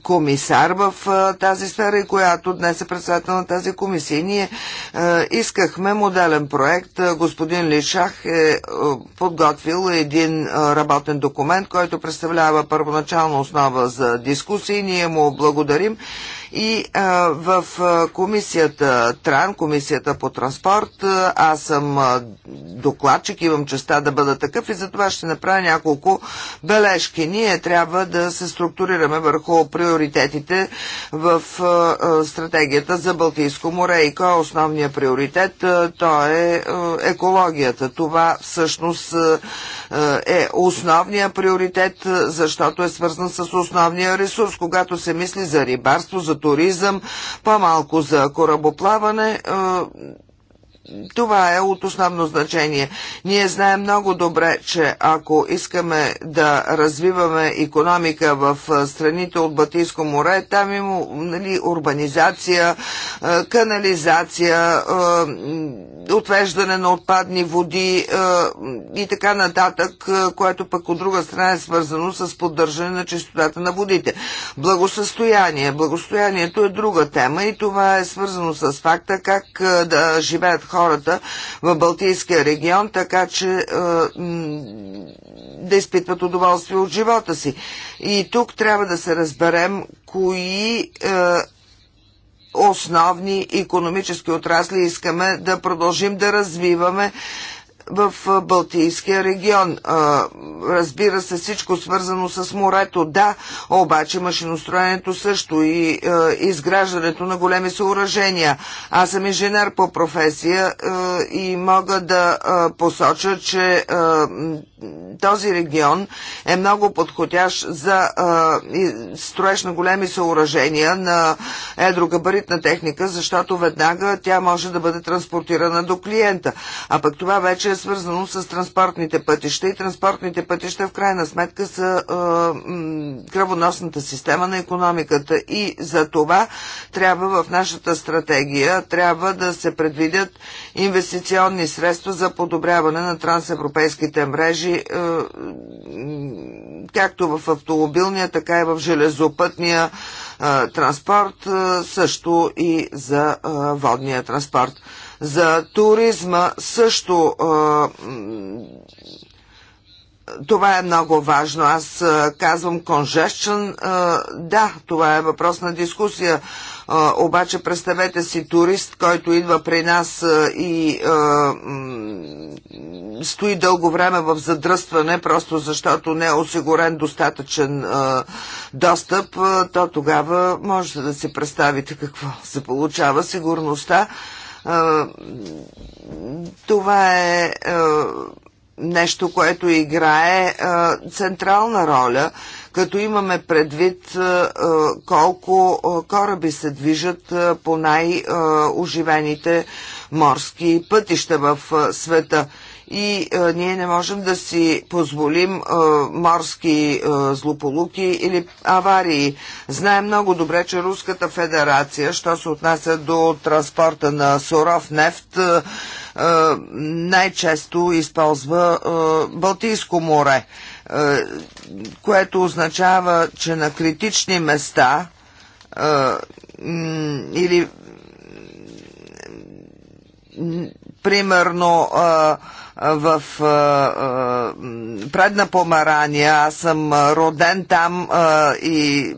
комисар в а, тази сфера и която днес е председател на тази комисия. ние а, искахме моделен проект. Господин Лишах е а, подготвил един а, работен документ, който представлява първоначална основа за дискусии. Ние му благодарим и а, в комисията Тран, комисията по транспорт, аз съм докладчик, имам честа да бъда такъв и затова ще направя няколко бележки. Ние трябва да се структурираме върху приоритетите в а, стратегията за Балтийско море. И кой е основният приоритет? То е екологията. Това всъщност е основният приоритет, защото е свързан с основния ресурс. Когато се мисли за рибарство, за за туризъм, по-малко за корабоплаване това е от основно значение. Ние знаем много добре, че ако искаме да развиваме економика в страните от Батийско море, там има нали, урбанизация, канализация, отвеждане на отпадни води и така нататък, което пък от друга страна е свързано с поддържане на чистотата на водите. Благосъстояние. Благосъстоянието е друга тема и това е свързано с факта как да живеят хората хората в Балтийския регион, така че е, да изпитват удоволствие от живота си. И тук трябва да се разберем кои е, основни економически отрасли искаме да продължим да развиваме в Балтийския регион. Разбира се, всичко свързано с морето, да, обаче машиностроенето също и изграждането на големи съоръжения. Аз съм инженер по професия и мога да посоча, че този регион е много подходящ за строеж на големи съоръжения на едрогабаритна техника, защото веднага тя може да бъде транспортирана до клиента. А пък това вече е е свързано с транспортните пътища и транспортните пътища в крайна сметка са е, кръвоносната система на економиката и за това трябва в нашата стратегия трябва да се предвидят инвестиционни средства за подобряване на трансевропейските мрежи е, както в автомобилния, така и в железопътния е, транспорт, е, също и за е, водния транспорт. За туризма също това е много важно. Аз казвам congestion. Да, това е въпрос на дискусия. Обаче представете си турист, който идва при нас и стои дълго време в задръстване, просто защото не е осигурен достатъчен достъп, то тогава можете да си представите какво се получава. Сигурността това е нещо, което играе централна роля, като имаме предвид колко кораби се движат по най-оживените морски пътища в света и а, е, ние не можем да си позволим а, е, морски а, е, злополуки или аварии. Знаем много добре, че Руската федерация, що се отнася до транспорта на суров нефт, най-често използва а, Балтийско море, а, което означава, че на критични места е, или примерно в предна Помарания, аз съм роден там и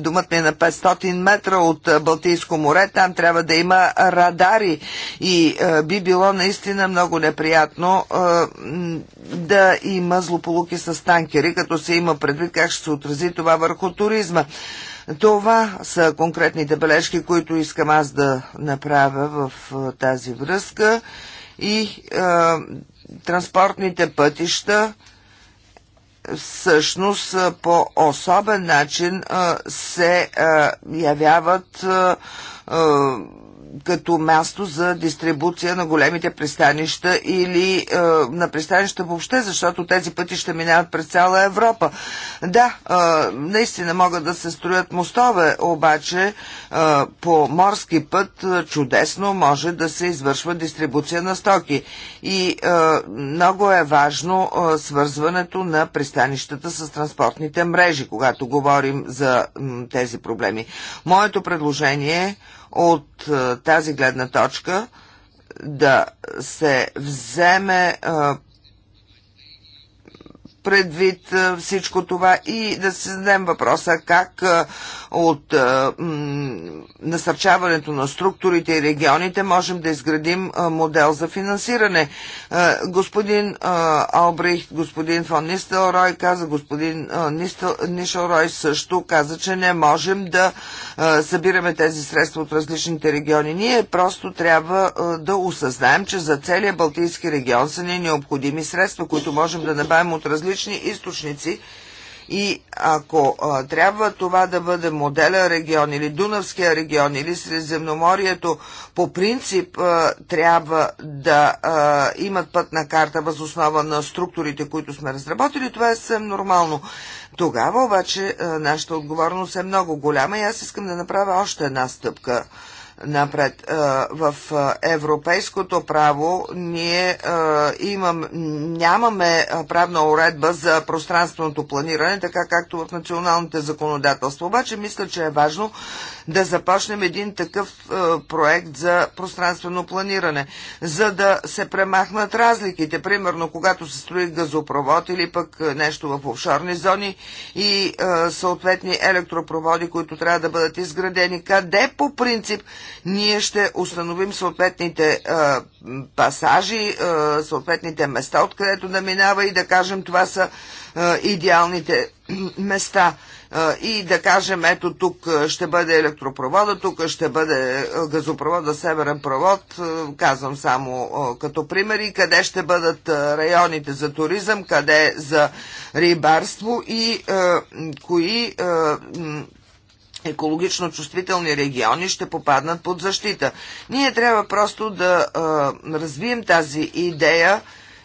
думат ми е на 500 метра от Балтийско море, там трябва да има радари и би било наистина много неприятно да има злополуки с танкери, като се има предвид как ще се отрази това върху туризма. Това са конкретните бележки, които искам аз да направя в тази връзка и е, транспортните пътища всъщност по особен начин се явяват като място за дистрибуция на големите пристанища или е, на пристанища въобще, защото тези пъти ще минават през цяла Европа. Да, е, наистина могат да се строят мостове, обаче е, по морски път е, чудесно може да се извършва дистрибуция на стоки. И е, много е важно е, свързването на пристанищата с транспортните мрежи, когато говорим за м, тези проблеми. Моето предложение е от е, тази гледна точка да се вземе е, предвид всичко това и да се зададем въпроса как от насърчаването на структурите и регионите можем да изградим модел за финансиране. Господин Албрих, господин фон Нистелрой каза, господин Нистел, Нишелрой също каза, че не можем да събираме тези средства от различните региони. Ние просто трябва да осъзнаем, че за целия Балтийски регион са ни необходими средства, които можем да набавим от различни различни източници. И ако а, трябва това да бъде моделя регион или Дунавския регион или Средиземноморието, по принцип а, трябва да а, имат пътна карта въз основа на структурите, които сме разработили, това е съвсем нормално. Тогава обаче а, нашата отговорност е много голяма и аз искам да направя още една стъпка напред. Е, в е, европейското право ние е, имам, нямаме правна уредба за пространственото планиране, така както в националните законодателства. Обаче мисля, че е важно да започнем един такъв е, проект за пространствено планиране, за да се премахнат разликите. Примерно, когато се строи газопровод или пък е, нещо в офшорни зони и е, съответни електропроводи, които трябва да бъдат изградени, къде по принцип ние ще установим съответните пасажи, съответните места, откъдето да минава и да кажем това са идеалните места и да кажем, ето тук ще бъде електропровода, тук ще бъде газопровода, северен провод, казвам само като примери, къде ще бъдат районите за туризъм, къде за рибарство и кои екологично чувствителни региони ще попаднат под защита. Ние трябва просто да развием тази идея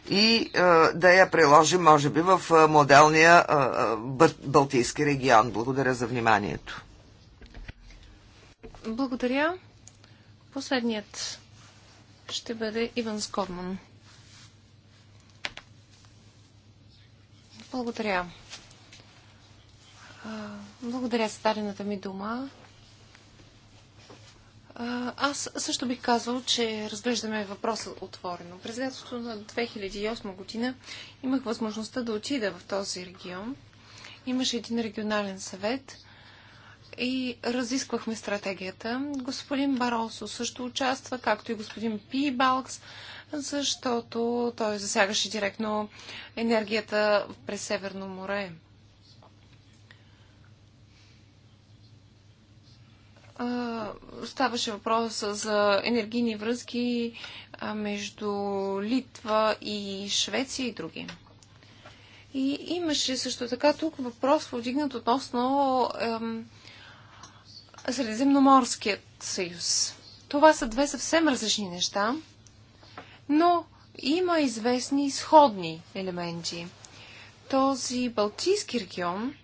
и е, да я приложим, може би, в е, моделния е, Балтийски регион. Благодаря за вниманието. Благодаря. Последният ще бъде Иван Скорман. Благодаря. Благодаря за дадената ми дума. Аз също бих казал, че разглеждаме въпроса отворено. През лятото на 2008 година имах възможността да отида в този регион. Имаше един регионален съвет и разисквахме стратегията. Господин Баросо също участва, както и господин Пи Балкс, защото той засягаше директно енергията през Северно море. ставаше въпрос за енергийни връзки между Литва и Швеция и други. И имаше също така тук въпрос повдигнат относно ем, Средиземноморският съюз. Това са две съвсем различни неща, но има известни сходни елементи. Този Балтийски регион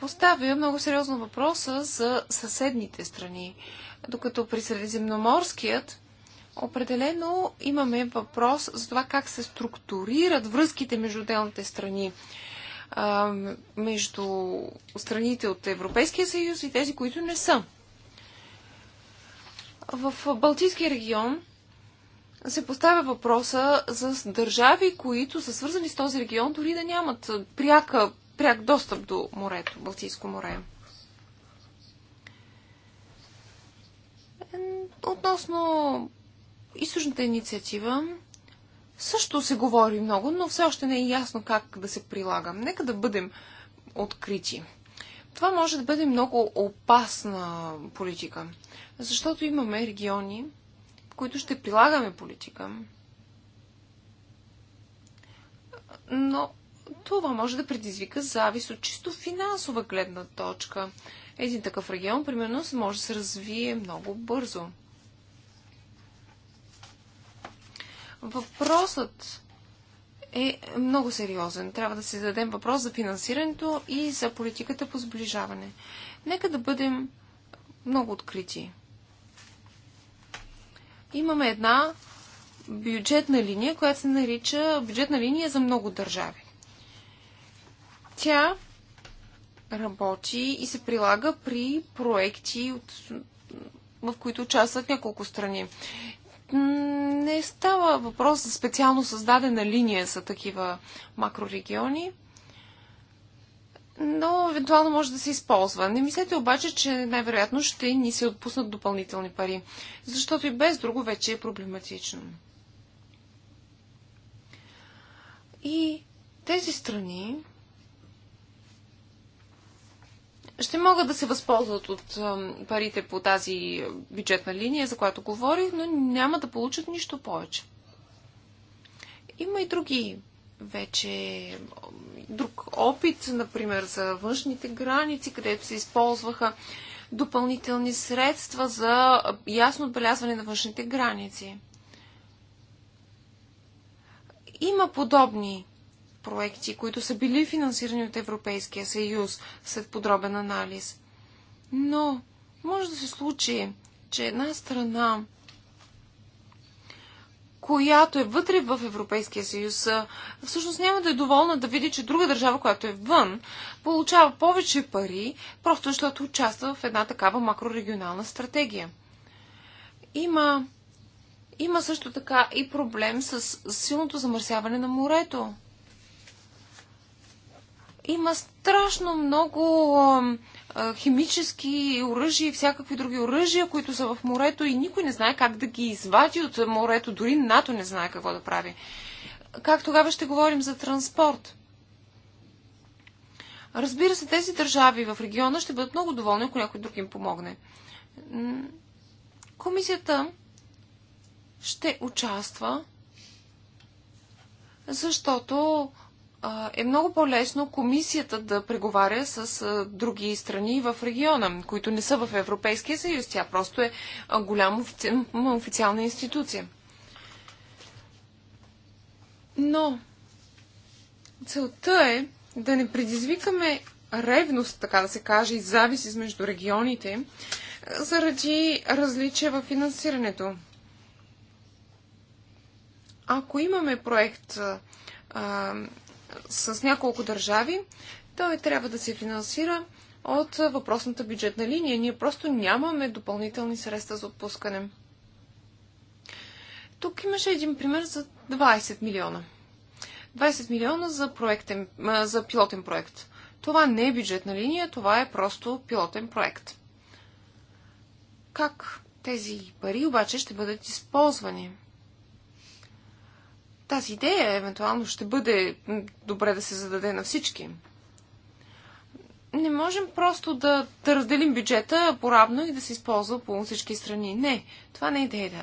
поставя много сериозно въпроса за съседните страни. Докато при Средиземноморският определено имаме въпрос за това как се структурират връзките между отделните страни. Между страните от Европейския съюз и тези, които не са. В Балтийския регион се поставя въпроса за държави, които са свързани с този регион, дори да нямат пряка пряк достъп до морето, Балтийско море. Относно източната инициатива, също се говори много, но все още не е ясно как да се прилага. Нека да бъдем открити. Това може да бъде много опасна политика, защото имаме региони, в които ще прилагаме политика, но това може да предизвика завист от чисто финансова гледна точка. Един такъв регион, примерно, може да се развие много бързо. Въпросът е много сериозен. Трябва да си зададем въпрос за финансирането и за политиката по сближаване. Нека да бъдем много открити. Имаме една бюджетна линия, която се нарича бюджетна линия за много държави. Тя работи и се прилага при проекти, от, в които участват няколко страни. Не става въпрос за специално създадена линия за такива макрорегиони, но евентуално може да се използва. Не мислете обаче, че най-вероятно ще ни се отпуснат допълнителни пари, защото и без друго вече е проблематично. И тези страни ще могат да се възползват от парите по тази бюджетна линия, за която говорих, но няма да получат нищо повече. Има и други вече друг опит, например за външните граници, където се използваха допълнителни средства за ясно отбелязване на външните граници. Има подобни проекти, които са били финансирани от Европейския съюз след подробен анализ. Но може да се случи, че една страна, която е вътре в Европейския съюз, всъщност няма да е доволна да види, че друга държава, която е вън, получава повече пари, просто защото участва в една такава макрорегионална стратегия. Има, има също така и проблем с силното замърсяване на морето. Има страшно много химически оръжия и всякакви други оръжия, които са в морето и никой не знае как да ги извади от морето. Дори НАТО не знае какво да прави. Как тогава ще говорим за транспорт? Разбира се, тези държави в региона ще бъдат много доволни, ако някой друг им помогне. Комисията ще участва, защото е много по-лесно комисията да преговаря с други страни в региона, които не са в Европейския съюз. Тя просто е голяма официална институция. Но целта е да не предизвикаме ревност, така да се каже, и зависи между регионите, заради различия в финансирането. Ако имаме проект с няколко държави, той трябва да се финансира от въпросната бюджетна линия. Ние просто нямаме допълнителни средства за отпускане. Тук имаше един пример за 20 милиона. 20 милиона за, проектен, за пилотен проект. Това не е бюджетна линия, това е просто пилотен проект. Как тези пари обаче ще бъдат използвани? Тази идея евентуално ще бъде добре да се зададе на всички. Не можем просто да, да разделим бюджета поравно и да се използва по всички страни. Не, това не е За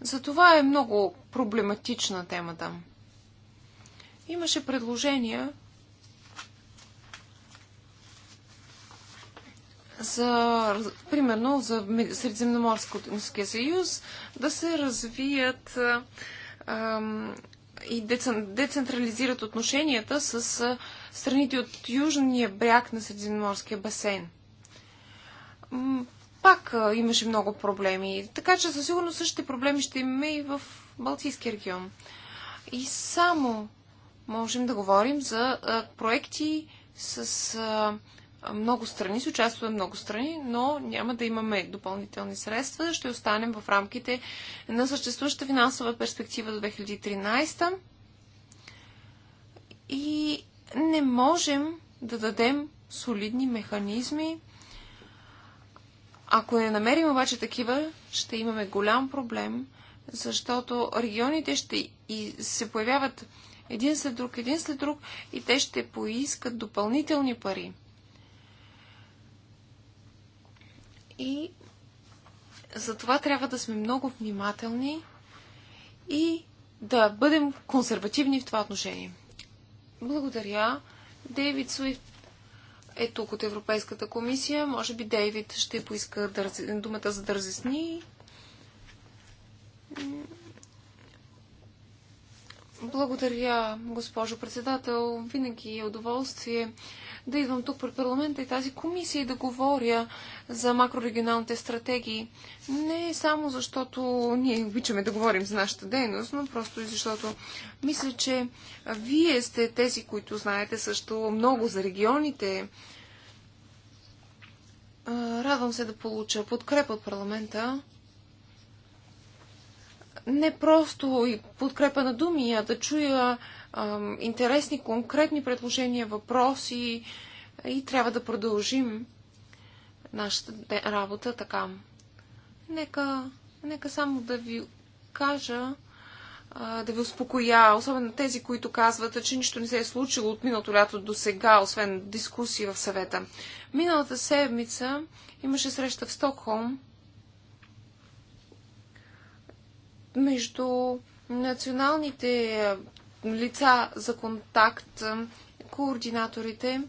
Затова е много проблематична темата. Имаше предложения за, примерно, за Средиземноморския съюз да се развият ам, и децентрализират отношенията с страните от южния бряг на Средиземноморския басейн. Пак имаше много проблеми, така че със сигурност същите проблеми ще имаме и в Балтийския регион. И само можем да говорим за проекти с много страни, се участваме много страни, но няма да имаме допълнителни средства. Ще останем в рамките на съществуваща финансова перспектива до 2013. И не можем да дадем солидни механизми. Ако не намерим обаче такива, ще имаме голям проблем, защото регионите ще и се появяват един след друг, един след друг и те ще поискат допълнителни пари. И за това трябва да сме много внимателни и да бъдем консервативни в това отношение. Благодаря. Дейвид Суифт е тук от Европейската комисия. Може би Дейвид ще поиска думата за да разясни. Благодаря, госпожо председател. Винаги е удоволствие да идвам тук пред парламента и тази комисия и да говоря за макрорегионалните стратегии. Не само защото ние обичаме да говорим за нашата дейност, но просто и защото мисля, че вие сте тези, които знаете също много за регионите. Радвам се да получа подкрепа от парламента не просто и подкрепа на думи, а да чуя интересни, конкретни предложения, въпроси и трябва да продължим нашата работа така. Нека, нека само да ви кажа, да ви успокоя, особено тези, които казват, че нищо не се е случило от миналото лято до сега, освен дискусии в съвета. Миналата седмица имаше среща в Стокхолм между националните лица за контакт, координаторите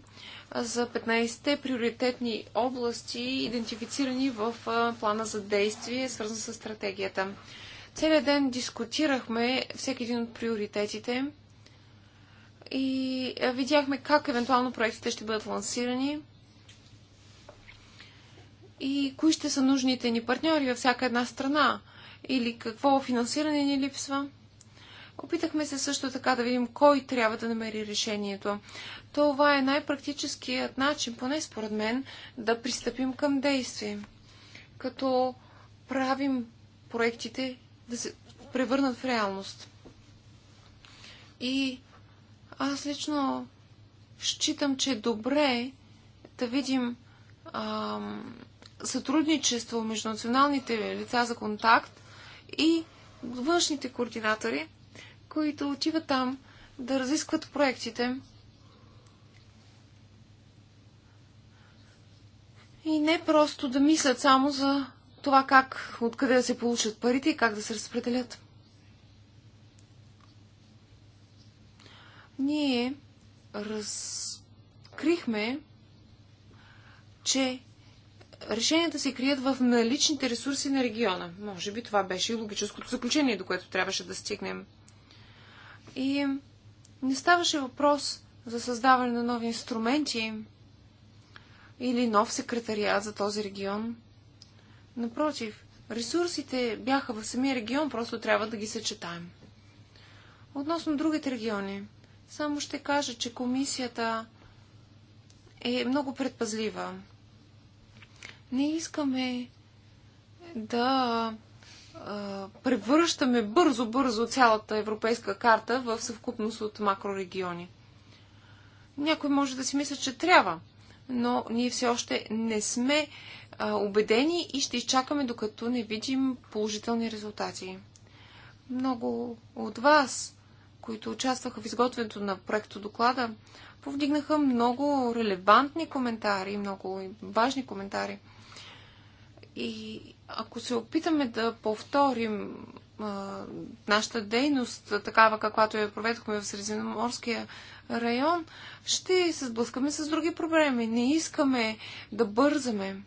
за 15-те приоритетни области, идентифицирани в плана за действие, свързан с стратегията. Целият ден дискутирахме всеки един от приоритетите и видяхме как евентуално проектите ще бъдат лансирани и кои ще са нужните ни партньори във всяка една страна или какво финансиране ни липсва. Опитахме се също така да видим кой трябва да намери решението. Това е най-практическият начин, поне според мен, да пристъпим към действие. Като правим проектите да се превърнат в реалност. И аз лично считам, че е добре да видим а, сътрудничество между националните лица за контакт и външните координатори, които отиват там да разискват проектите. И не просто да мислят само за това как, откъде да се получат парите и как да се разпределят. Ние разкрихме, че решенията се крият в наличните ресурси на региона. Може би това беше и логическото заключение, до което трябваше да стигнем. И не ставаше въпрос за създаване на нови инструменти или нов секретариат за този регион. Напротив, ресурсите бяха в самия регион, просто трябва да ги съчетаем. Относно другите региони, само ще кажа, че комисията е много предпазлива. Не искаме да превръщаме бързо-бързо цялата европейска карта в съвкупност от макрорегиони. Някой може да си мисля, че трябва, но ние все още не сме а, убедени и ще изчакаме, докато не видим положителни резултати. Много от вас, които участваха в изготвянето на проекто доклада, повдигнаха много релевантни коментари, много важни коментари. И ако се опитаме да повторим а, нашата дейност, такава каквато я проведохме в Средиземноморския район, ще се сблъскаме с други проблеми. Не искаме да бързаме.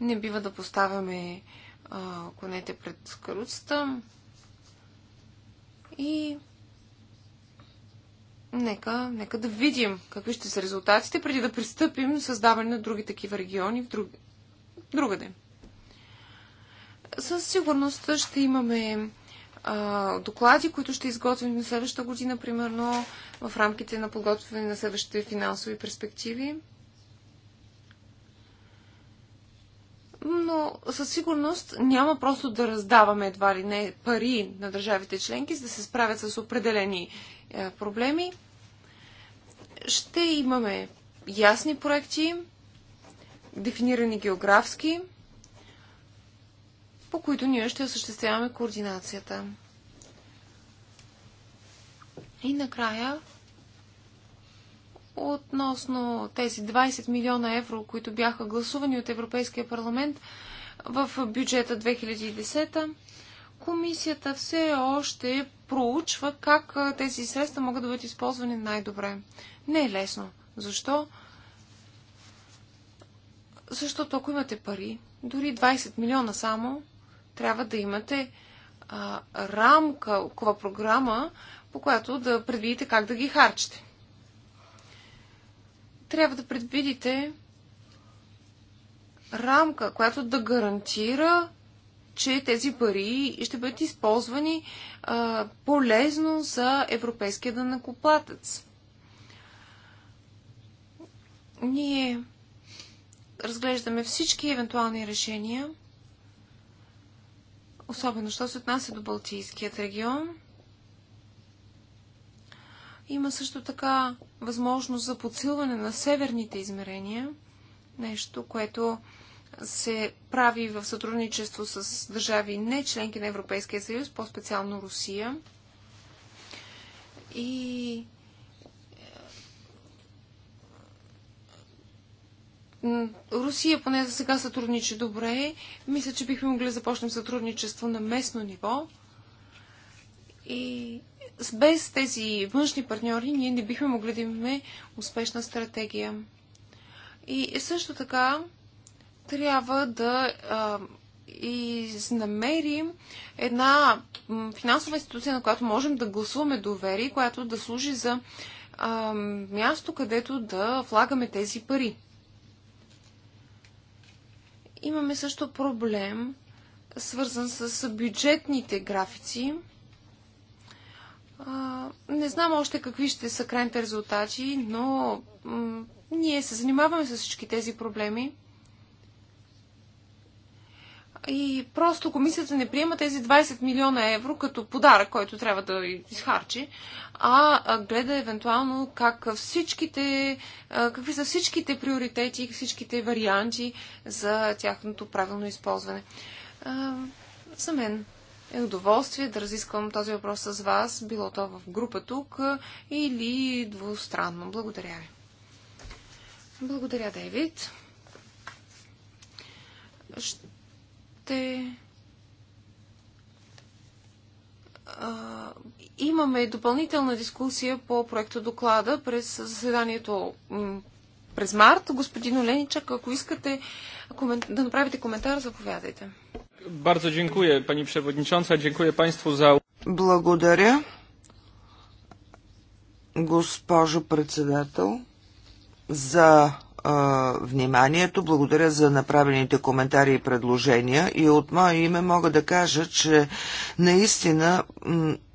Не бива да поставяме а, конете пред каруцата. И нека, нека да видим какви ще са резултатите, преди да пристъпим създаване на други такива региони в друг... другаде. Със сигурност ще имаме а, доклади, които ще изготвим на следващата година, примерно в рамките на подготвяне на следващите финансови перспективи. но със сигурност няма просто да раздаваме едва ли не пари на държавите членки, за да се справят с определени е, проблеми. Ще имаме ясни проекти, дефинирани географски, по които ние ще осъществяваме координацията. И накрая, относно тези 20 милиона евро, които бяха гласувани от Европейския парламент в бюджета 2010, комисията все още проучва как тези средства могат да бъдат използвани най-добре. Не е лесно. Защо? Защото ако имате пари, дори 20 милиона само, трябва да имате а, рамка, кова програма, по която да предвидите как да ги харчите. Трябва да предвидите рамка, която да гарантира, че тези пари ще бъдат използвани а, полезно за европейския данакоплатец. Ние разглеждаме всички евентуални решения – особено що се отнася до Балтийският регион. Има също така възможност за подсилване на северните измерения, нещо, което се прави в сътрудничество с държави не членки на Европейския съюз, по-специално Русия. И Русия поне за сега сътрудничи добре. Мисля, че бихме могли да започнем сътрудничество на местно ниво. И без тези външни партньори ние не бихме могли да имаме успешна стратегия. И също така трябва да а, изнамерим една финансова институция, на която можем да гласуваме доверие, която да служи за а, място, където да влагаме тези пари. Имаме също проблем, свързан с бюджетните графици. Не знам още какви ще са крайните резултати, но ние се занимаваме с всички тези проблеми и просто комисията не приема тези 20 милиона евро като подарък, който трябва да изхарчи, а гледа евентуално как всичките, какви са всичките приоритети, всичките варианти за тяхното правилно използване. За мен е удоволствие да разисквам този въпрос с вас, било то в група тук или двустранно. Благодаря ви. Благодаря, Дейвид. Ще казахте, имаме допълнителна дискусия по проекто доклада през заседанието през март. Господин Оленичак, ако искате да направите коментар, заповядайте. Bardzo dziękuję, pani przewodnicząca. Dziękuję państwu za... Благодаря, госпожо председател, за вниманието. Благодаря за направените коментари и предложения. И от мое име мога да кажа, че наистина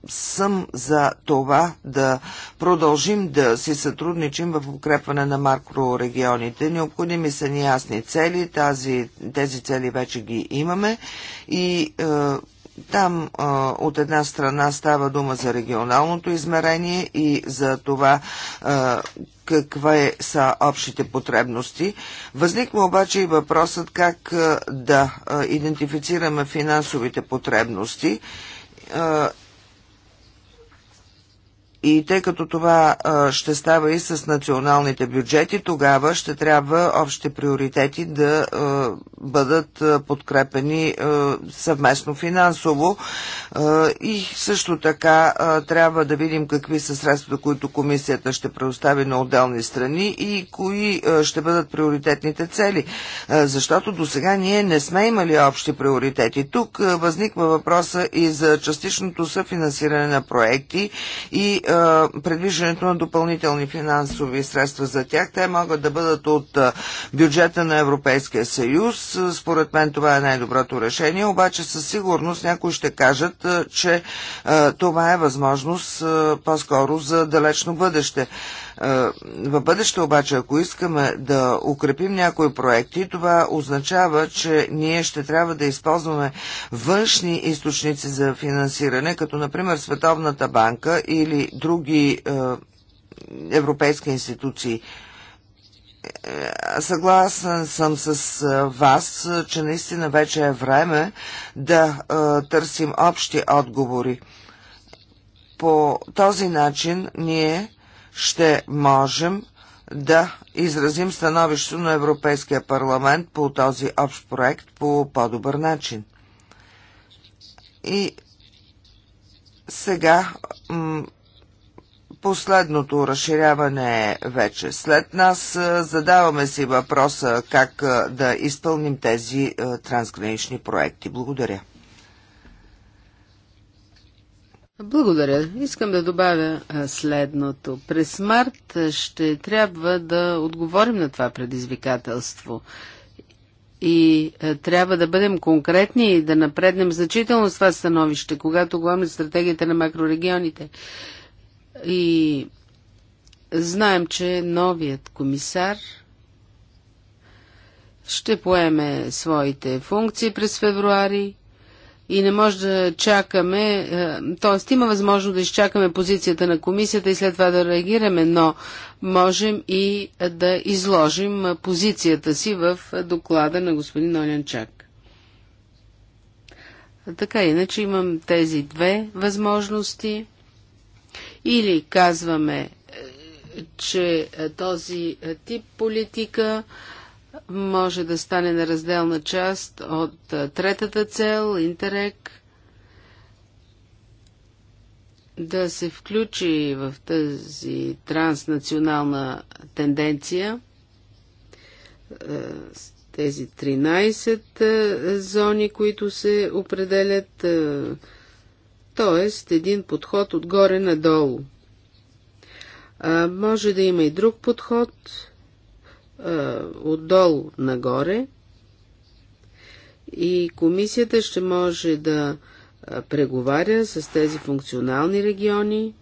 съм за това да продължим да си сътрудничим в укрепване на макрорегионите. Необходими са ни ясни цели, тази, тези цели вече ги имаме и е, там а, от една страна става дума за регионалното измерение и за това а, каква е, са общите потребности. Възниква обаче и въпросът как а, да а, идентифицираме финансовите потребности а, и тъй като това а, ще става и с националните бюджети, тогава ще трябва общите приоритети да а, бъдат а, подкрепени съвместно финансово. И също така трябва да видим какви са средствата, които комисията ще предостави на отделни страни и кои ще бъдат приоритетните цели. Защото до сега ние не сме имали общи приоритети. Тук възниква въпроса и за частичното съфинансиране на проекти и предвиждането на допълнителни финансови средства за тях. Те могат да бъдат от бюджета на Европейския съюз. Според мен това е най-доброто решение, обаче със сигурност някои ще кажат, че това е възможност по-скоро за далечно бъдеще. В бъдеще обаче, ако искаме да укрепим някои проекти, това означава, че ние ще трябва да използваме външни източници за финансиране, като например Световната банка или други е, европейски институции. Е, съгласен съм с е, вас, че наистина вече е време да търсим общи отговори. По този начин ние ще можем да изразим становището на Европейския парламент по този общ проект по по-добър начин. И сега Последното разширяване е вече след нас. Е, задаваме си въпроса как е, да изпълним тези е, трансгранични проекти. Благодаря. Благодаря. Искам да добавя следното. През март ще трябва да отговорим на това предизвикателство. И трябва да бъдем конкретни и да напреднем значително с това становище, когато говорим стратегията на макрорегионите. И знаем, че новият комисар ще поеме своите функции през февруари и не може да чакаме, т.е. има възможност да изчакаме позицията на комисията и след това да реагираме, но можем и да изложим позицията си в доклада на господин Олянчак. Така иначе имам тези две възможности. Или казваме, е, че е, този е, тип политика може да стане на разделна част от третата цел, интерек, да се включи в тази транснационална тенденция тези 13 зони, които се определят т.е. един подход отгоре надолу. А, може да има и друг подход а, отдолу нагоре и комисията ще може да а, преговаря с тези функционални региони,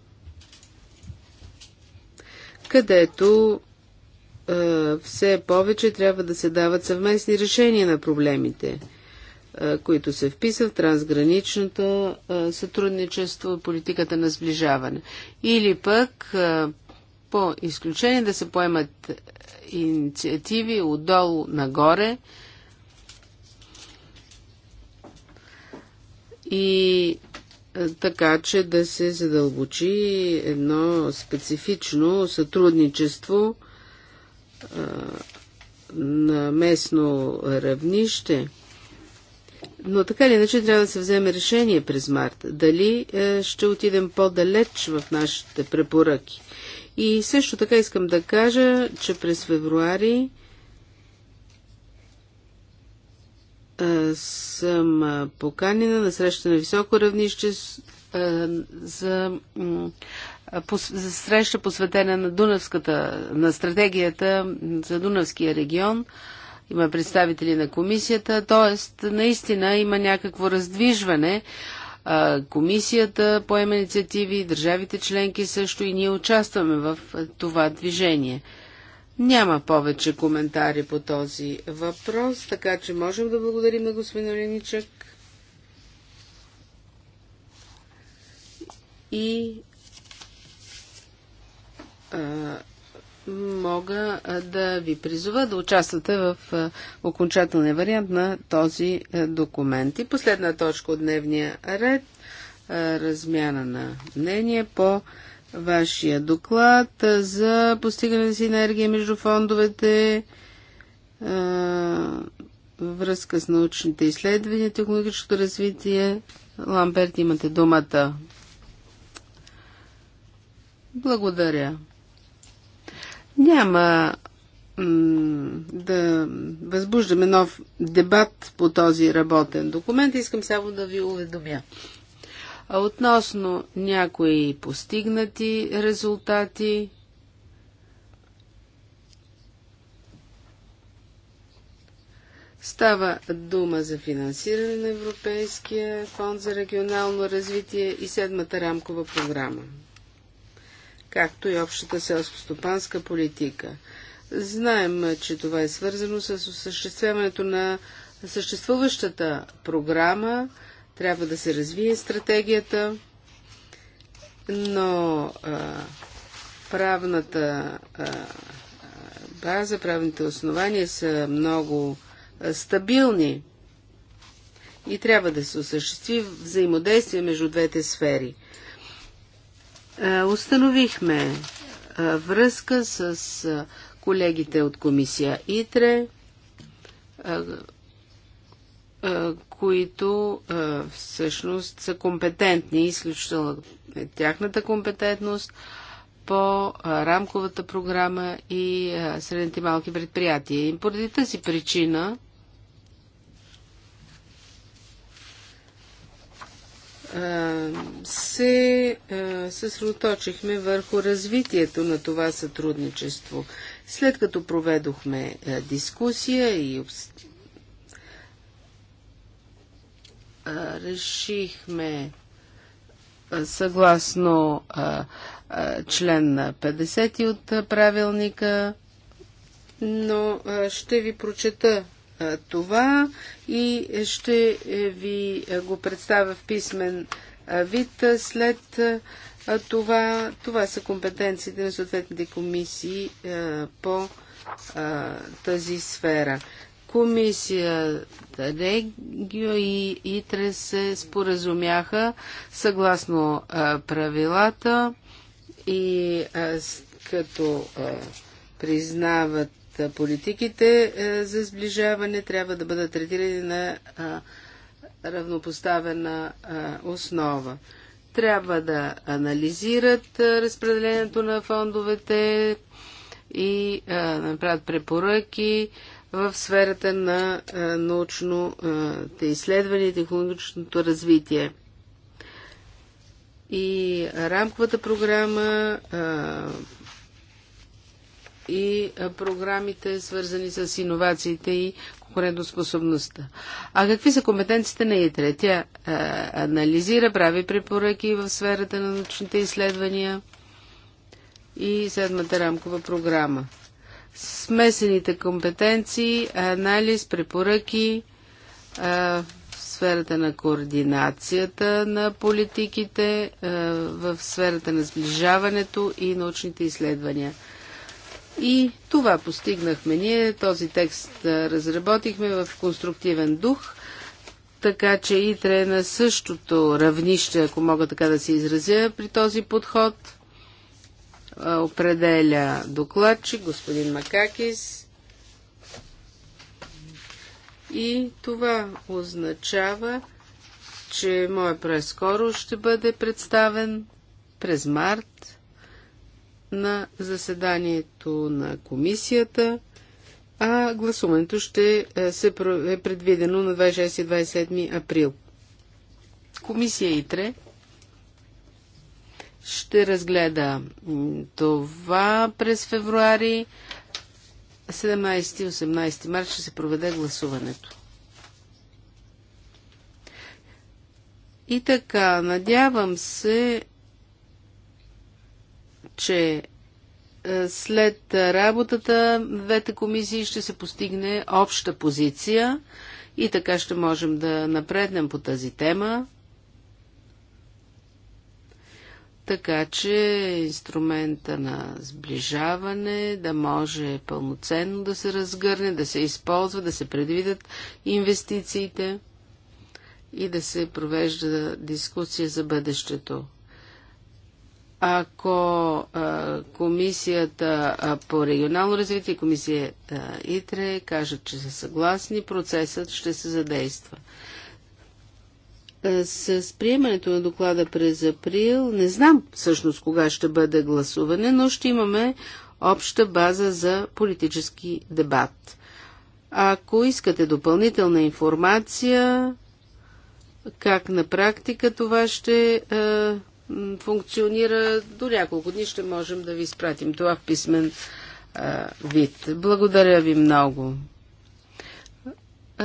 където а, все повече трябва да се дават съвместни решения на проблемите – които се вписват в трансграничното сътрудничество, политиката на сближаване. Или пък по изключение да се поемат инициативи отдолу нагоре и така, че да се задълбочи едно специфично сътрудничество на местно равнище – но така или иначе трябва да се вземе решение през март. Дали е, ще отидем по-далеч в нашите препоръки. И също така искам да кажа, че през февруари е, съм е, поканена на среща на високо равнище с, е, за, е, за среща посветена на Дунавската, на стратегията за Дунавския регион – има представители на комисията, т.е. наистина има някакво раздвижване. Комисията поема инициативи, държавите членки също и ние участваме в това движение. Няма повече коментари по този въпрос, така че можем да благодарим на господин Оленичък. И а, мога да ви призова да участвате в окончателния вариант на този документ. И последна точка от дневния ред размяна на мнение по вашия доклад за постигане на синергия между фондовете във връзка с научните изследвания, технологичното развитие. Ламберт, имате думата. Благодаря. Няма да възбуждаме нов дебат по този работен документ. Искам само да ви уведомя. Относно някои постигнати резултати, Става дума за финансиране на Европейския фонд за регионално развитие и седмата рамкова програма както и общата селско-стопанска политика. Знаем, че това е свързано с осъществяването на съществуващата програма, трябва да се развие стратегията, но а, правната а, база, правните основания са много а, стабилни и трябва да се осъществи взаимодействие между двете сфери – е, установихме е, връзка с е, колегите от комисия ИТРЕ, които всъщност са компетентни, изключително тяхната компетентност по рамковата програма и средните малки предприятия. И поради тази причина се съсредоточихме върху развитието на това сътрудничество. След като проведохме дискусия и решихме съгласно член 50 от правилника, но ще ви прочета това и ще е, ви е, го представя в писмен вид след това. Това са компетенциите на съответните комисии по тази сфера. Комисията Регио и ИТРЕ се споразумяха съгласно правилата и като признават политиките за сближаване трябва да бъдат третирани на равнопоставена основа. Трябва да анализират разпределението на фондовете и да направят препоръки в сферата на научното изследване и технологичното развитие. И рамковата програма и програмите, свързани с иновациите и конкурентоспособността. А какви са компетенциите на ИТРЕ? Тя анализира, прави препоръки в сферата на научните изследвания и седмата рамкова програма. Смесените компетенции, анализ, препоръки в сферата на координацията на политиките, в сферата на сближаването и научните изследвания – и това постигнахме ние. Този текст разработихме в конструктивен дух, така че ИТРЕ е на същото равнище, ако мога така да се изразя, при този подход. Определя докладчик, господин Макакис. И това означава, че моят прескоро ще бъде представен през март на заседанието на комисията, а гласуването ще е, се е предвидено на 26 и 27 април. Комисия ИТРЕ ще разгледа това през февруари. 17 18 марта ще се проведе гласуването. И така, надявам се че е, след работата двете комисии ще се постигне обща позиция и така ще можем да напреднем по тази тема. Така че инструмента на сближаване да може пълноценно да се разгърне, да се използва, да се предвидят инвестициите и да се провежда дискусия за бъдещето. Ако а, комисията а, по регионално развитие и комисия а, ИТРЕ кажат, че са съгласни, процесът ще се задейства. С приемането на доклада през април, не знам всъщност кога ще бъде гласуване, но ще имаме обща база за политически дебат. Ако искате допълнителна информация, как на практика това ще функционира до няколко дни. Ще можем да ви изпратим това в писмен вид. Благодаря ви много.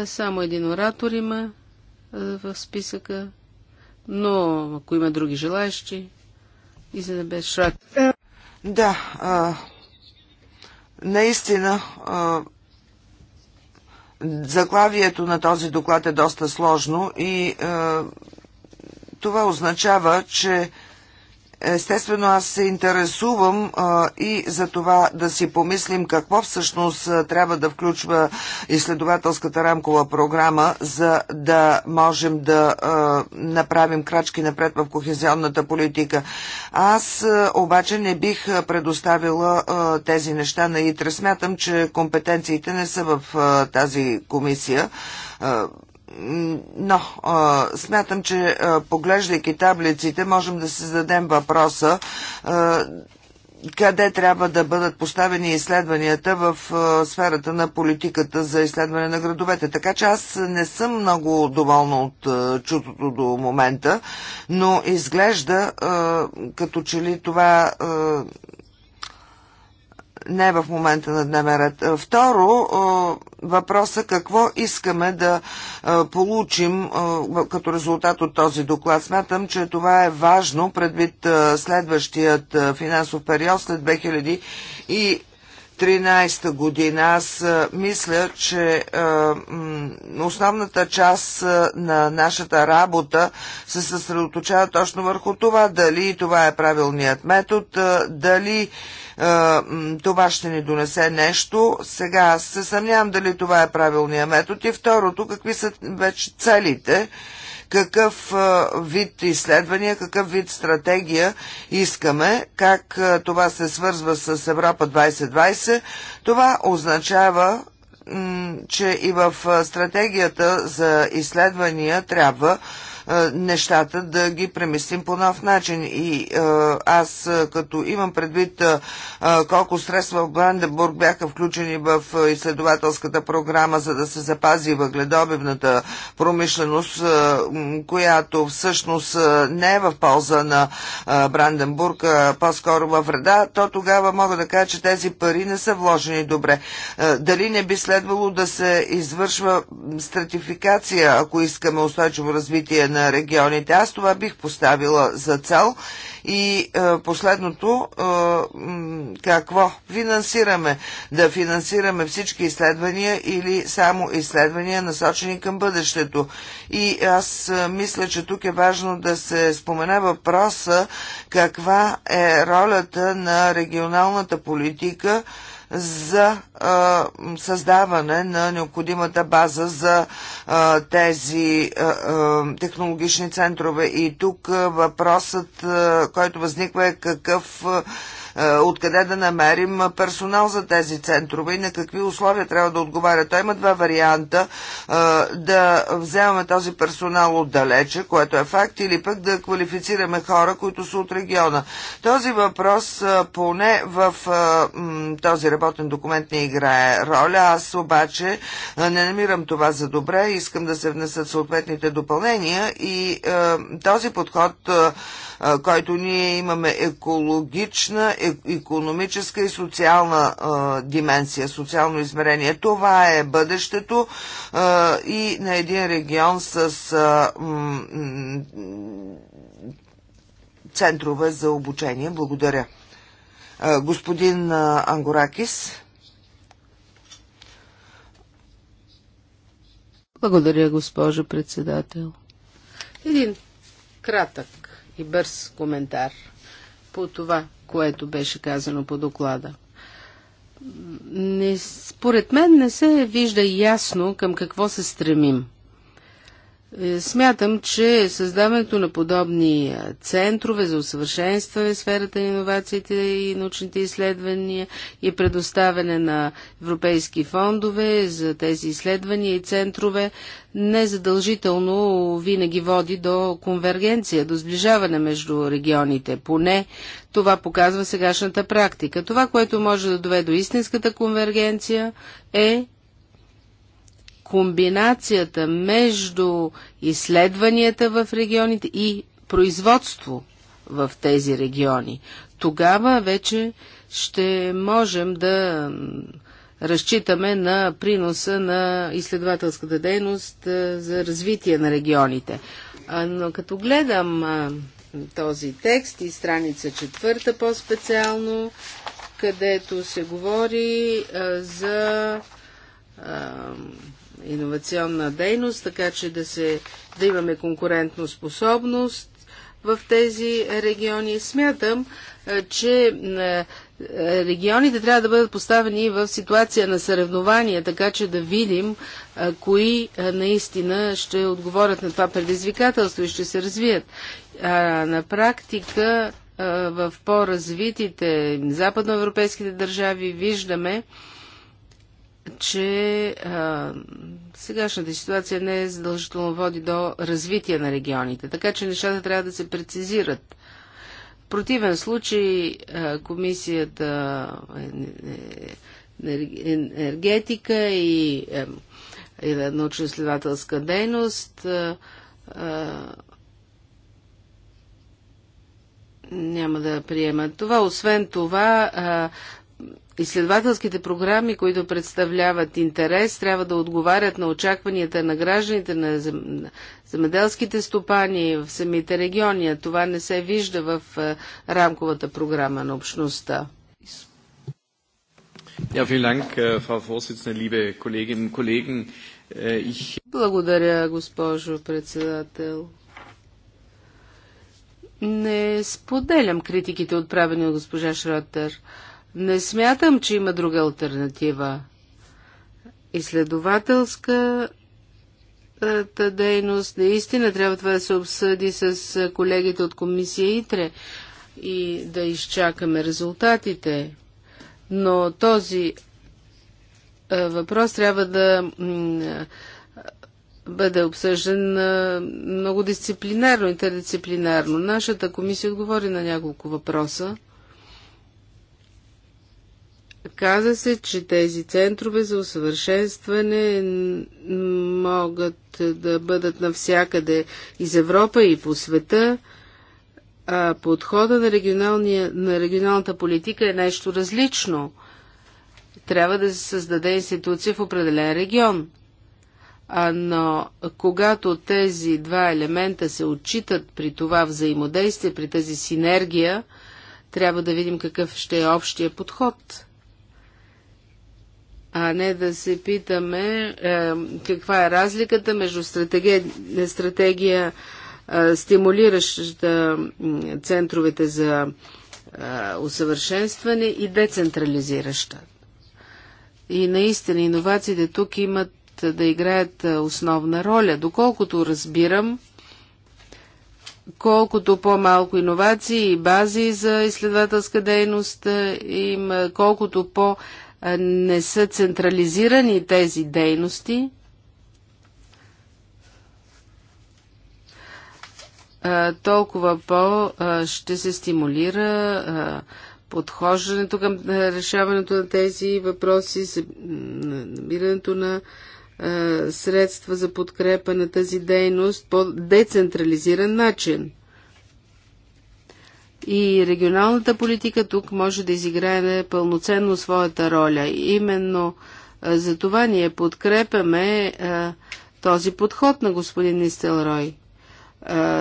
само един оратор има в списъка, но ако има други желаящи, и за да без Шрак. Да, а, наистина а, заглавието на този доклад е доста сложно и а, това означава, че Естествено, аз се интересувам а, и за това да си помислим какво всъщност а, трябва да включва изследователската рамкова програма, за да можем да а, направим крачки напред в кохезионната политика. Аз а, обаче не бих предоставила а, тези неща на ИТРА. Смятам, че компетенциите не са в а, тази комисия. А, но а, смятам, че а, поглеждайки таблиците, можем да си зададем въпроса а, къде трябва да бъдат поставени изследванията в а, сферата на политиката за изследване на градовете. Така че аз не съм много доволна от а, чутото до момента, но изглежда а, като че ли това не в момента на дневен ред. Е, второ, е, въпроса какво искаме да е, получим като резултат от този доклад. Смятам, че това е важно предвид следващият финансов период след 2013 година. Аз мисля, че основната част на нашата работа се съсредоточава точно върху това, дали това е правилният метод, дали това ще ни донесе нещо. Сега аз се съмнявам дали това е правилният метод. И второто, какви са вече целите, какъв вид изследвания, какъв вид стратегия искаме, как това се свързва с Европа 2020. Това означава че и в стратегията за изследвания трябва нещата да ги премислим по нов начин. И аз като имам предвид колко средства в Бранденбург бяха включени в изследователската програма, за да се запази въгледобивната промишленост, която всъщност не е в полза на Бранденбург, а по-скоро във вреда, то тогава мога да кажа, че тези пари не са вложени добре. Дали не би следвало да се извършва стратификация, ако искаме устойчиво развитие на регионите. Аз това бих поставила за цел. И е, последното, е, какво финансираме? Да финансираме всички изследвания или само изследвания насочени към бъдещето? И аз е, мисля, че тук е важно да се спомене въпроса каква е ролята на регионалната политика за а, създаване на необходимата база за а, тези а, а, технологични центрове. И тук въпросът, а, който възниква е какъв а, е, откъде да намерим персонал за тези центрове и на какви условия трябва да отговаря. Той има два варианта е, да вземаме този персонал отдалече, което е факт, или пък да квалифицираме хора, които са от региона. Този въпрос е, поне в този работен документ не играе роля. Аз обаче не намирам това за добре. Искам да се внесат съответните допълнения и този подход, който ние имаме екологична, економическа и социална а, дименсия, социално измерение. Това е бъдещето а, и на един регион с центрове за обучение. Благодаря. Господин Ангоракис. Благодаря, госпожо председател. Един кратък и бърз коментар по това, което беше казано по доклада. Не, според мен не се вижда ясно към какво се стремим – е, смятам, че създаването на подобни е, центрове за усъвършенстване в сферата на иновациите и научните изследвания и предоставяне на европейски фондове за тези изследвания и центрове незадължително винаги води до конвергенция, до сближаване между регионите. Поне това показва сегашната практика. Това, което може да доведе до истинската конвергенция е комбинацията между изследванията в регионите и производство в тези региони. Тогава вече ще можем да разчитаме на приноса на изследователската дейност за развитие на регионите. Но като гледам този текст и страница четвърта по-специално, където се говори за иновационна дейност, така че да, се, да имаме конкурентно способност в тези региони. Смятам, че регионите трябва да бъдат поставени в ситуация на съревнования, така че да видим кои наистина ще отговорят на това предизвикателство и ще се развият. А на практика в по-развитите западноевропейските държави виждаме, че а, сегашната ситуация не е задължително води до развитие на регионите, така че нещата трябва да се прецизират. В противен случай а, комисията е, е, е, енергетика и е, научно следователска дейност а, а, няма да приемат това. Освен това, а, изследователските програми, които представляват интерес, трябва да отговарят на очакванията на гражданите, на земеделските стопани в самите региони. това не се вижда в е, рамковата програма на общността. Е, е, Благодаря, госпожо председател. Не споделям критиките, отправени от госпожа Шротер. Не смятам, че има друга альтернатива. Изследователска дейност. Наистина трябва това да се обсъди с колегите от комисия ИТРЕ и да изчакаме резултатите. Но този въпрос трябва да бъде обсъждан много дисциплинарно, интердисциплинарно. Нашата комисия отговори на няколко въпроса. Каза се, че тези центрове за усъвършенстване могат да бъдат навсякъде из Европа и по света. А подхода на, на регионалната политика е нещо различно. Трябва да се създаде институция в определен регион. А, но когато тези два елемента се отчитат при това взаимодействие, при тази синергия, трябва да видим какъв ще е общия подход а не да се питаме е, каква е разликата между стратегия, стратегия е, стимулираща центровете за е, усъвършенстване и децентрализираща. И наистина иновациите тук имат е, да играят е, основна роля. Доколкото разбирам, колкото по-малко иновации и бази за изследователска дейност е, има, колкото по- не са централизирани тези дейности, толкова по ще се стимулира подхождането към решаването на тези въпроси, набирането на средства за подкрепа на тази дейност по децентрализиран начин. И регионалната политика тук може да изиграе пълноценно своята роля. Именно за това ние подкрепяме този подход на господин Нистелрой.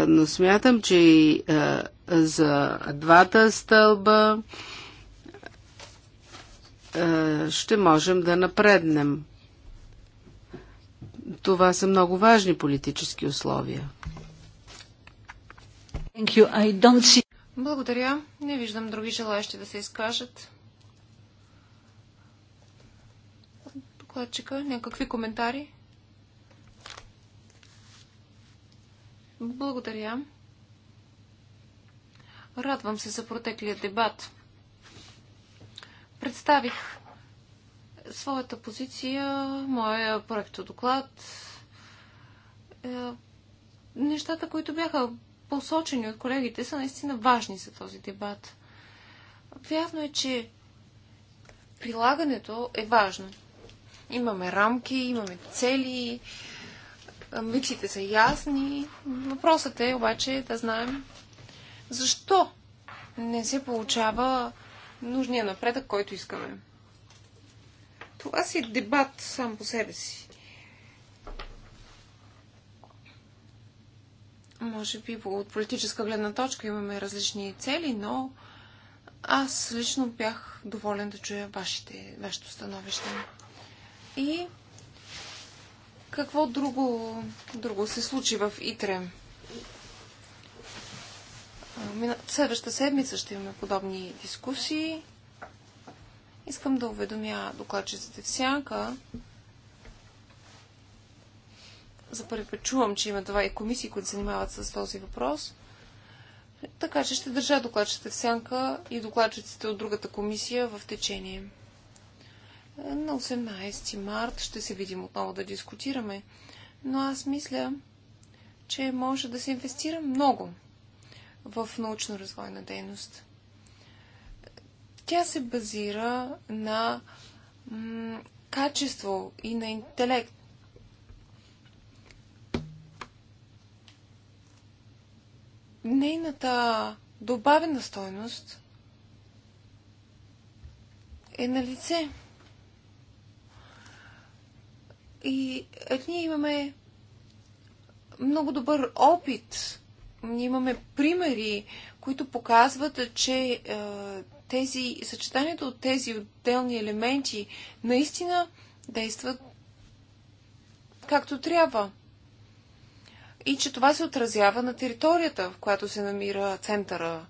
Но смятам, че и за двата стълба ще можем да напреднем. Това са много важни политически условия. Благодаря. Не виждам други желаящи да се изкажат. Докладчика, някакви коментари? Благодаря. Радвам се за протеклия дебат. Представих своята позиция, моя проектодоклад, е, нещата, които бяха посочени от колегите, са наистина важни за този дебат. Вярно е, че прилагането е важно. Имаме рамки, имаме цели, амбициите са ясни. Въпросът е обаче да знаем защо не се получава нужния напредък, който искаме. Това си дебат сам по себе си. Може би от политическа гледна точка имаме различни цели, но аз лично бях доволен да чуя вашите, вашето становище. И какво друго, друго се случи в ИТРЕ? Следващата седмица ще имаме подобни дискусии. Искам да уведомя докладчиците всяка, за първи път чувам, че има това и комисии, които занимават с този въпрос. Така че ще държа докладчите в сянка и докладчиците от другата комисия в течение. На 18 март ще се видим отново да дискутираме, но аз мисля, че може да се инвестира много в научно-развойна дейност. Тя се базира на качество и на интелект. нейната добавена стойност е на лице. И е, ние имаме много добър опит. Ние имаме примери, които показват, че е, тези, съчетанието от тези отделни елементи наистина действат както трябва и че това се отразява на територията, в която се намира центъра.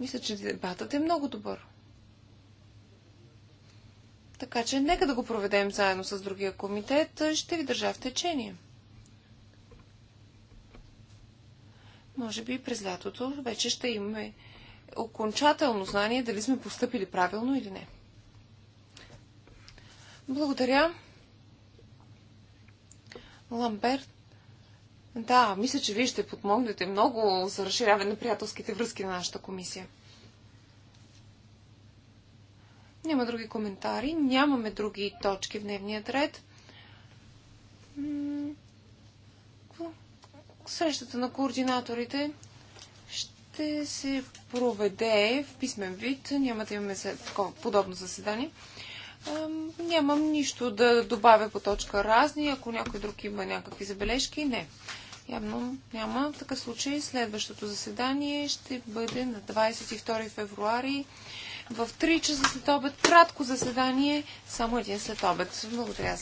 Мисля, че дебатът е много добър. Така че нека да го проведем заедно с другия комитет. Ще ви държа в течение. Може би през лятото вече ще имаме окончателно знание дали сме поступили правилно или не. Благодаря. Ламберт. Да, мисля, че вие ще подмогнете много за разширяване на приятелските връзки на нашата комисия. Няма други коментари, нямаме други точки в дневният ред. Срещата на координаторите ще се проведе в писмен вид. Няма да имаме подобно заседание. Нямам нищо да добавя по точка разни. Ако някой друг има някакви забележки, не. Явно няма. В такъв случай следващото заседание ще бъде на 22 февруари в 3 часа след обед. Кратко заседание, само един след обед. Благодаря.